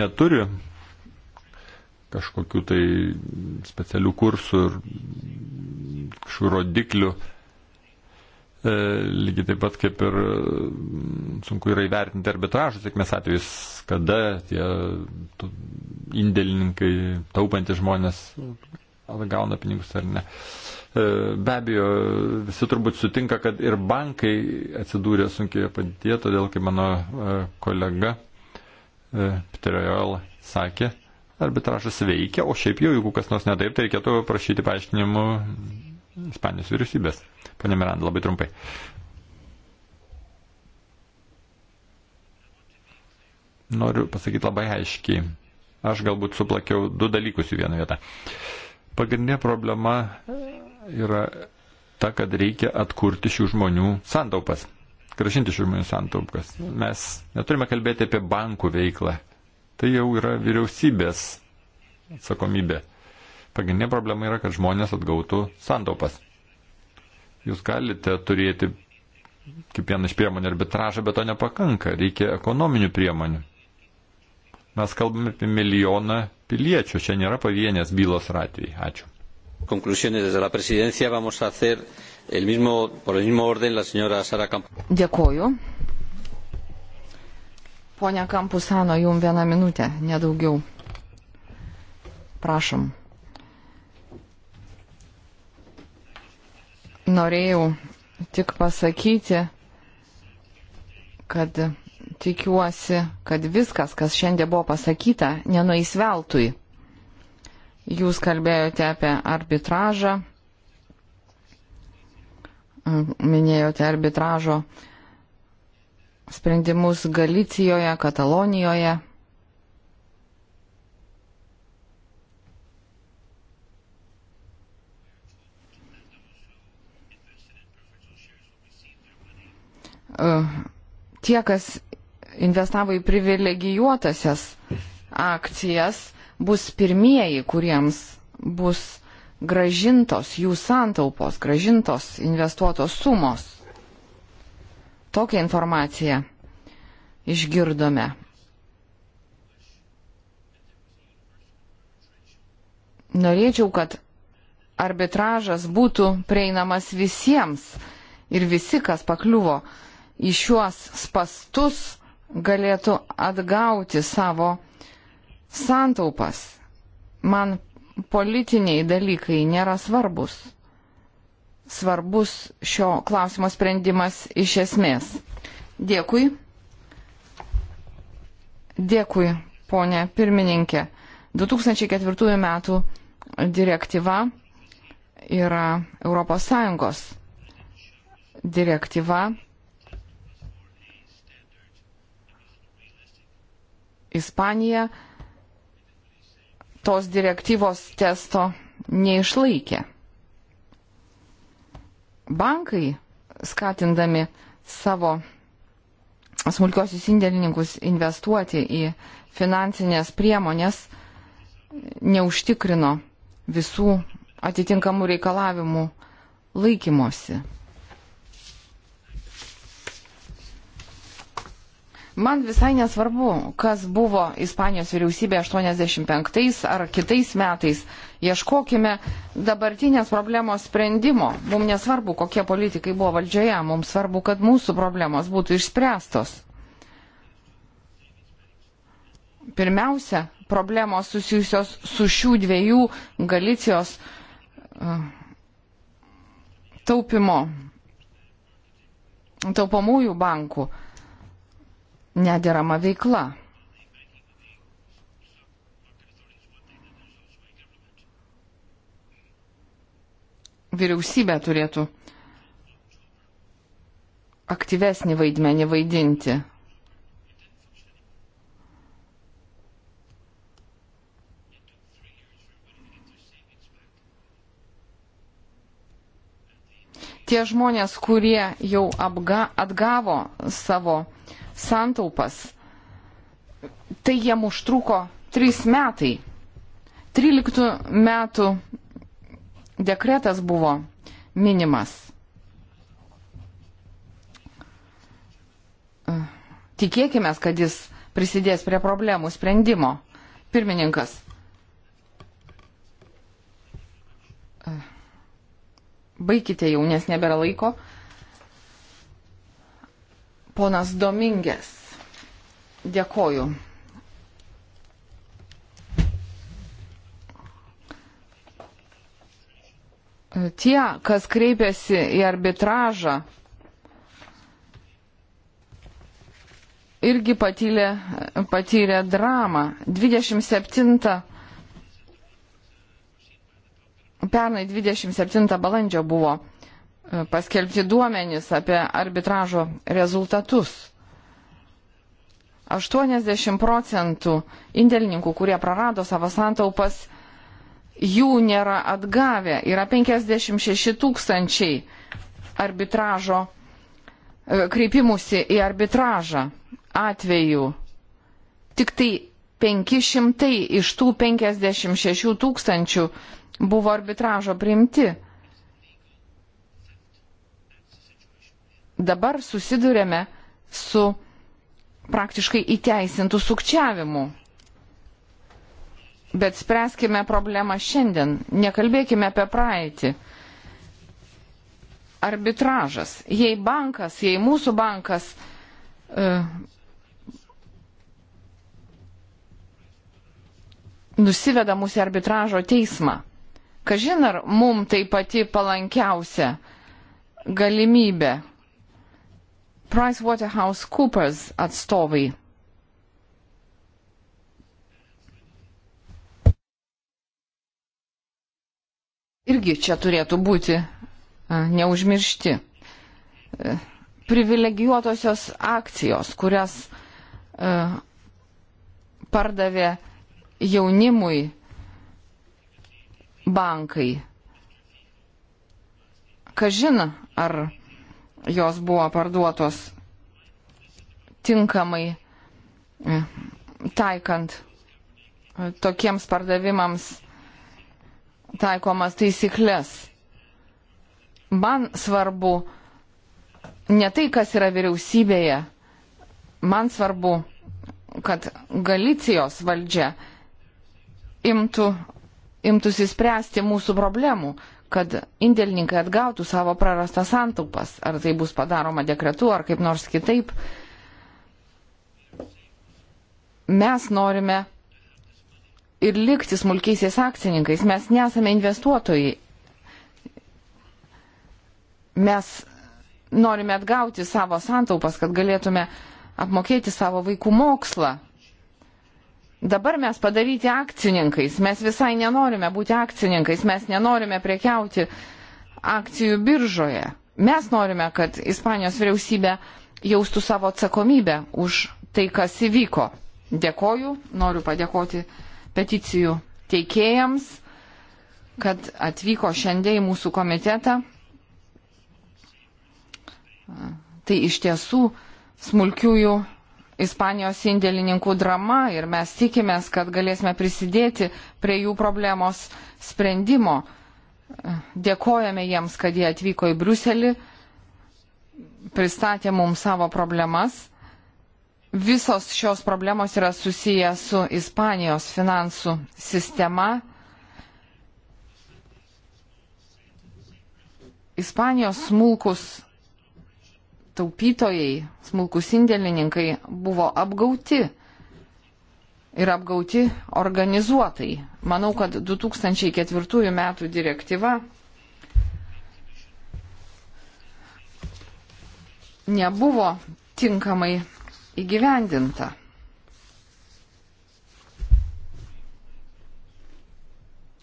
neturi kažkokių tai specialių kursų ir šių rodiklių E, lygiai taip pat kaip ir e, sunku yra įvertinti arbitražų sėkmės atvejus, kada tie indėlininkai, taupantys žmonės atgauna pinigus ar ne. E, be abejo, visi turbūt sutinka, kad ir bankai atsidūrė sunkioje padėtyje, todėl kaip mano kolega Peterio Joel sakė, arbitražas veikia, o šiaip jau, jeigu kas nors nedaip, tai reikėtų prašyti paaiškinimų Ispanijos vyriausybės. Pane Miranda, labai trumpai. Noriu pasakyti labai aiškiai. Aš galbūt suplakiau du dalykus į vieną vietą. Pagrindinė problema yra ta, kad reikia atkurti šių žmonių santaupas, gražinti šių žmonių santaupas. Mes neturime kalbėti apie bankų veiklą. Tai jau yra vyriausybės atsakomybė. Pagrindinė problema yra, kad žmonės atgautų santaupas. Jūs galite turėti kaip vieną iš priemonių arbitražą, bet to nepakanka. Reikia ekonominių priemonių. Mes kalbame apie milijoną piliečių. Čia nėra pavienės bylos atvejai. Ačiū. Conclusiones desde la presidencia vamos a hacer el mismo, por el mismo orden la señora Sara Campos. Dėkoju. Pone Kampusano, jum vieną minutę, nedaugiau. Prašom. norėjau tik pasakyti, kad tikiuosi, kad viskas, kas šiandien buvo pasakyta, nenueis veltui. Jūs kalbėjote apie arbitražą, minėjote arbitražo sprendimus Galicijoje, Katalonijoje, E, tie, kas investavo į privilegijuotasias akcijas, bus pirmieji, kuriems bus gražintos jų santaupos, gražintos investuotos sumos. Tokią informaciją išgirdome. Norėčiau, kad arbitražas būtų prieinamas visiems ir visi, kas pakliuvo uh, į šiuos spastus galėtų atgauti savo santaupas. Man politiniai dalykai nėra svarbus. Svarbus šio klausimo sprendimas iš esmės. Dėkui. Dėkui, ponė pirmininkė. 2004 metų direktyva yra ES direktyva Ispanija tos direktyvos testo neišlaikė. Bankai, skatindami savo smulkiosius indėlininkus investuoti į finansinės priemonės, neužtikrino visų atitinkamų reikalavimų laikymosi. Man visai nesvarbu, kas buvo Ispanijos vyriausybė 85 ar kitais metais. Ieškokime dabartinės problemos sprendimo. Mums nesvarbu, kokie politikai buvo valdžioje, mums svarbu, kad mūsų problemos būtų išspręstos. Pirmiausia, problemos susijusios su šių dviejų Galicijos uh, taupimo, taupomųjų bankų. Uh, nederama veikla. Vyriausybė turėtų aktyvesnį vaidmenį vaidinti. Tie žmonės, kurie jau apga, atgavo savo uh, santaupas. Tai jiem užtruko 3 metai. 13 metų dekretas buvo minimas. Tikėkime, kad jis prisidės prie problemų sprendimo. Pirmininkas. Baikite jau, nes nebėra laiko. Ponas Domingės. Dėkoju. Tie, kas kreipiasi į arbitražą, irgi patylė, patyrė dramą. 27. Pernai 27 balandžio buvo paskelbti duomenys apie arbitražo rezultatus. 80 procentų indėlininkų, kurie prarado savo santaupas, jų nėra atgavę. Yra 56 tūkstančiai arbitražo, e, kreipimusi į arbitražą atvejų. Tik tai 500 iš tų 56 tūkstančių buvo arbitražo priimti. dabar susidurėme su praktiškai įteisintų sukčiavimų. Bet spręskime problemą šiandien, nekalbėkime apie praeitį. Arbitražas. Jei bankas, jei mūsų bankas e, nusiveda mūsų arbitražo teismą, kažin ar mum tai pati palankiausia galimybė PricewaterhouseCoopers atstovai. Irgi čia turėtų būti e, neužmiršti. E, privilegijuotosios akcijos, kurias e, pardavė jaunimui bankai. Kažina, ar jos buvo parduotos tinkamai e, taikant e, tokiems pardavimams taikomas taisyklės. Man svarbu ne tai, kas yra vyriausybėje, man svarbu, kad Galicijos valdžia imtų, imtųsi spręsti mūsų problemų, kad indėlininkai atgautų savo prarastas santaupas, ar tai bus padaroma dekretu, ar kaip nors kitaip. Mes norime ir likti smulkiaisiais akcininkais, mes nesame investuotojai. Mes norime atgauti savo santaupas, kad galėtume apmokėti savo vaikų mokslą, Dabar mes padaryti akcininkais, mes visai nenorime būti akcininkais, mes nenorime prekiauti akcijų biržoje. Mes norime, kad Ispanijos vyriausybė jaustų savo atsakomybę už tai, kas įvyko. Dėkoju, noriu padėkoti peticijų teikėjams, kad atvyko šiandien į mūsų komitetą. Tai iš tiesų smulkiųjų Ispanijos indėlininkų drama ir mes tikimės, kad galėsime prisidėti prie jų problemos sprendimo. Dėkojame jiems, kad jie atvyko į Bruselį, pristatė mums savo problemas. Visos šios problemos yra susiję su Ispanijos finansų sistema. Ispanijos smulkus taupytojai, smulkus indėlininkai buvo apgauti ir apgauti organizuotai. Manau, kad 2004 metų direktyva nebuvo tinkamai įgyvendinta.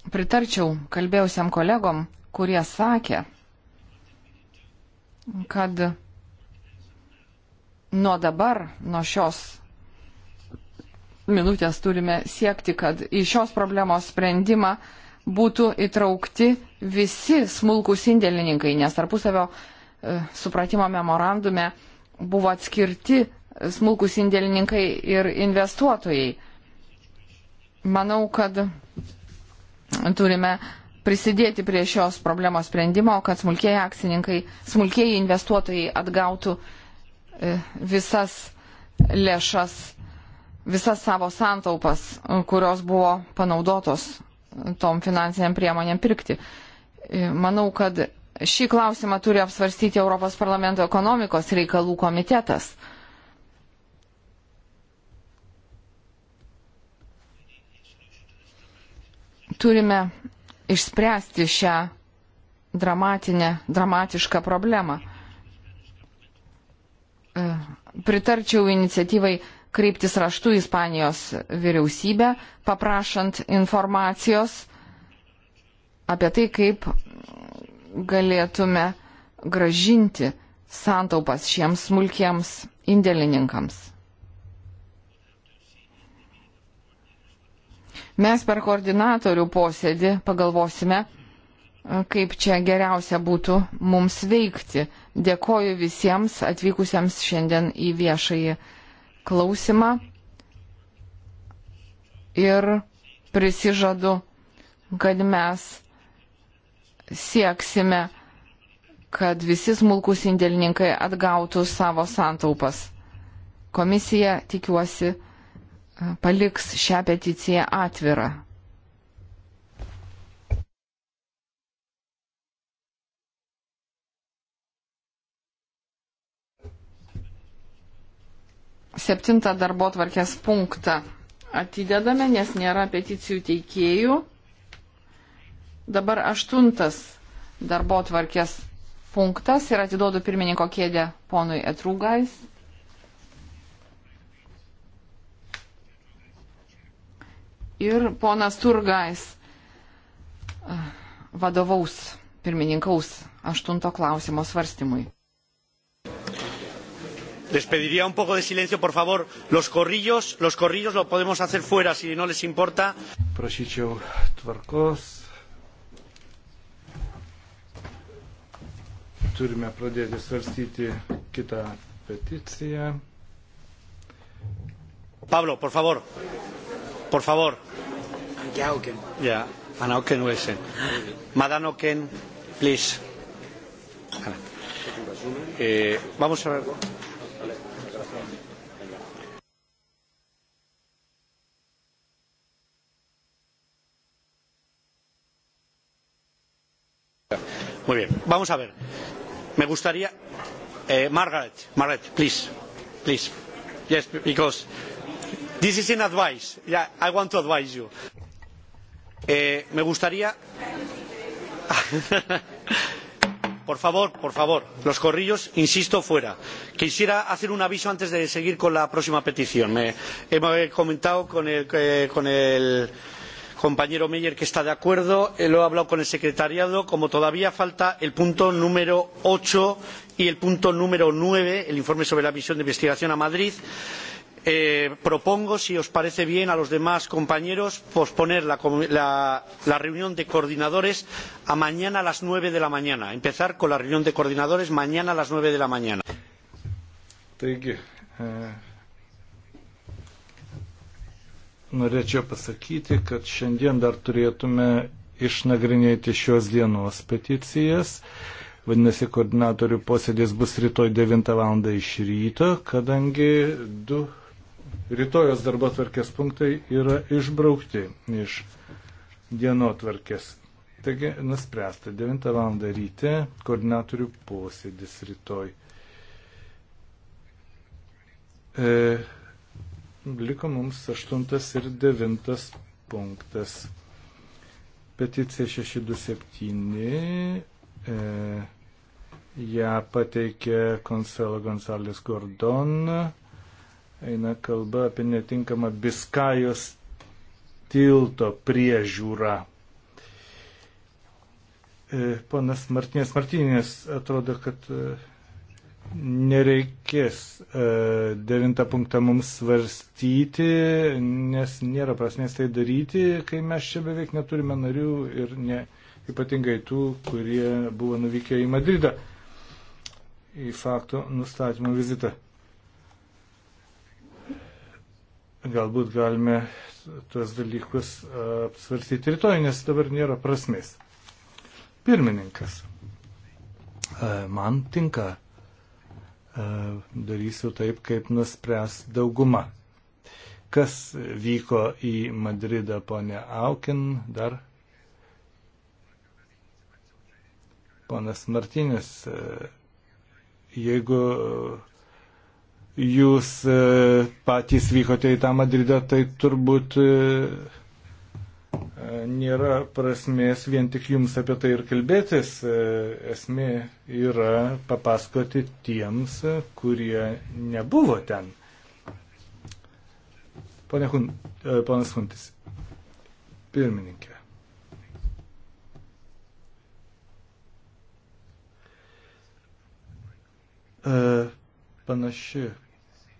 Pritarčiau kalbėjusiam kolegom, kurie sakė, kad nuo dabar, nuo šios minutės turime siekti, kad į šios problemos sprendimą būtų įtraukti visi smulkūs indėlininkai, nes tarpusavio e, supratimo memorandume buvo atskirti smulkus indėlininkai ir investuotojai. Manau, kad turime prisidėti prie šios problemos sprendimo, kad smulkiai akcininkai, smulkiai investuotojai atgautų uh, E, visas lėšas, visas savo santaupas, kurios buvo panaudotos tom finansiniam priemonėm pirkti. E, manau, kad šį klausimą turi apsvarstyti Europos parlamento ekonomikos reikalų komitetas. Turime išspręsti šią dramatinę, dramatišką problemą. E, pritarčiau iniciatyvai kreiptis raštu Ispanijos vyriausybę, paprašant informacijos apie tai, kaip galėtume gražinti santaupas šiems smulkiems indėlininkams. Mes per koordinatorių posėdį pagalvosime, kaip čia geriausia būtų mums veikti. Dėkoju visiems atvykusiems šiandien į viešąjį klausimą ir prisižadu, kad mes sieksime, kad visi smulkus indėlininkai atgautų savo santaupas. Komisija, tikiuosi, paliks šią peticiją atvirą. septintą darbo tvarkės punktą atidedame, nes nėra peticijų teikėjų. Dabar aštuntas darbo tvarkės punktas ir atiduodu pirmininko kėdę ponui Etrūgais. Ir ponas Turgais vadovaus, pirmininkaus aštunto klausimo svarstymui les pediría un poco de silencio, por favor. Los corrillos, los corrillos lo podemos hacer fuera si no les importa. Prašyčiau tvarkos. Turime pradėti svarstyti kitą peticiją. Pablo, por favor. Por favor. Ya, Oken. Ya, Ana Oken Wesen. Madame Oken, please. Eh, vamos a ver. Muy bien, vamos a ver. Me gustaría. Eh, Margaret, Margaret, please. Please. Yes, because this is an advice. Yeah, I want to advise you. Eh, me gustaría. (laughs) por favor por favor los corrillos insisto fuera. quisiera hacer un aviso antes de seguir con la próxima petición. Me, he comentado con el, eh, con el compañero meyer que está de acuerdo eh, lo he hablado con el secretariado como todavía falta el punto número ocho y el punto número nueve el informe sobre la misión de investigación a madrid eh, propongo si os parece bien a los demás compañeros posponer la, la, la reunión de coordinadores a mañana a las nueve de la mañana empezar con la reunión de coordinadores mañana a las nueve de la mañana. Taigi, e Norėčiau pasakyti, kad šiandien dar turėtume išnagrinėti šios dienos peticijas. Vadinasi, koordinatorių posėdės bus rytoj 9 val. iš ryto, kadangi du rytojos darbo tvarkės punktai yra išbraukti iš dienotvarkės. Taigi nuspręsta 9 val. ryte koordinatorių posėdis rytoj. E, liko mums aštuntas ir devintas punktas. Peticija 627. E, ją pateikė Konselo Gonzalės Gordon. Eina kalba apie netinkamą Biskajos tilto priežiūrą. E, ponas Martinės Martinės atrodo, kad e, nereikės e, devintą punktą mums svarstyti, nes nėra prasmės tai daryti, kai mes čia beveik neturime narių ir ne, ypatingai tų, kurie buvo nuvykę į Madridą į faktų nustatymo vizitą. Galbūt galime tuos dalykus apsvarstyti rytoj, nes dabar nėra prasmės. Pirmininkas. E, man tinka E, darysiu taip, kaip nuspręs dauguma. Kas vyko į Madridą, ponė Aukin, dar ponas Martinis, e, jeigu jūs e, patys vykote į tą Madridą, tai turbūt nėra prasmės vien tik jums apie tai ir kalbėtis. Esmė yra papasakoti tiems, kurie nebuvo ten. Pone Hun, e, ponas Huntis, pirmininkė. E, panaši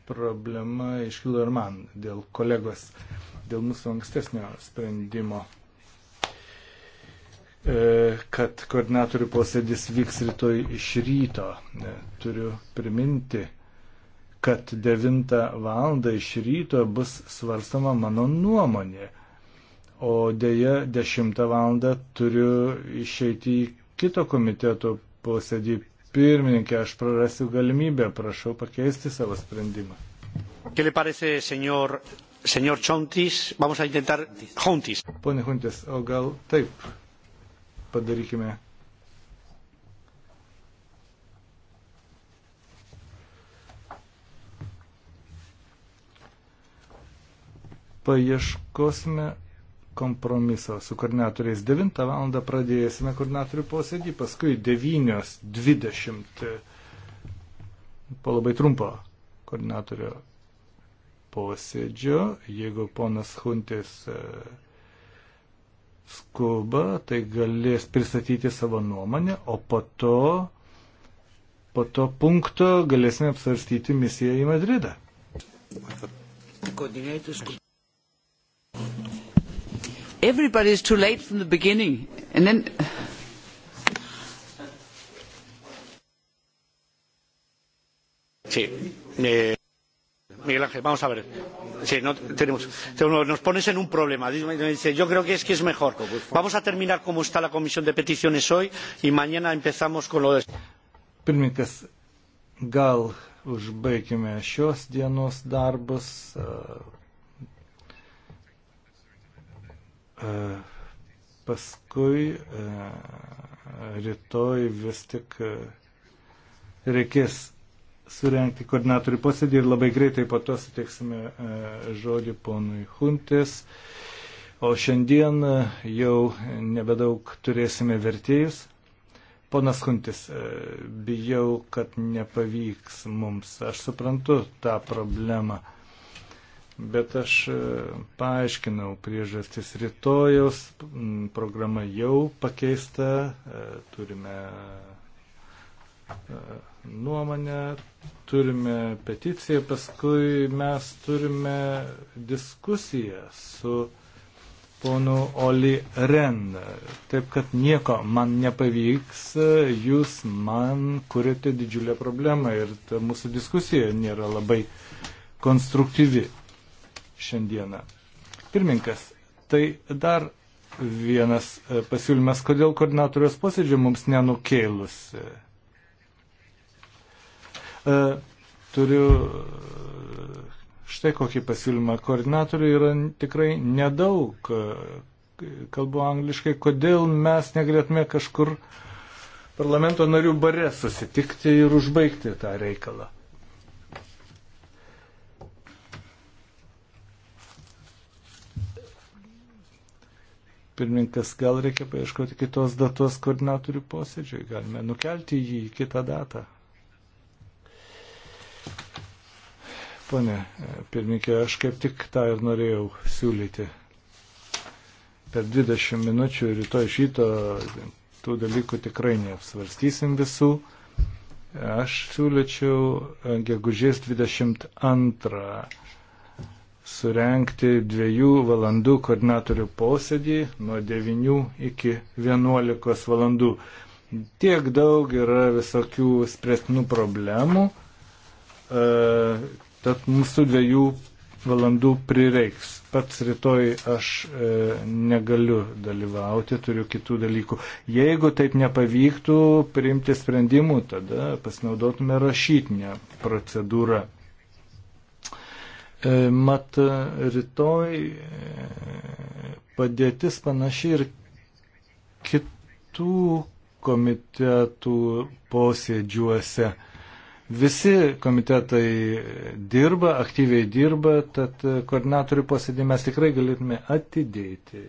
problema iškilo ir man dėl kolegos. Uh, dėl mūsų ankstesnio sprendimo, e, kad koordinatorių posėdis vyks rytoj iš ryto. E, turiu priminti, kad 9 val. iš ryto bus svarstama mano nuomonė, o dėja 10 val. turiu išeiti į kito komiteto posėdį. Pirmininkė, aš prarasiu galimybę, prašau pakeisti savo sprendimą. ¿Qué le parece, señor Senor Chontis, vamos a intentar. Chontis. Pone Huntis, o gal taip padarykime. Paieškosime kompromiso su koordinatoriais. 9 val. pradėsime koordinatorių posėdį, paskui 9.20 po labai trumpo koordinatorio posėdžio. Jeigu ponas Huntis e, skuba, tai galės pristatyti savo nuomonę, o po to, po to punkto galėsime apsvarstyti misiją į Madridą. Everybody is too late from the beginning. And then... Sí. Eh... Miguel Ángel, vamos a ver. Sí, no, tenemos, tenemos, nos pones en un problema. Dice, yo creo que es que es mejor. Vamos a terminar como está la comisión de peticiones hoy y mañana empezamos con lo de. Pirmininkas, gal užbaigime šios dienos darbus. Paskui rytoj vis tik reikės surenkti koordinatorių posėdį ir labai greitai po to suteiksime e, žodį ponui Huntis. O šiandien e, jau nebedaug turėsime vertėjus. Ponas Huntis, e, bijau, kad nepavyks mums. Aš suprantu tą problemą. Bet aš paaiškinau priežastis rytojaus, programa jau pakeista, turime nuomonę, turime peticiją, paskui mes turime diskusiją su ponu Oli Ren. Taip kad nieko man nepavyks, jūs man kuriate didžiulę problemą ir ta mūsų diskusija nėra labai konstruktyvi šiandieną. Pirminkas, tai dar vienas pasiūlymas, kodėl koordinatorius posėdžio mums nenukėlus E, turiu e, štai kokį pasiūlymą. Koordinatorių yra tikrai nedaug. E, kalbu angliškai, kodėl mes negalėtume kažkur parlamento narių bare susitikti ir užbaigti tą reikalą. Pirmininkas, gal reikia paieškoti kitos datos koordinatorių posėdžiui, galime nukelti jį į kitą datą. Pone e, pirmininkė, aš kaip tik tą ir norėjau siūlyti. Per 20 minučių rytoj iš ryto tų dalykų tikrai neapsvarstysim visų. Aš siūlyčiau e, gegužės 22 surenkti dviejų valandų koordinatorių posėdį nuo 9 iki 11 valandų. Tiek daug yra visokių spręstinų problemų, e, tad mūsų dviejų valandų prireiks. Pats rytoj aš e, negaliu dalyvauti, turiu kitų dalykų. Jeigu taip nepavyktų priimti sprendimų, tada pasinaudotume rašytinę procedūrą. E, mat, rytoj e, padėtis panaši ir kitų komitetų posėdžiuose. E, Visi komitetai dirba, aktyviai dirba, tad koordinatorių posėdį mes tikrai galėtume atidėti.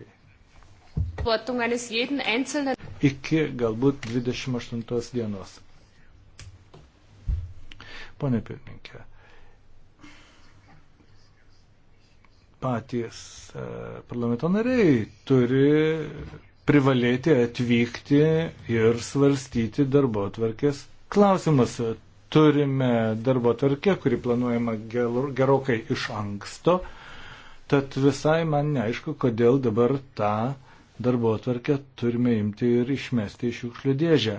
Iki galbūt 28 dienos. Pone pirmininkė, patys e, parlamento nariai turi privalėti atvykti ir svarstyti darbo atvarkės klausimus turime darbo tarkę, kuri planuojama gerokai iš anksto. Tad visai man neaišku, kodėl dabar tą darbo tvarkę turime imti ir išmesti iš šiukšlių dėžę.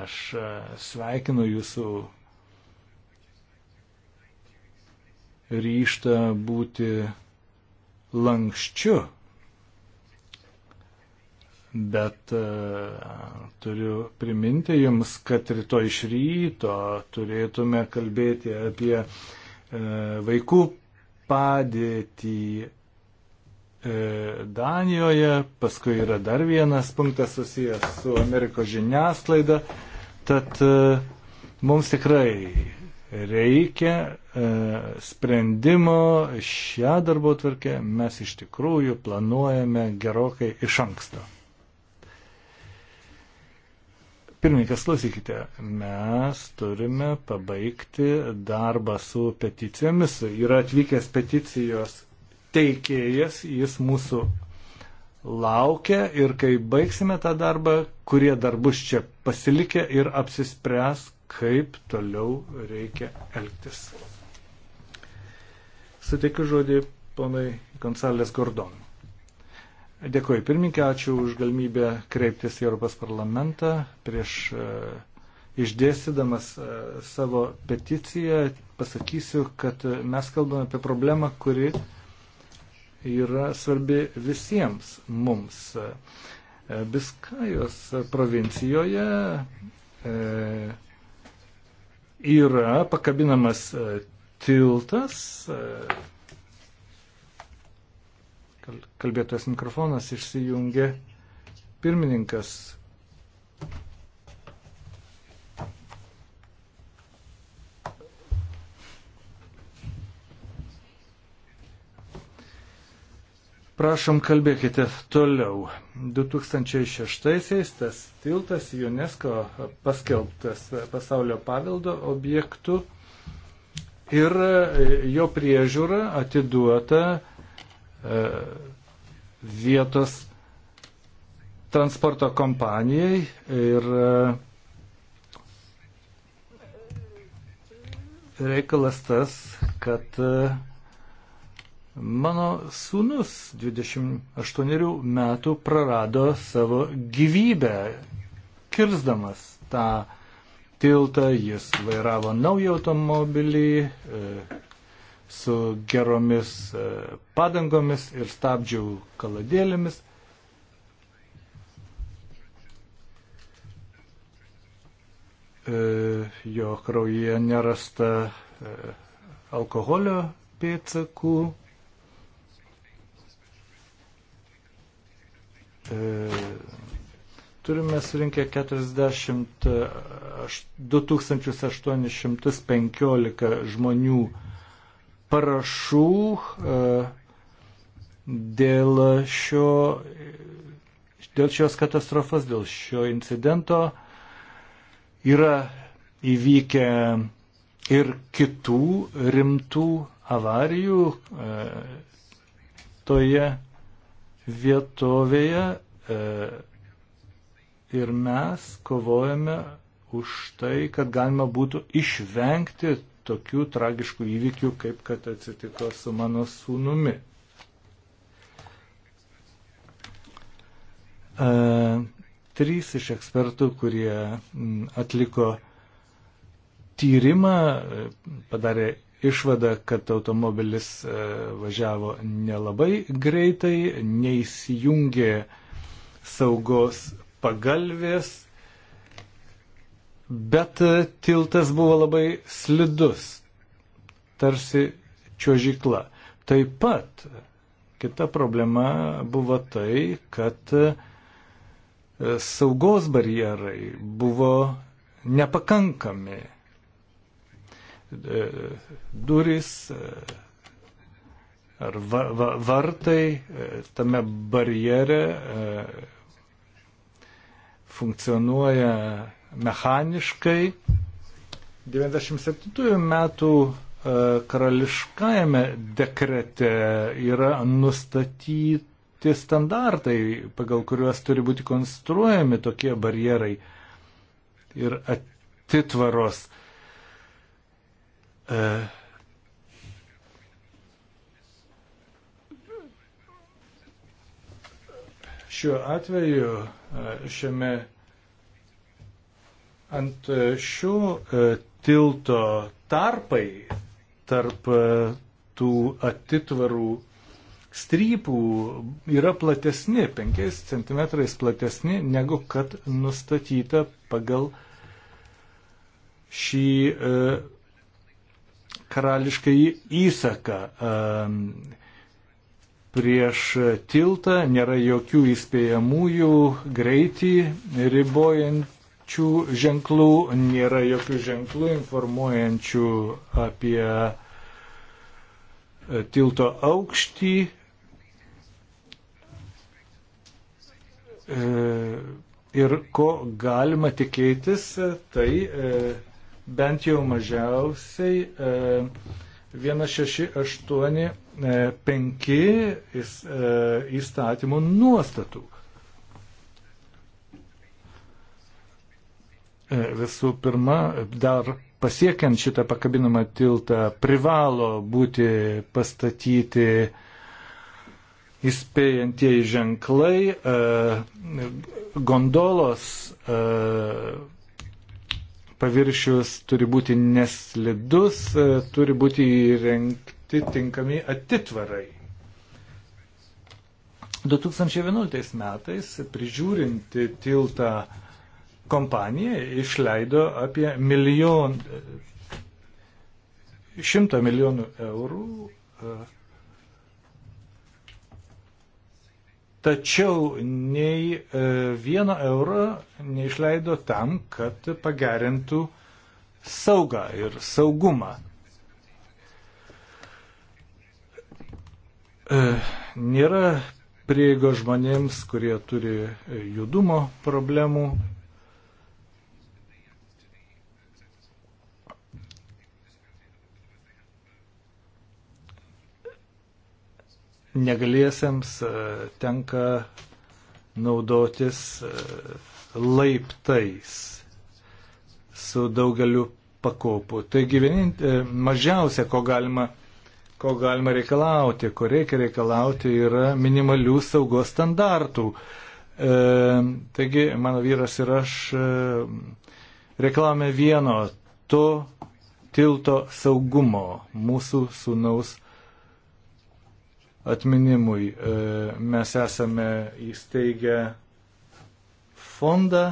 Aš e, sveikinu jūsų ryštą būti lankščiu Bet e, turiu priminti Jums, kad rytoj iš ryto turėtume kalbėti apie e, vaikų padėtį e, Danijoje, paskui yra dar vienas punktas susijęs su Amerikos žiniasklaida. Tad mums tikrai reikia sprendimo šią darbo tvarkę, mes iš tikrųjų planuojame gerokai iš anksto. Pirmininkas, klausykite, mes turime pabaigti darbą su peticijomis. Yra atvykęs peticijos teikėjas, jis mūsų laukia ir kai baigsime tą darbą, kurie dar bus čia pasilikę ir apsispręs, kaip toliau reikia elgtis. Suteikiu žodį ponai Gonsalės Gordonui. Dėkuoju pirmininkė, ačiū už galimybę kreiptis į Europos parlamentą. Prieš e, išdėstydamas e, savo peticiją pasakysiu, kad mes kalbame apie problemą, kuri yra svarbi visiems mums. E, Biskajos provincijoje yra pakabinamas tiltas Kalbėtojas mikrofonas išsijungė pirmininkas. Prašom, kalbėkite toliau. 2006-aisiais tas tiltas UNESCO paskelbtas pasaulio paveldo objektu ir jo priežiūra atiduota E, vietos transporto kompanijai ir e, reikalas tas, kad e, mano sūnus 28 metų prarado savo gyvybę, kirzdamas tą tiltą, jis vairavo naują automobilį, su geromis e, padangomis ir stabdžių kaladėlėmis. E, jo kraujyje nerasta e, alkoholio pėtsakų. Turime surinkę 42 815 žmonių parašų e, dėl, šio, dėl šios katastrofos, dėl šio incidento. Yra įvykę ir kitų rimtų avarijų e, toje vietovėje e, ir mes kovojame už tai, kad galima būtų išvengti tokių tragiškų įvykių, kaip kad atsitiko su mano sūnumi. E, trys iš ekspertų, kurie mm, atliko tyrimą, e, padarė išvadą, kad automobilis e, važiavo nelabai greitai, neįsijungė saugos pagalvės bet e, tiltas buvo labai slidus, tarsi čiožikla. Taip pat kita problema buvo tai, kad e, saugos barjerai buvo nepakankami. E, Duris ar va, va, vartai tame barjere funkcionuoja mechaniškai. 97 metų e, karališkajame dekrete yra nustatyti standartai, pagal kuriuos turi būti konstruojami tokie barjerai ir atitvaros. E, šiuo atveju e, šiame Ant e, šio e, tilto tarpai tarp e, tų atitvarų strypų yra platesni, 5 cm platesni, negu kad nustatyta pagal šį e, karališką įsaką. E, prieš tiltą nėra jokių įspėjamųjų greitį ribojant jokių ženklų, nėra jokių ženklų informuojančių apie e, tilto aukštį. E, ir ko galima tikėtis, tai e, bent jau mažiausiai 1685 įstatymų nuostatų. E, visų pirma, dar pasiekiant šitą pakabinamą tiltą privalo būti pastatyti įspėjantieji ženklai, e, gondolos e, paviršius turi būti neslidus, turi būti įrengti tinkami atitvarai. 2011 metais prižiūrinti tiltą kompanija išleido apie milijon, šimtą milijonų eurų. E, tačiau nei e, vieno euro neišleido tam, kad pagerintų saugą ir saugumą. E, nėra prieigo žmonėms, kurie turi judumo problemų, negaliesiems e, tenka naudotis e, laiptais su daugeliu pakopų. Taigi e, mažiausia, ko galima, ko galima reikalauti, ko reikia reikalauti, yra minimalių saugos standartų. E, taigi mano vyras ir aš e, reikalavome vieno, to tilto saugumo mūsų sūnaus atminimui. E, mes esame įsteigę fondą.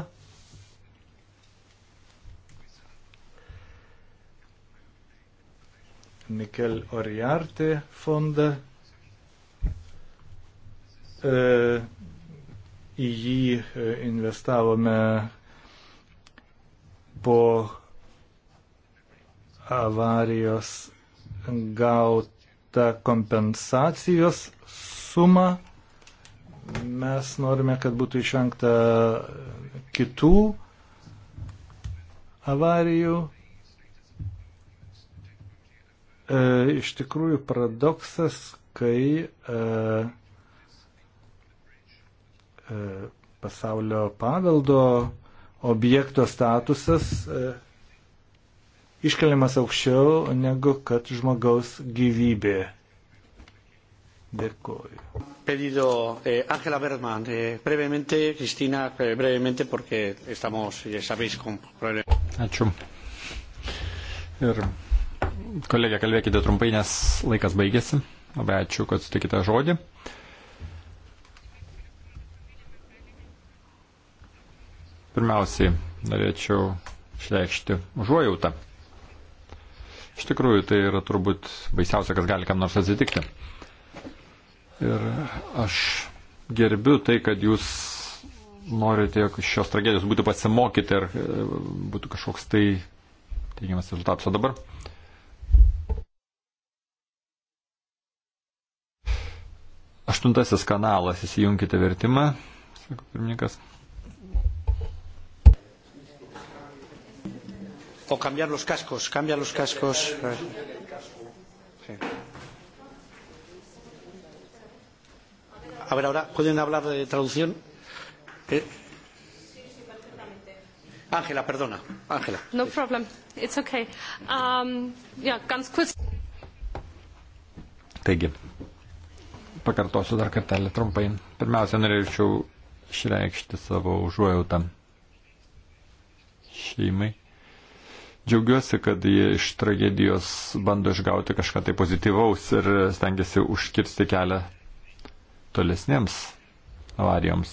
Nikel Oriartė fondą. E, į jį e, investavome po avarijos gaut tą kompensacijos sumą. Mes norime, kad būtų išvengta kitų avarijų. E, iš tikrųjų paradoksas, kai e, e, pasaulio paveldo objekto statusas e, iškeliamas aukščiau negu kad žmogaus gyvybė. Dėkuoju. Pedido eh, Ángela Bergman, eh, brevemente, Cristina, eh, brevemente, porque estamos, ya sabéis, con problemas. Ačiū. Ir kolegė, kalbėkite trumpai, nes laikas baigėsi. Labai ačiū, kad sutikite žodį. Pirmiausiai, norėčiau išreikšti užuojautą Iš tikrųjų, tai yra turbūt baisiausia, kas gali kam nors atsitikti. Ir aš gerbiu tai, kad jūs norite iš šios tragedijos būti pasimokyti ir e, būtų kažkoks tai teigiamas rezultatas. O dabar Aštuntasis kanalas, įsijunkite vertimą, sako pirmininkas. O cambiar los cascos, cambian los cascos. Sí. A ver, ahora, ¿pueden hablar de traducción? Eh, Angela, perdona. Angela. No problem. It's okay. Um, yeah, ganz kurz. Taigi, pakartosiu dar kartelį trumpai. Pirmiausia, norėčiau išreikšti savo užuojautą šeimai Džiaugiuosi, kad jie iš tragedijos bando išgauti kažką tai pozityvaus ir stengiasi užkirsti kelią tolesniems avarijoms.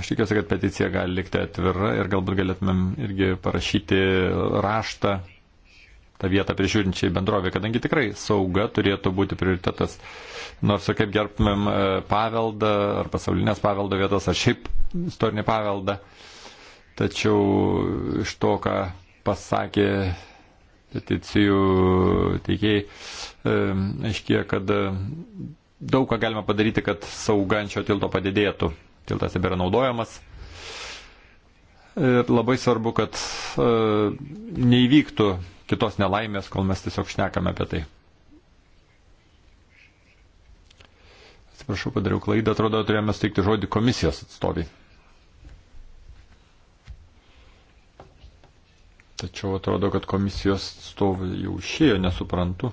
Aš tikiuosi, kad peticija gali likti atvira ir galbūt galėtumėm irgi parašyti raštą tą vietą prižiūrinčiai bendrovė, kadangi tikrai sauga turėtų būti prioritetas. Nors kaip gerbtumėm e, paveldą ar pasaulinės paveldo vietas ar šiaip istorinį paveldą, tačiau iš to, ką pasakė peticijų teikėjai, aiškėja, kad daug ką galima padaryti, kad saugančio tilto padidėtų. Tiltas nebėra naudojamas. Ir labai svarbu, kad e, neįvyktų kitos nelaimės, kol mes tiesiog šnekame apie tai. Atsiprašau, padariau klaidą, atrodo, turėjome suteikti žodį komisijos atstoviai. Tačiau atrodo, kad komisijos stovai jau išėjo, nesuprantu.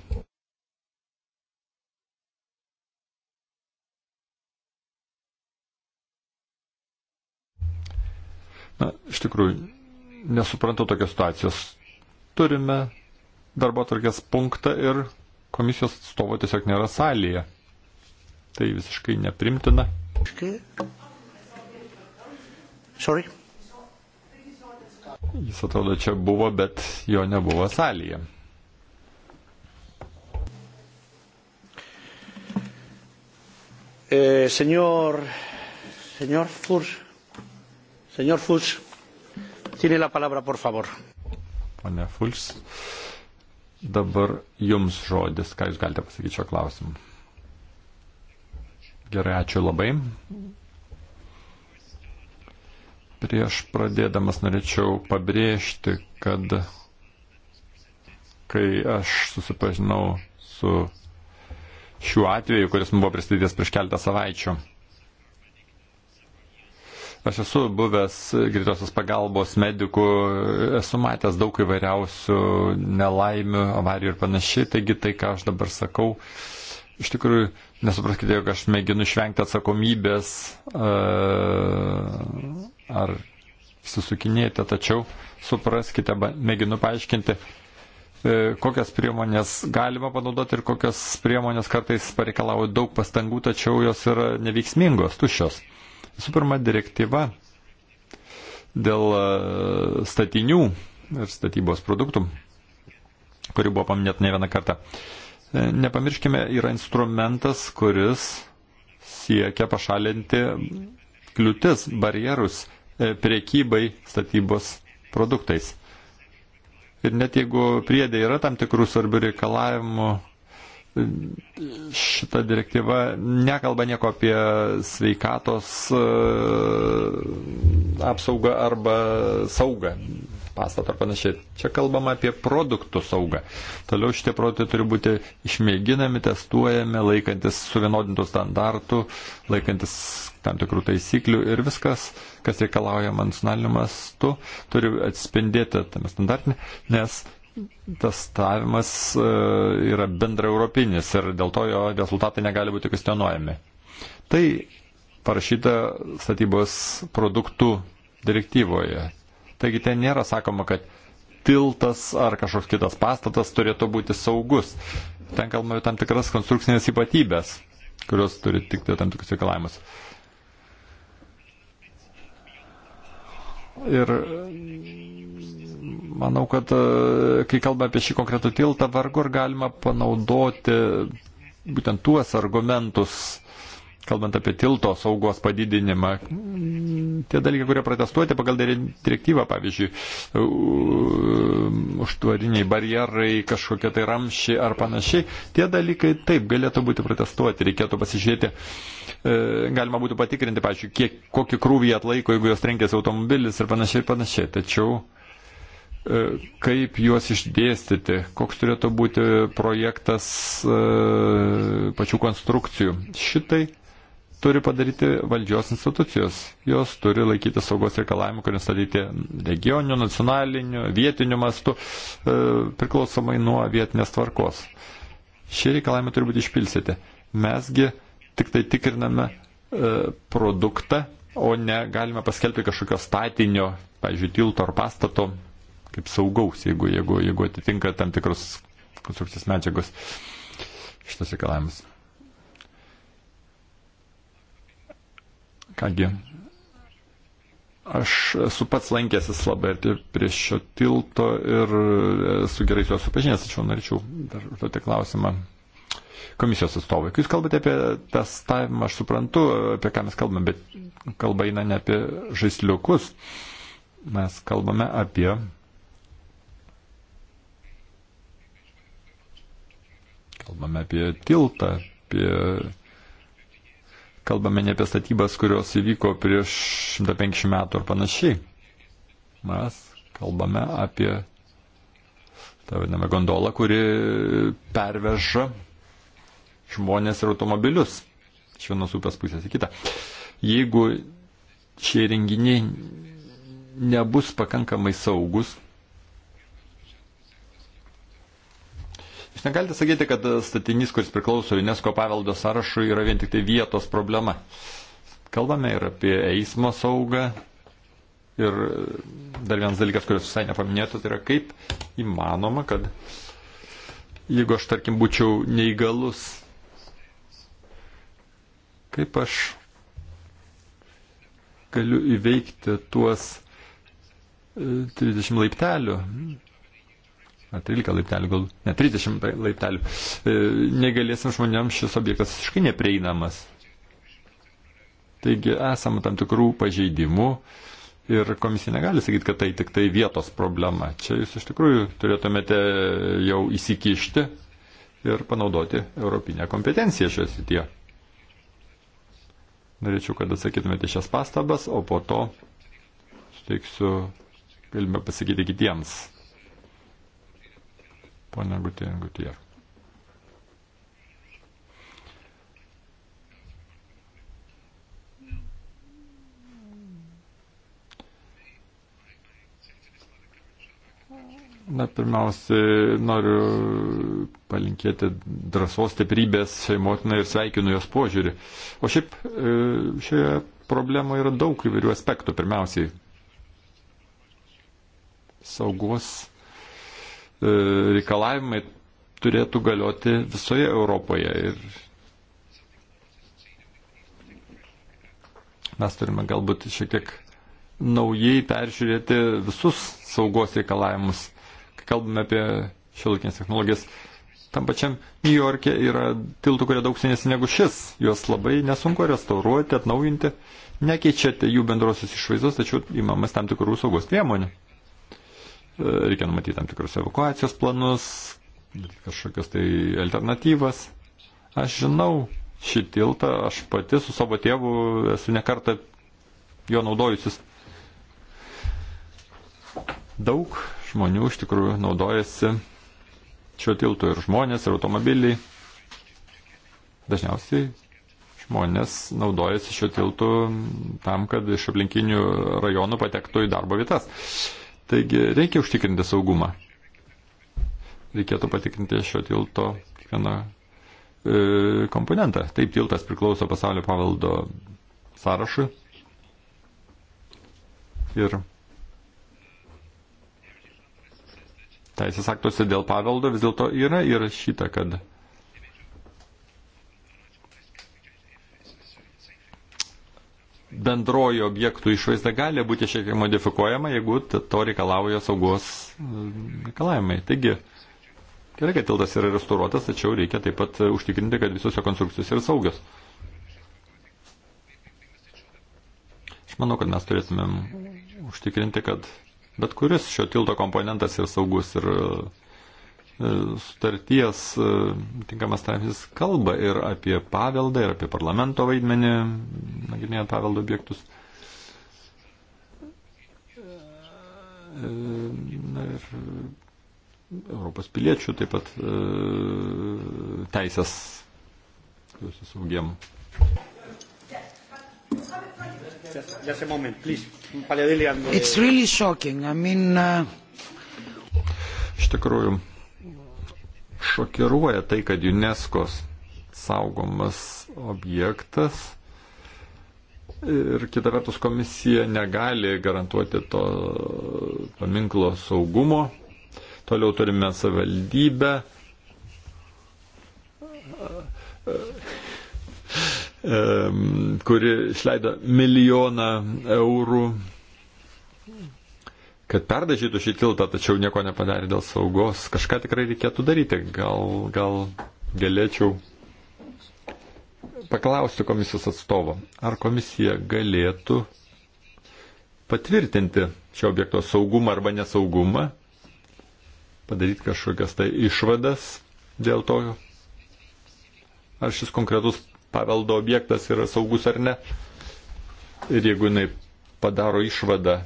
Na, iš tikrųjų, nesuprantu tokios situacijos. Turime darbo atvarkės punktą ir komisijos atstovo tiesiog nėra salėje. Tai visiškai neprimtina. Sorry. Jis atrodo čia buvo, bet jo nebuvo salėje. Eh, señor, señor Fuchs, señor Fuchs, tiene la palabra, por favor. Pane Fuchs, dabar jums žodis, ką jūs galite pasakyti šio klausimu. Gerai, ačiū labai. Prieš pradėdamas norėčiau pabrėžti, kad kai aš susipažinau su šiuo atveju, kuris man buvo pristatytas prieš keletą savaičių, Aš esu buvęs greitosios pagalbos medikų, esu matęs daug įvairiausių nelaimių, avarijų ir panašiai, taigi tai, ką aš dabar sakau, iš tikrųjų nesupraskite, jog aš mėginu išvengti atsakomybės. Uh, ar susukinėjate, tačiau supraskite, mėginu paaiškinti, e, kokias priemonės galima panaudoti ir kokias priemonės kartais pareikalauja daug pastangų, tačiau jos yra neveiksmingos, tušios. Visų pirma, direktyva dėl e, statinių ir statybos produktų, kuri buvo paminėta ne vieną kartą. E, nepamirškime, yra instrumentas, kuris siekia pašalinti kliūtis, barjerus E, priekybai statybos produktais. Ir net jeigu priedė yra tam tikrų svarbių reikalavimų, e, šita direktyva nekalba nieko apie sveikatos e, apsaugą arba saugą pastato ar panašiai. Čia kalbama apie produktų saugą. Toliau šitie produktai turi būti išmėginami, testuojami, laikantis suvienodintų standartų, laikantis tam tikrų taisyklių ir viskas, kas reikalaujama nacionaliniu mastu, turi atspindėti tame standartinį, nes testavimas e, yra bendra europinis ir dėl to jo rezultatai negali būti kvestionuojami. Tai parašyta statybos produktų direktyvoje. Taigi ten nėra sakoma, kad tiltas ar kažkoks kitas pastatas turėtų būti saugus. Ten kalbame tam tikras konstrukcinės ypatybės, kurios turi tik tai tam tikrus reikalavimus. Ir manau, kad e, kai kalbame apie šį konkretų tiltą, vargu ar galima panaudoti būtent tuos argumentus, kalbant apie tilto saugos padidinimą, tie dalykai, kurie protestuoti pagal direktyvą, pavyzdžiui, užtvariniai barjerai, kažkokie tai ramšiai ar panašiai, tie dalykai taip galėtų būti protestuoti, reikėtų pasižiūrėti, e, galima būtų patikrinti, pavyzdžiui, kiek, kokį krūvį atlaiko, jeigu jos trenkėsi automobilis ir panašiai ir panašiai. Tačiau e, kaip juos išdėstyti, koks turėtų būti projektas e, pačių konstrukcijų. Šitai turi padaryti valdžios institucijos. Jos turi laikyti saugos reikalavimų, kurie nustatyti regioninių, nacionalinių, vietinių mastų, e, priklausomai nuo vietinės tvarkos. Šie reikalavimai turi būti išpilsyti. Mesgi tik tai tikriname e, produktą, o ne galime paskelbti kažkokio statinio, pavyzdžiui, tilto ar pastato kaip saugaus, jeigu, jeigu, jeigu atitinka tam tikros konstrukcijos medžiagos šitas reikalavimas. Kągi, aš esu pats lankęsis labai arti prie šio tilto ir esu gerai su juo supažinęs, tačiau norėčiau dar užduoti klausimą komisijos atstovai. Kai jūs kalbate apie testavimą, aš suprantu, apie ką mes kalbame, bet kalba eina ne apie žaisliukus. Mes kalbame apie. Kalbame apie tiltą, apie Kalbame ne apie statybas, kurios įvyko prieš 150 metų ar panašiai. Mes kalbame apie tą vadinamą gondolą, kuri perveža žmonės ir automobilius iš vienos upės pusės į kitą. Jeigu šie renginiai nebus pakankamai saugus, Jūs negalite sakyti, kad statinys, kuris priklauso UNESCO paveldo sąrašui, yra vien tik tai vietos problema. Kalbame ir apie eismo saugą. Ir dar vienas dalykas, kuris visai nepaminėtų, tai yra kaip įmanoma, kad jeigu aš, tarkim, būčiau neįgalus, kaip aš galiu įveikti tuos 30 e, laiptelių ar 13 laiptelių, gal ne 30 laiptelių, e, negalėsim žmonėms šis objektas visiškai neprieinamas. Taigi esame tam tikrų pažeidimų ir komisija negali sakyti, kad tai tik tai vietos problema. Čia jūs iš tikrųjų turėtumėte jau įsikišti ir panaudoti europinę kompetenciją šioje srityje. Norėčiau, kad atsakytumėte šias pastabas, o po to suteiksiu, galime pasakyti kitiems Pone Gutier. Gutier. Na, pirmiausia, noriu palinkėti drąsos, stiprybės šeimotinai ir sveikinu jos požiūrį. O šiaip e, šioje problemoje yra daug įvairių aspektų. Pirmiausiai, saugos E, reikalavimai turėtų galioti visoje Europoje. Ir mes turime galbūt šiek tiek naujai peržiūrėti visus saugos reikalavimus. Kai kalbame apie šiolikinės technologijas, tam pačiam New York'e yra tiltų, kurie daug senesni negu šis. Juos labai nesunku restauruoti, atnaujinti. Nekeičiate jų bendrosios išvaizdos, tačiau įmamas tam tikrų saugos priemonių reikia numatyti tam tikrus evakuacijos planus, kažkokias tai alternatyvas. Aš žinau šį tiltą, aš pati su savo tėvu esu nekarta jo naudojusis. Daug žmonių iš tikrųjų naudojasi šio tiltu ir žmonės, ir automobiliai. Dažniausiai žmonės naudojasi šio tiltu tam, kad iš aplinkinių rajonų patektų į darbo vietas. Taigi reikia užtikrinti saugumą. Reikėtų patikrinti šio tilto kiekvieną e, komponentą. Taip tiltas priklauso pasaulio paveldo sąrašui. Ir teisės aktuose dėl paveldo vis dėlto yra įrašyta, kad bendroji objektų išvaizda gali būti šiek tiek modifikuojama, jeigu to reikalauja saugos e, reikalavimai. Taigi, gerai, kad tiltas yra restauruotas, tačiau reikia taip pat užtikrinti, kad visos jo konstrukcijos yra saugios. Aš manau, kad mes turėtumėm užtikrinti, kad bet kuris šio tilto komponentas yra saugus ir uh, E, starties e, tinkamas straipsnis kalba ir apie paveldą, ir apie parlamento vaidmenį, nagrinėjant paveldo objektus. E, na ir Europos piliečių taip pat teisės, kuriuos įsaugėm. Just a moment, please. It's really shocking. I mean, uh... Iš tikrųjų, šokiruoja tai, kad UNESCO saugomas objektas ir kita vertus komisija negali garantuoti to paminklo saugumo. Toliau turime savivaldybę. kuri išleido milijoną eurų kad perdažytų šį tiltą, tačiau nieko nepadarė dėl saugos. Kažką tikrai reikėtų daryti. Gal, gal galėčiau paklausti komisijos atstovo, ar komisija galėtų patvirtinti šio objekto saugumą arba nesaugumą, padaryti kažkokias tai išvadas dėl to, ar šis konkretus paveldo objektas yra saugus ar ne. Ir jeigu jinai padaro išvadą,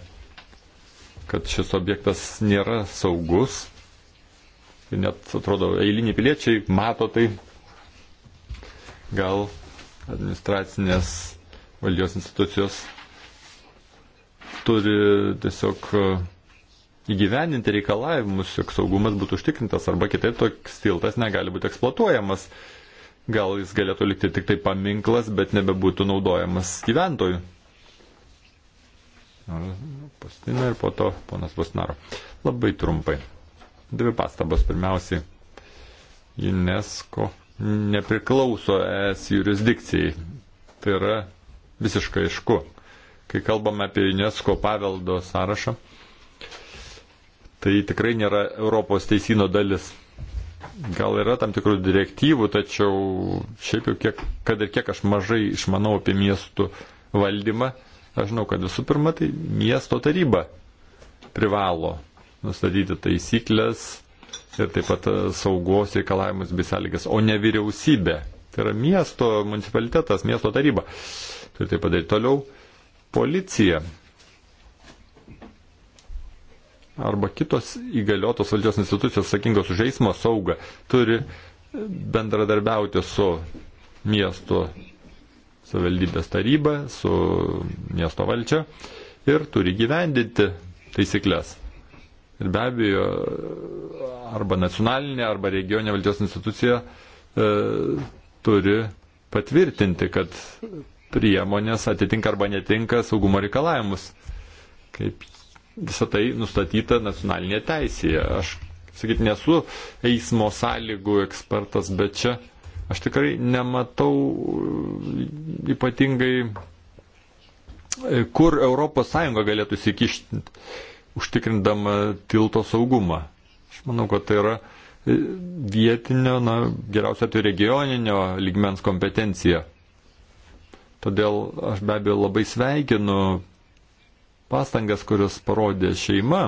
kad šis objektas nėra saugus. Ir net, atrodo, eiliniai piliečiai mato tai. Gal administracinės valdžios institucijos turi tiesiog e, įgyveninti reikalavimus, jog saugumas būtų užtikrintas, arba kitaip toks tiltas negali būti eksploatuojamas. Gal jis galėtų likti tik tai paminklas, bet nebebūtų naudojamas gyventojų. Pastina ir po to ponas Bosnaro. Labai trumpai. Dvi pastabos. Pirmiausiai, UNESCO nepriklauso ES jurisdikcijai. Tai yra visiškai aišku. Kai kalbame apie UNESCO paveldo sąrašą, tai tikrai nėra Europos teisino dalis. Gal yra tam tikrų direktyvų, tačiau šiaip jau kiek, kad ir kiek aš mažai išmanau apie miestų valdymą, Aš žinau, kad visų pirma, tai miesto taryba privalo nustatyti taisyklės ir taip pat e, saugos reikalavimus bei sąlygas, o ne vyriausybė. Tai yra miesto municipalitetas, miesto taryba. Turi tai padaryti toliau policija arba kitos įgaliotos valdžios institucijos sakingos už eismo saugą turi bendradarbiauti su miesto savivaldybės taryba, su miesto valdžia ir turi gyvendinti taisyklės. Ir be abejo, arba nacionalinė, arba regioninė valdžios institucija e, turi patvirtinti, kad priemonės atitinka arba netinka saugumo reikalavimus, kaip visą tai nustatyta nacionalinė teisėje. Aš, sakyt, nesu eismo sąlygų ekspertas, bet čia Aš tikrai nematau e, ypatingai, e, kur ES galėtų įsikišti, užtikrindama tilto saugumą. Aš manau, kad tai yra e, vietinio, na, geriausia tai regioninio lygmens kompetencija. Todėl aš be abejo labai sveikinu pastangas, kurias parodė šeima.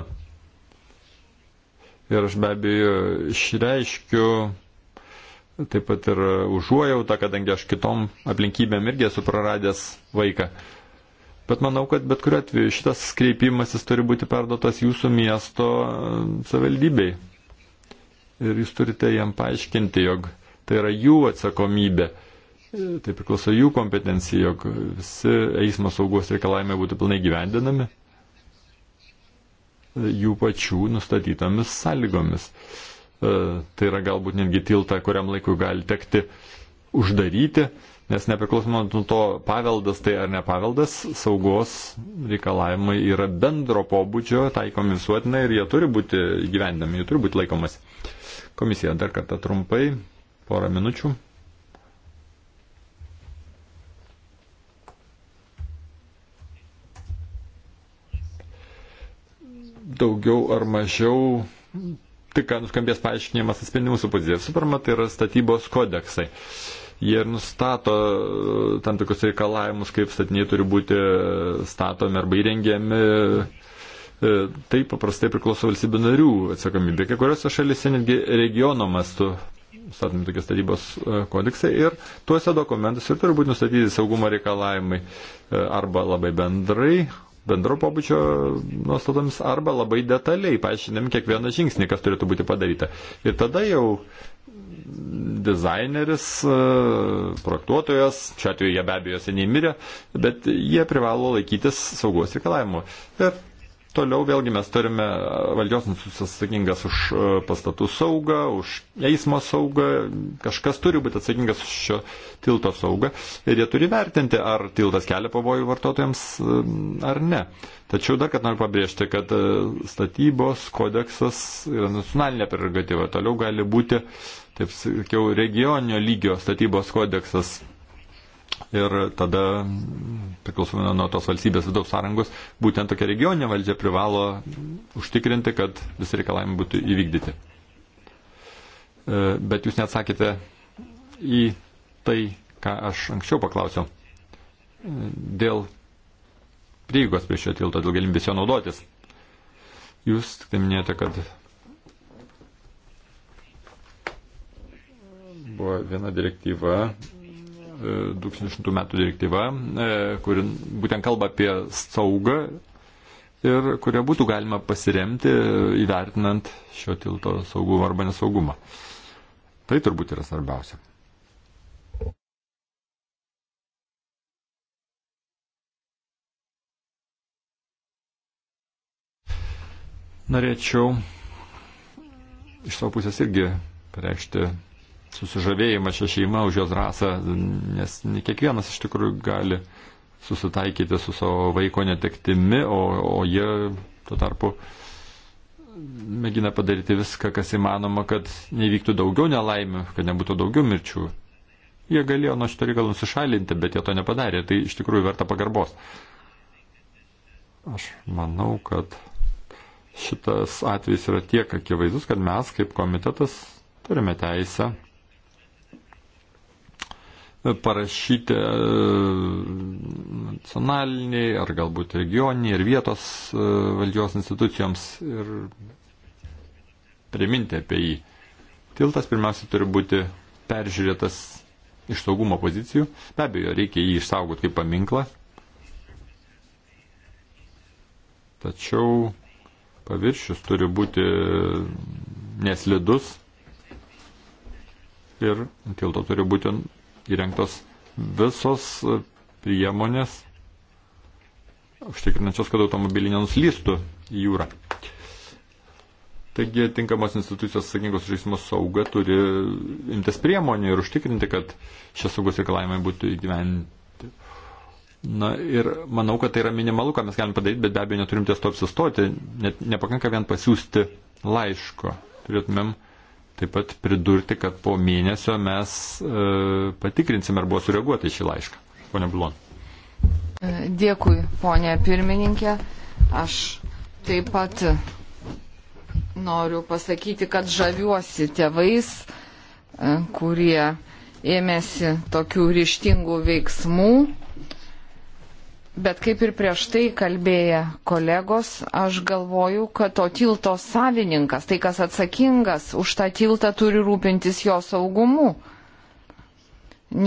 Ir aš be abejo išreiškiu taip pat ir užuojautą, kadangi aš kitom aplinkybėm irgi esu praradęs vaiką. Bet manau, kad bet kuriu atveju šitas kreipimasis turi būti perduotas jūsų miesto e, savivaldybei. Ir jūs turite jam paaiškinti, jog tai yra jų atsakomybė, e, tai priklauso jų kompetencija, jog visi eismo saugos reikalavimai būtų pilnai gyvendinami e, jų pačių nustatytomis sąlygomis. E, tai yra galbūt netgi tiltą, kuriam laikui gali tekti uždaryti, nes nepriklausomai nuo to paveldas tai ar ne paveldas, saugos reikalavimai yra bendro pobūdžio, taikomi visuotinai ir jie turi būti gyvendami, jie turi būti laikomasi. Komisija dar kartą trumpai, porą minučių. Daugiau ar mažiau tik ką nuskambės paaiškinimas atspindi mūsų poziciją. Suprama, tai yra statybos kodeksai. Jie ir nustato e, tam tikrus reikalavimus, kaip statiniai turi būti e, statomi arba įrengiami. E, tai paprastai priklauso valstybių narių atsakomybė. Kai kuriuose šalise netgi regiono mastu statomi tokie statybos kodeksai ir tuose dokumentuose ir turi būti nustatyti saugumo reikalavimai arba labai bendrai, bendro pobūdžio nuostatomis arba labai detaliai paaiškinam kiekvieną žingsnį, kas turėtų būti padaryta. Ir tada jau dizaineris, e, projektuotojas, šiuo atveju jie be abejo seniai mirė, bet jie privalo laikytis saugos reikalavimų. Ir Toliau vėlgi mes turime e, valdžios institucijas atsakingas už e, pastatų saugą, už eismo saugą, kažkas turi būti atsakingas už šio tilto saugą ir jie turi vertinti, ar tiltas kelia pavojų vartotojams e, ar ne. Tačiau dar kartą noriu pabrėžti, kad statybos kodeksas yra nacionalinė prerogatyva. Toliau gali būti, taip sakiau, regioninio lygio statybos kodeksas. Ir tada priklausomai nuo tos valstybės vidaus sąrangos, būtent tokia regioninė valdžia privalo užtikrinti, kad visi reikalavimai būtų įvykdyti. E, bet jūs neatsakėte į tai, ką aš anksčiau paklausiau. E, dėl prieigos prie šio tilto, dėl galimybės jo naudotis. Jūs tik tai minėjote, kad buvo viena direktyva 2008 e, metų direktyva, e, kuri būtent kalba apie saugą ir kurio būtų galima pasiremti e, įvertinant šio tilto saugumą arba nesaugumą. Tai turbūt yra svarbiausia. Norėčiau iš savo pusės irgi pareikšti susižavėjimą šią šeimą, už jos rasą, nes ne kiekvienas iš tikrųjų gali susitaikyti su savo vaiko netektimi, o, o jie tuo tarpu mėgina padaryti viską, kas įmanoma, kad nevyktų daugiau nelaimių, kad nebūtų daugiau mirčių. Jie galėjo nuo šito reikalo nusišalinti, bet jie to nepadarė. Tai iš tikrųjų verta pagarbos. Aš manau, kad šitas atvejs yra tiek akivaizdus, kad mes kaip komitetas turime teisę parašyti e, nacionaliniai ar galbūt regioniniai ir vietos e, valdžios institucijoms ir priminti apie jį. Tiltas pirmiausia turi būti peržiūrėtas iš saugumo pozicijų. Be abejo, reikia jį išsaugoti kaip paminklą. Tačiau paviršius turi būti neslidus ir tilto turi būti įrengtos visos priemonės, užtikrinančios, kad automobiliai nenuslystų į jūrą. Taigi tinkamos institucijos atsakingos už eismo saugą turi imtis priemonių ir užtikrinti, kad šie saugos reikalavimai būtų įgyventi. Na ir manau, kad tai yra minimalu, ką mes galime padaryti, bet be abejo neturim ties to apsistoti, net nepakanka vien pasiūsti laiško. Turėtumėm uh, taip pat pridurti, kad po mėnesio mes e, patikrinsime, ar buvo sureaguota į šį laišką. Pone Blon. E, dėkui, ponė pirmininkė. Aš taip pat noriu pasakyti, kad žaviuosi tėvais, e, kurie ėmėsi tokių ryštingų veiksmų Bet kaip ir prieš tai kalbėję kolegos, aš galvoju, kad to tilto savininkas, tai kas atsakingas už tą tiltą, turi rūpintis jo saugumu.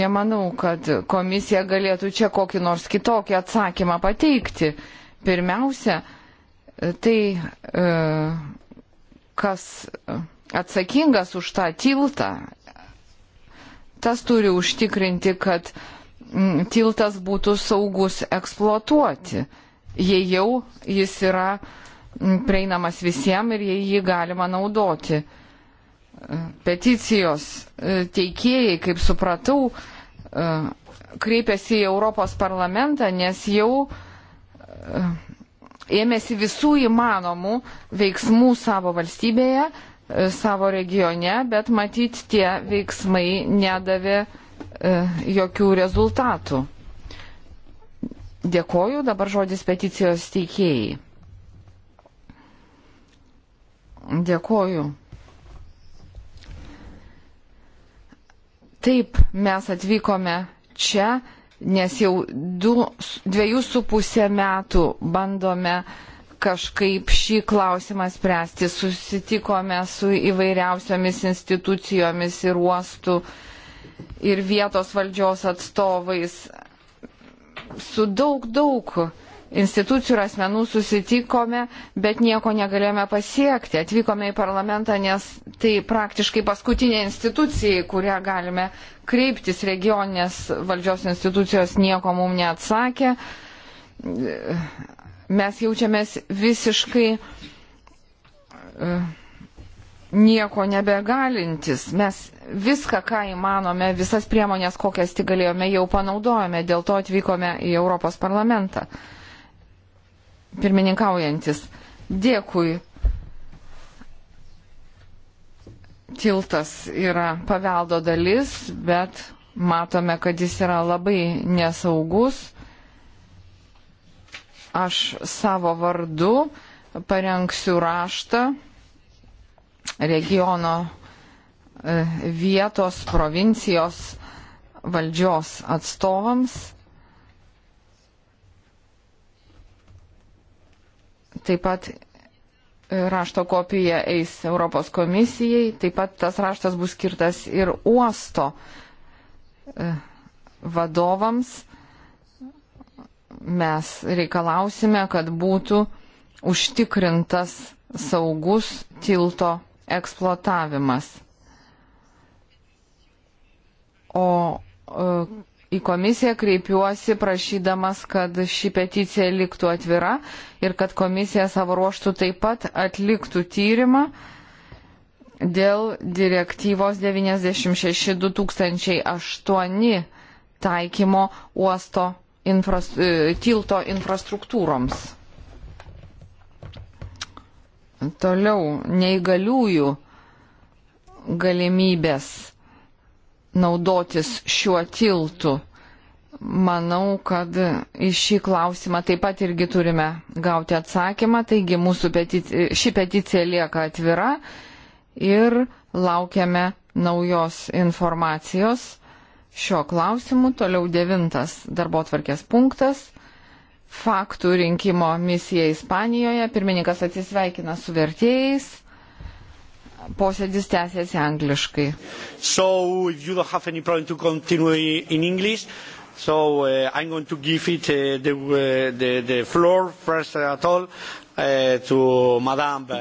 Nemanau, kad komisija galėtų čia kokį nors kitokį atsakymą pateikti. Pirmiausia, tai e, kas atsakingas už tą tiltą, tas turi užtikrinti, kad uh, tiltas būtų saugus eksploatuoti, jei jau jis yra prieinamas visiems ir jei jį galima naudoti. E, peticijos e, teikėjai, kaip supratau, e, kreipėsi į Europos parlamentą, nes jau ėmėsi visų įmanomų veiksmų savo valstybėje, savo regione, bet matyt tie veiksmai nedavė E, jokių rezultatų. Dėkoju, dabar žodis peticijos teikėjai. Dėkoju. Taip, mes atvykome čia, nes jau du, dviejų su pusė metų bandome kažkaip šį klausimą spręsti. Susitikome su įvairiausiomis institucijomis ir uostų uh, ir vietos valdžios atstovais. Su daug, daug institucijų ir asmenų susitikome, bet nieko negalėjome pasiekti. Atvykome į parlamentą, nes tai praktiškai paskutinė institucija, į kurią galime kreiptis. Regioninės valdžios institucijos nieko mums neatsakė. Mes jaučiamės visiškai. Uh, nieko nebegalintis. Mes viską, ką įmanome, visas priemonės, kokias tik galėjome, jau panaudojome, dėl to atvykome į Europos parlamentą. Pirmininkaujantis, dėkui. Tiltas yra paveldo dalis, bet matome, kad jis yra labai nesaugus. Aš savo vardu parengsiu raštą regiono e, vietos provincijos valdžios atstovams. Taip pat rašto kopija eis Europos komisijai, taip pat tas raštas bus skirtas ir uosto e, vadovams. Mes reikalausime, kad būtų užtikrintas saugus tilto eksploatavimas. O e, į komisiją kreipiuosi prašydamas, kad ši peticija liktų atvira ir kad komisija savo ruoštų taip pat atliktų tyrimą dėl direktyvos 96-2008 taikymo uosto infras, e, tilto infrastruktūroms. Toliau neįgaliųjų galimybės naudotis šiuo tiltu. Manau, kad į šį klausimą taip pat irgi turime gauti atsakymą, taigi mūsų petici ši peticija lieka atvira ir laukiame naujos informacijos šio klausimu. Toliau devintas darbo tvarkės punktas faktų rinkimo misiją Ispanijoje. Pirmininkas atsisveikina su vertėjais. Posėdis tęsiasi angliškai. So, So uh, I'm going to give it uh, the, uh, the, the floor first at all uh, to Madame.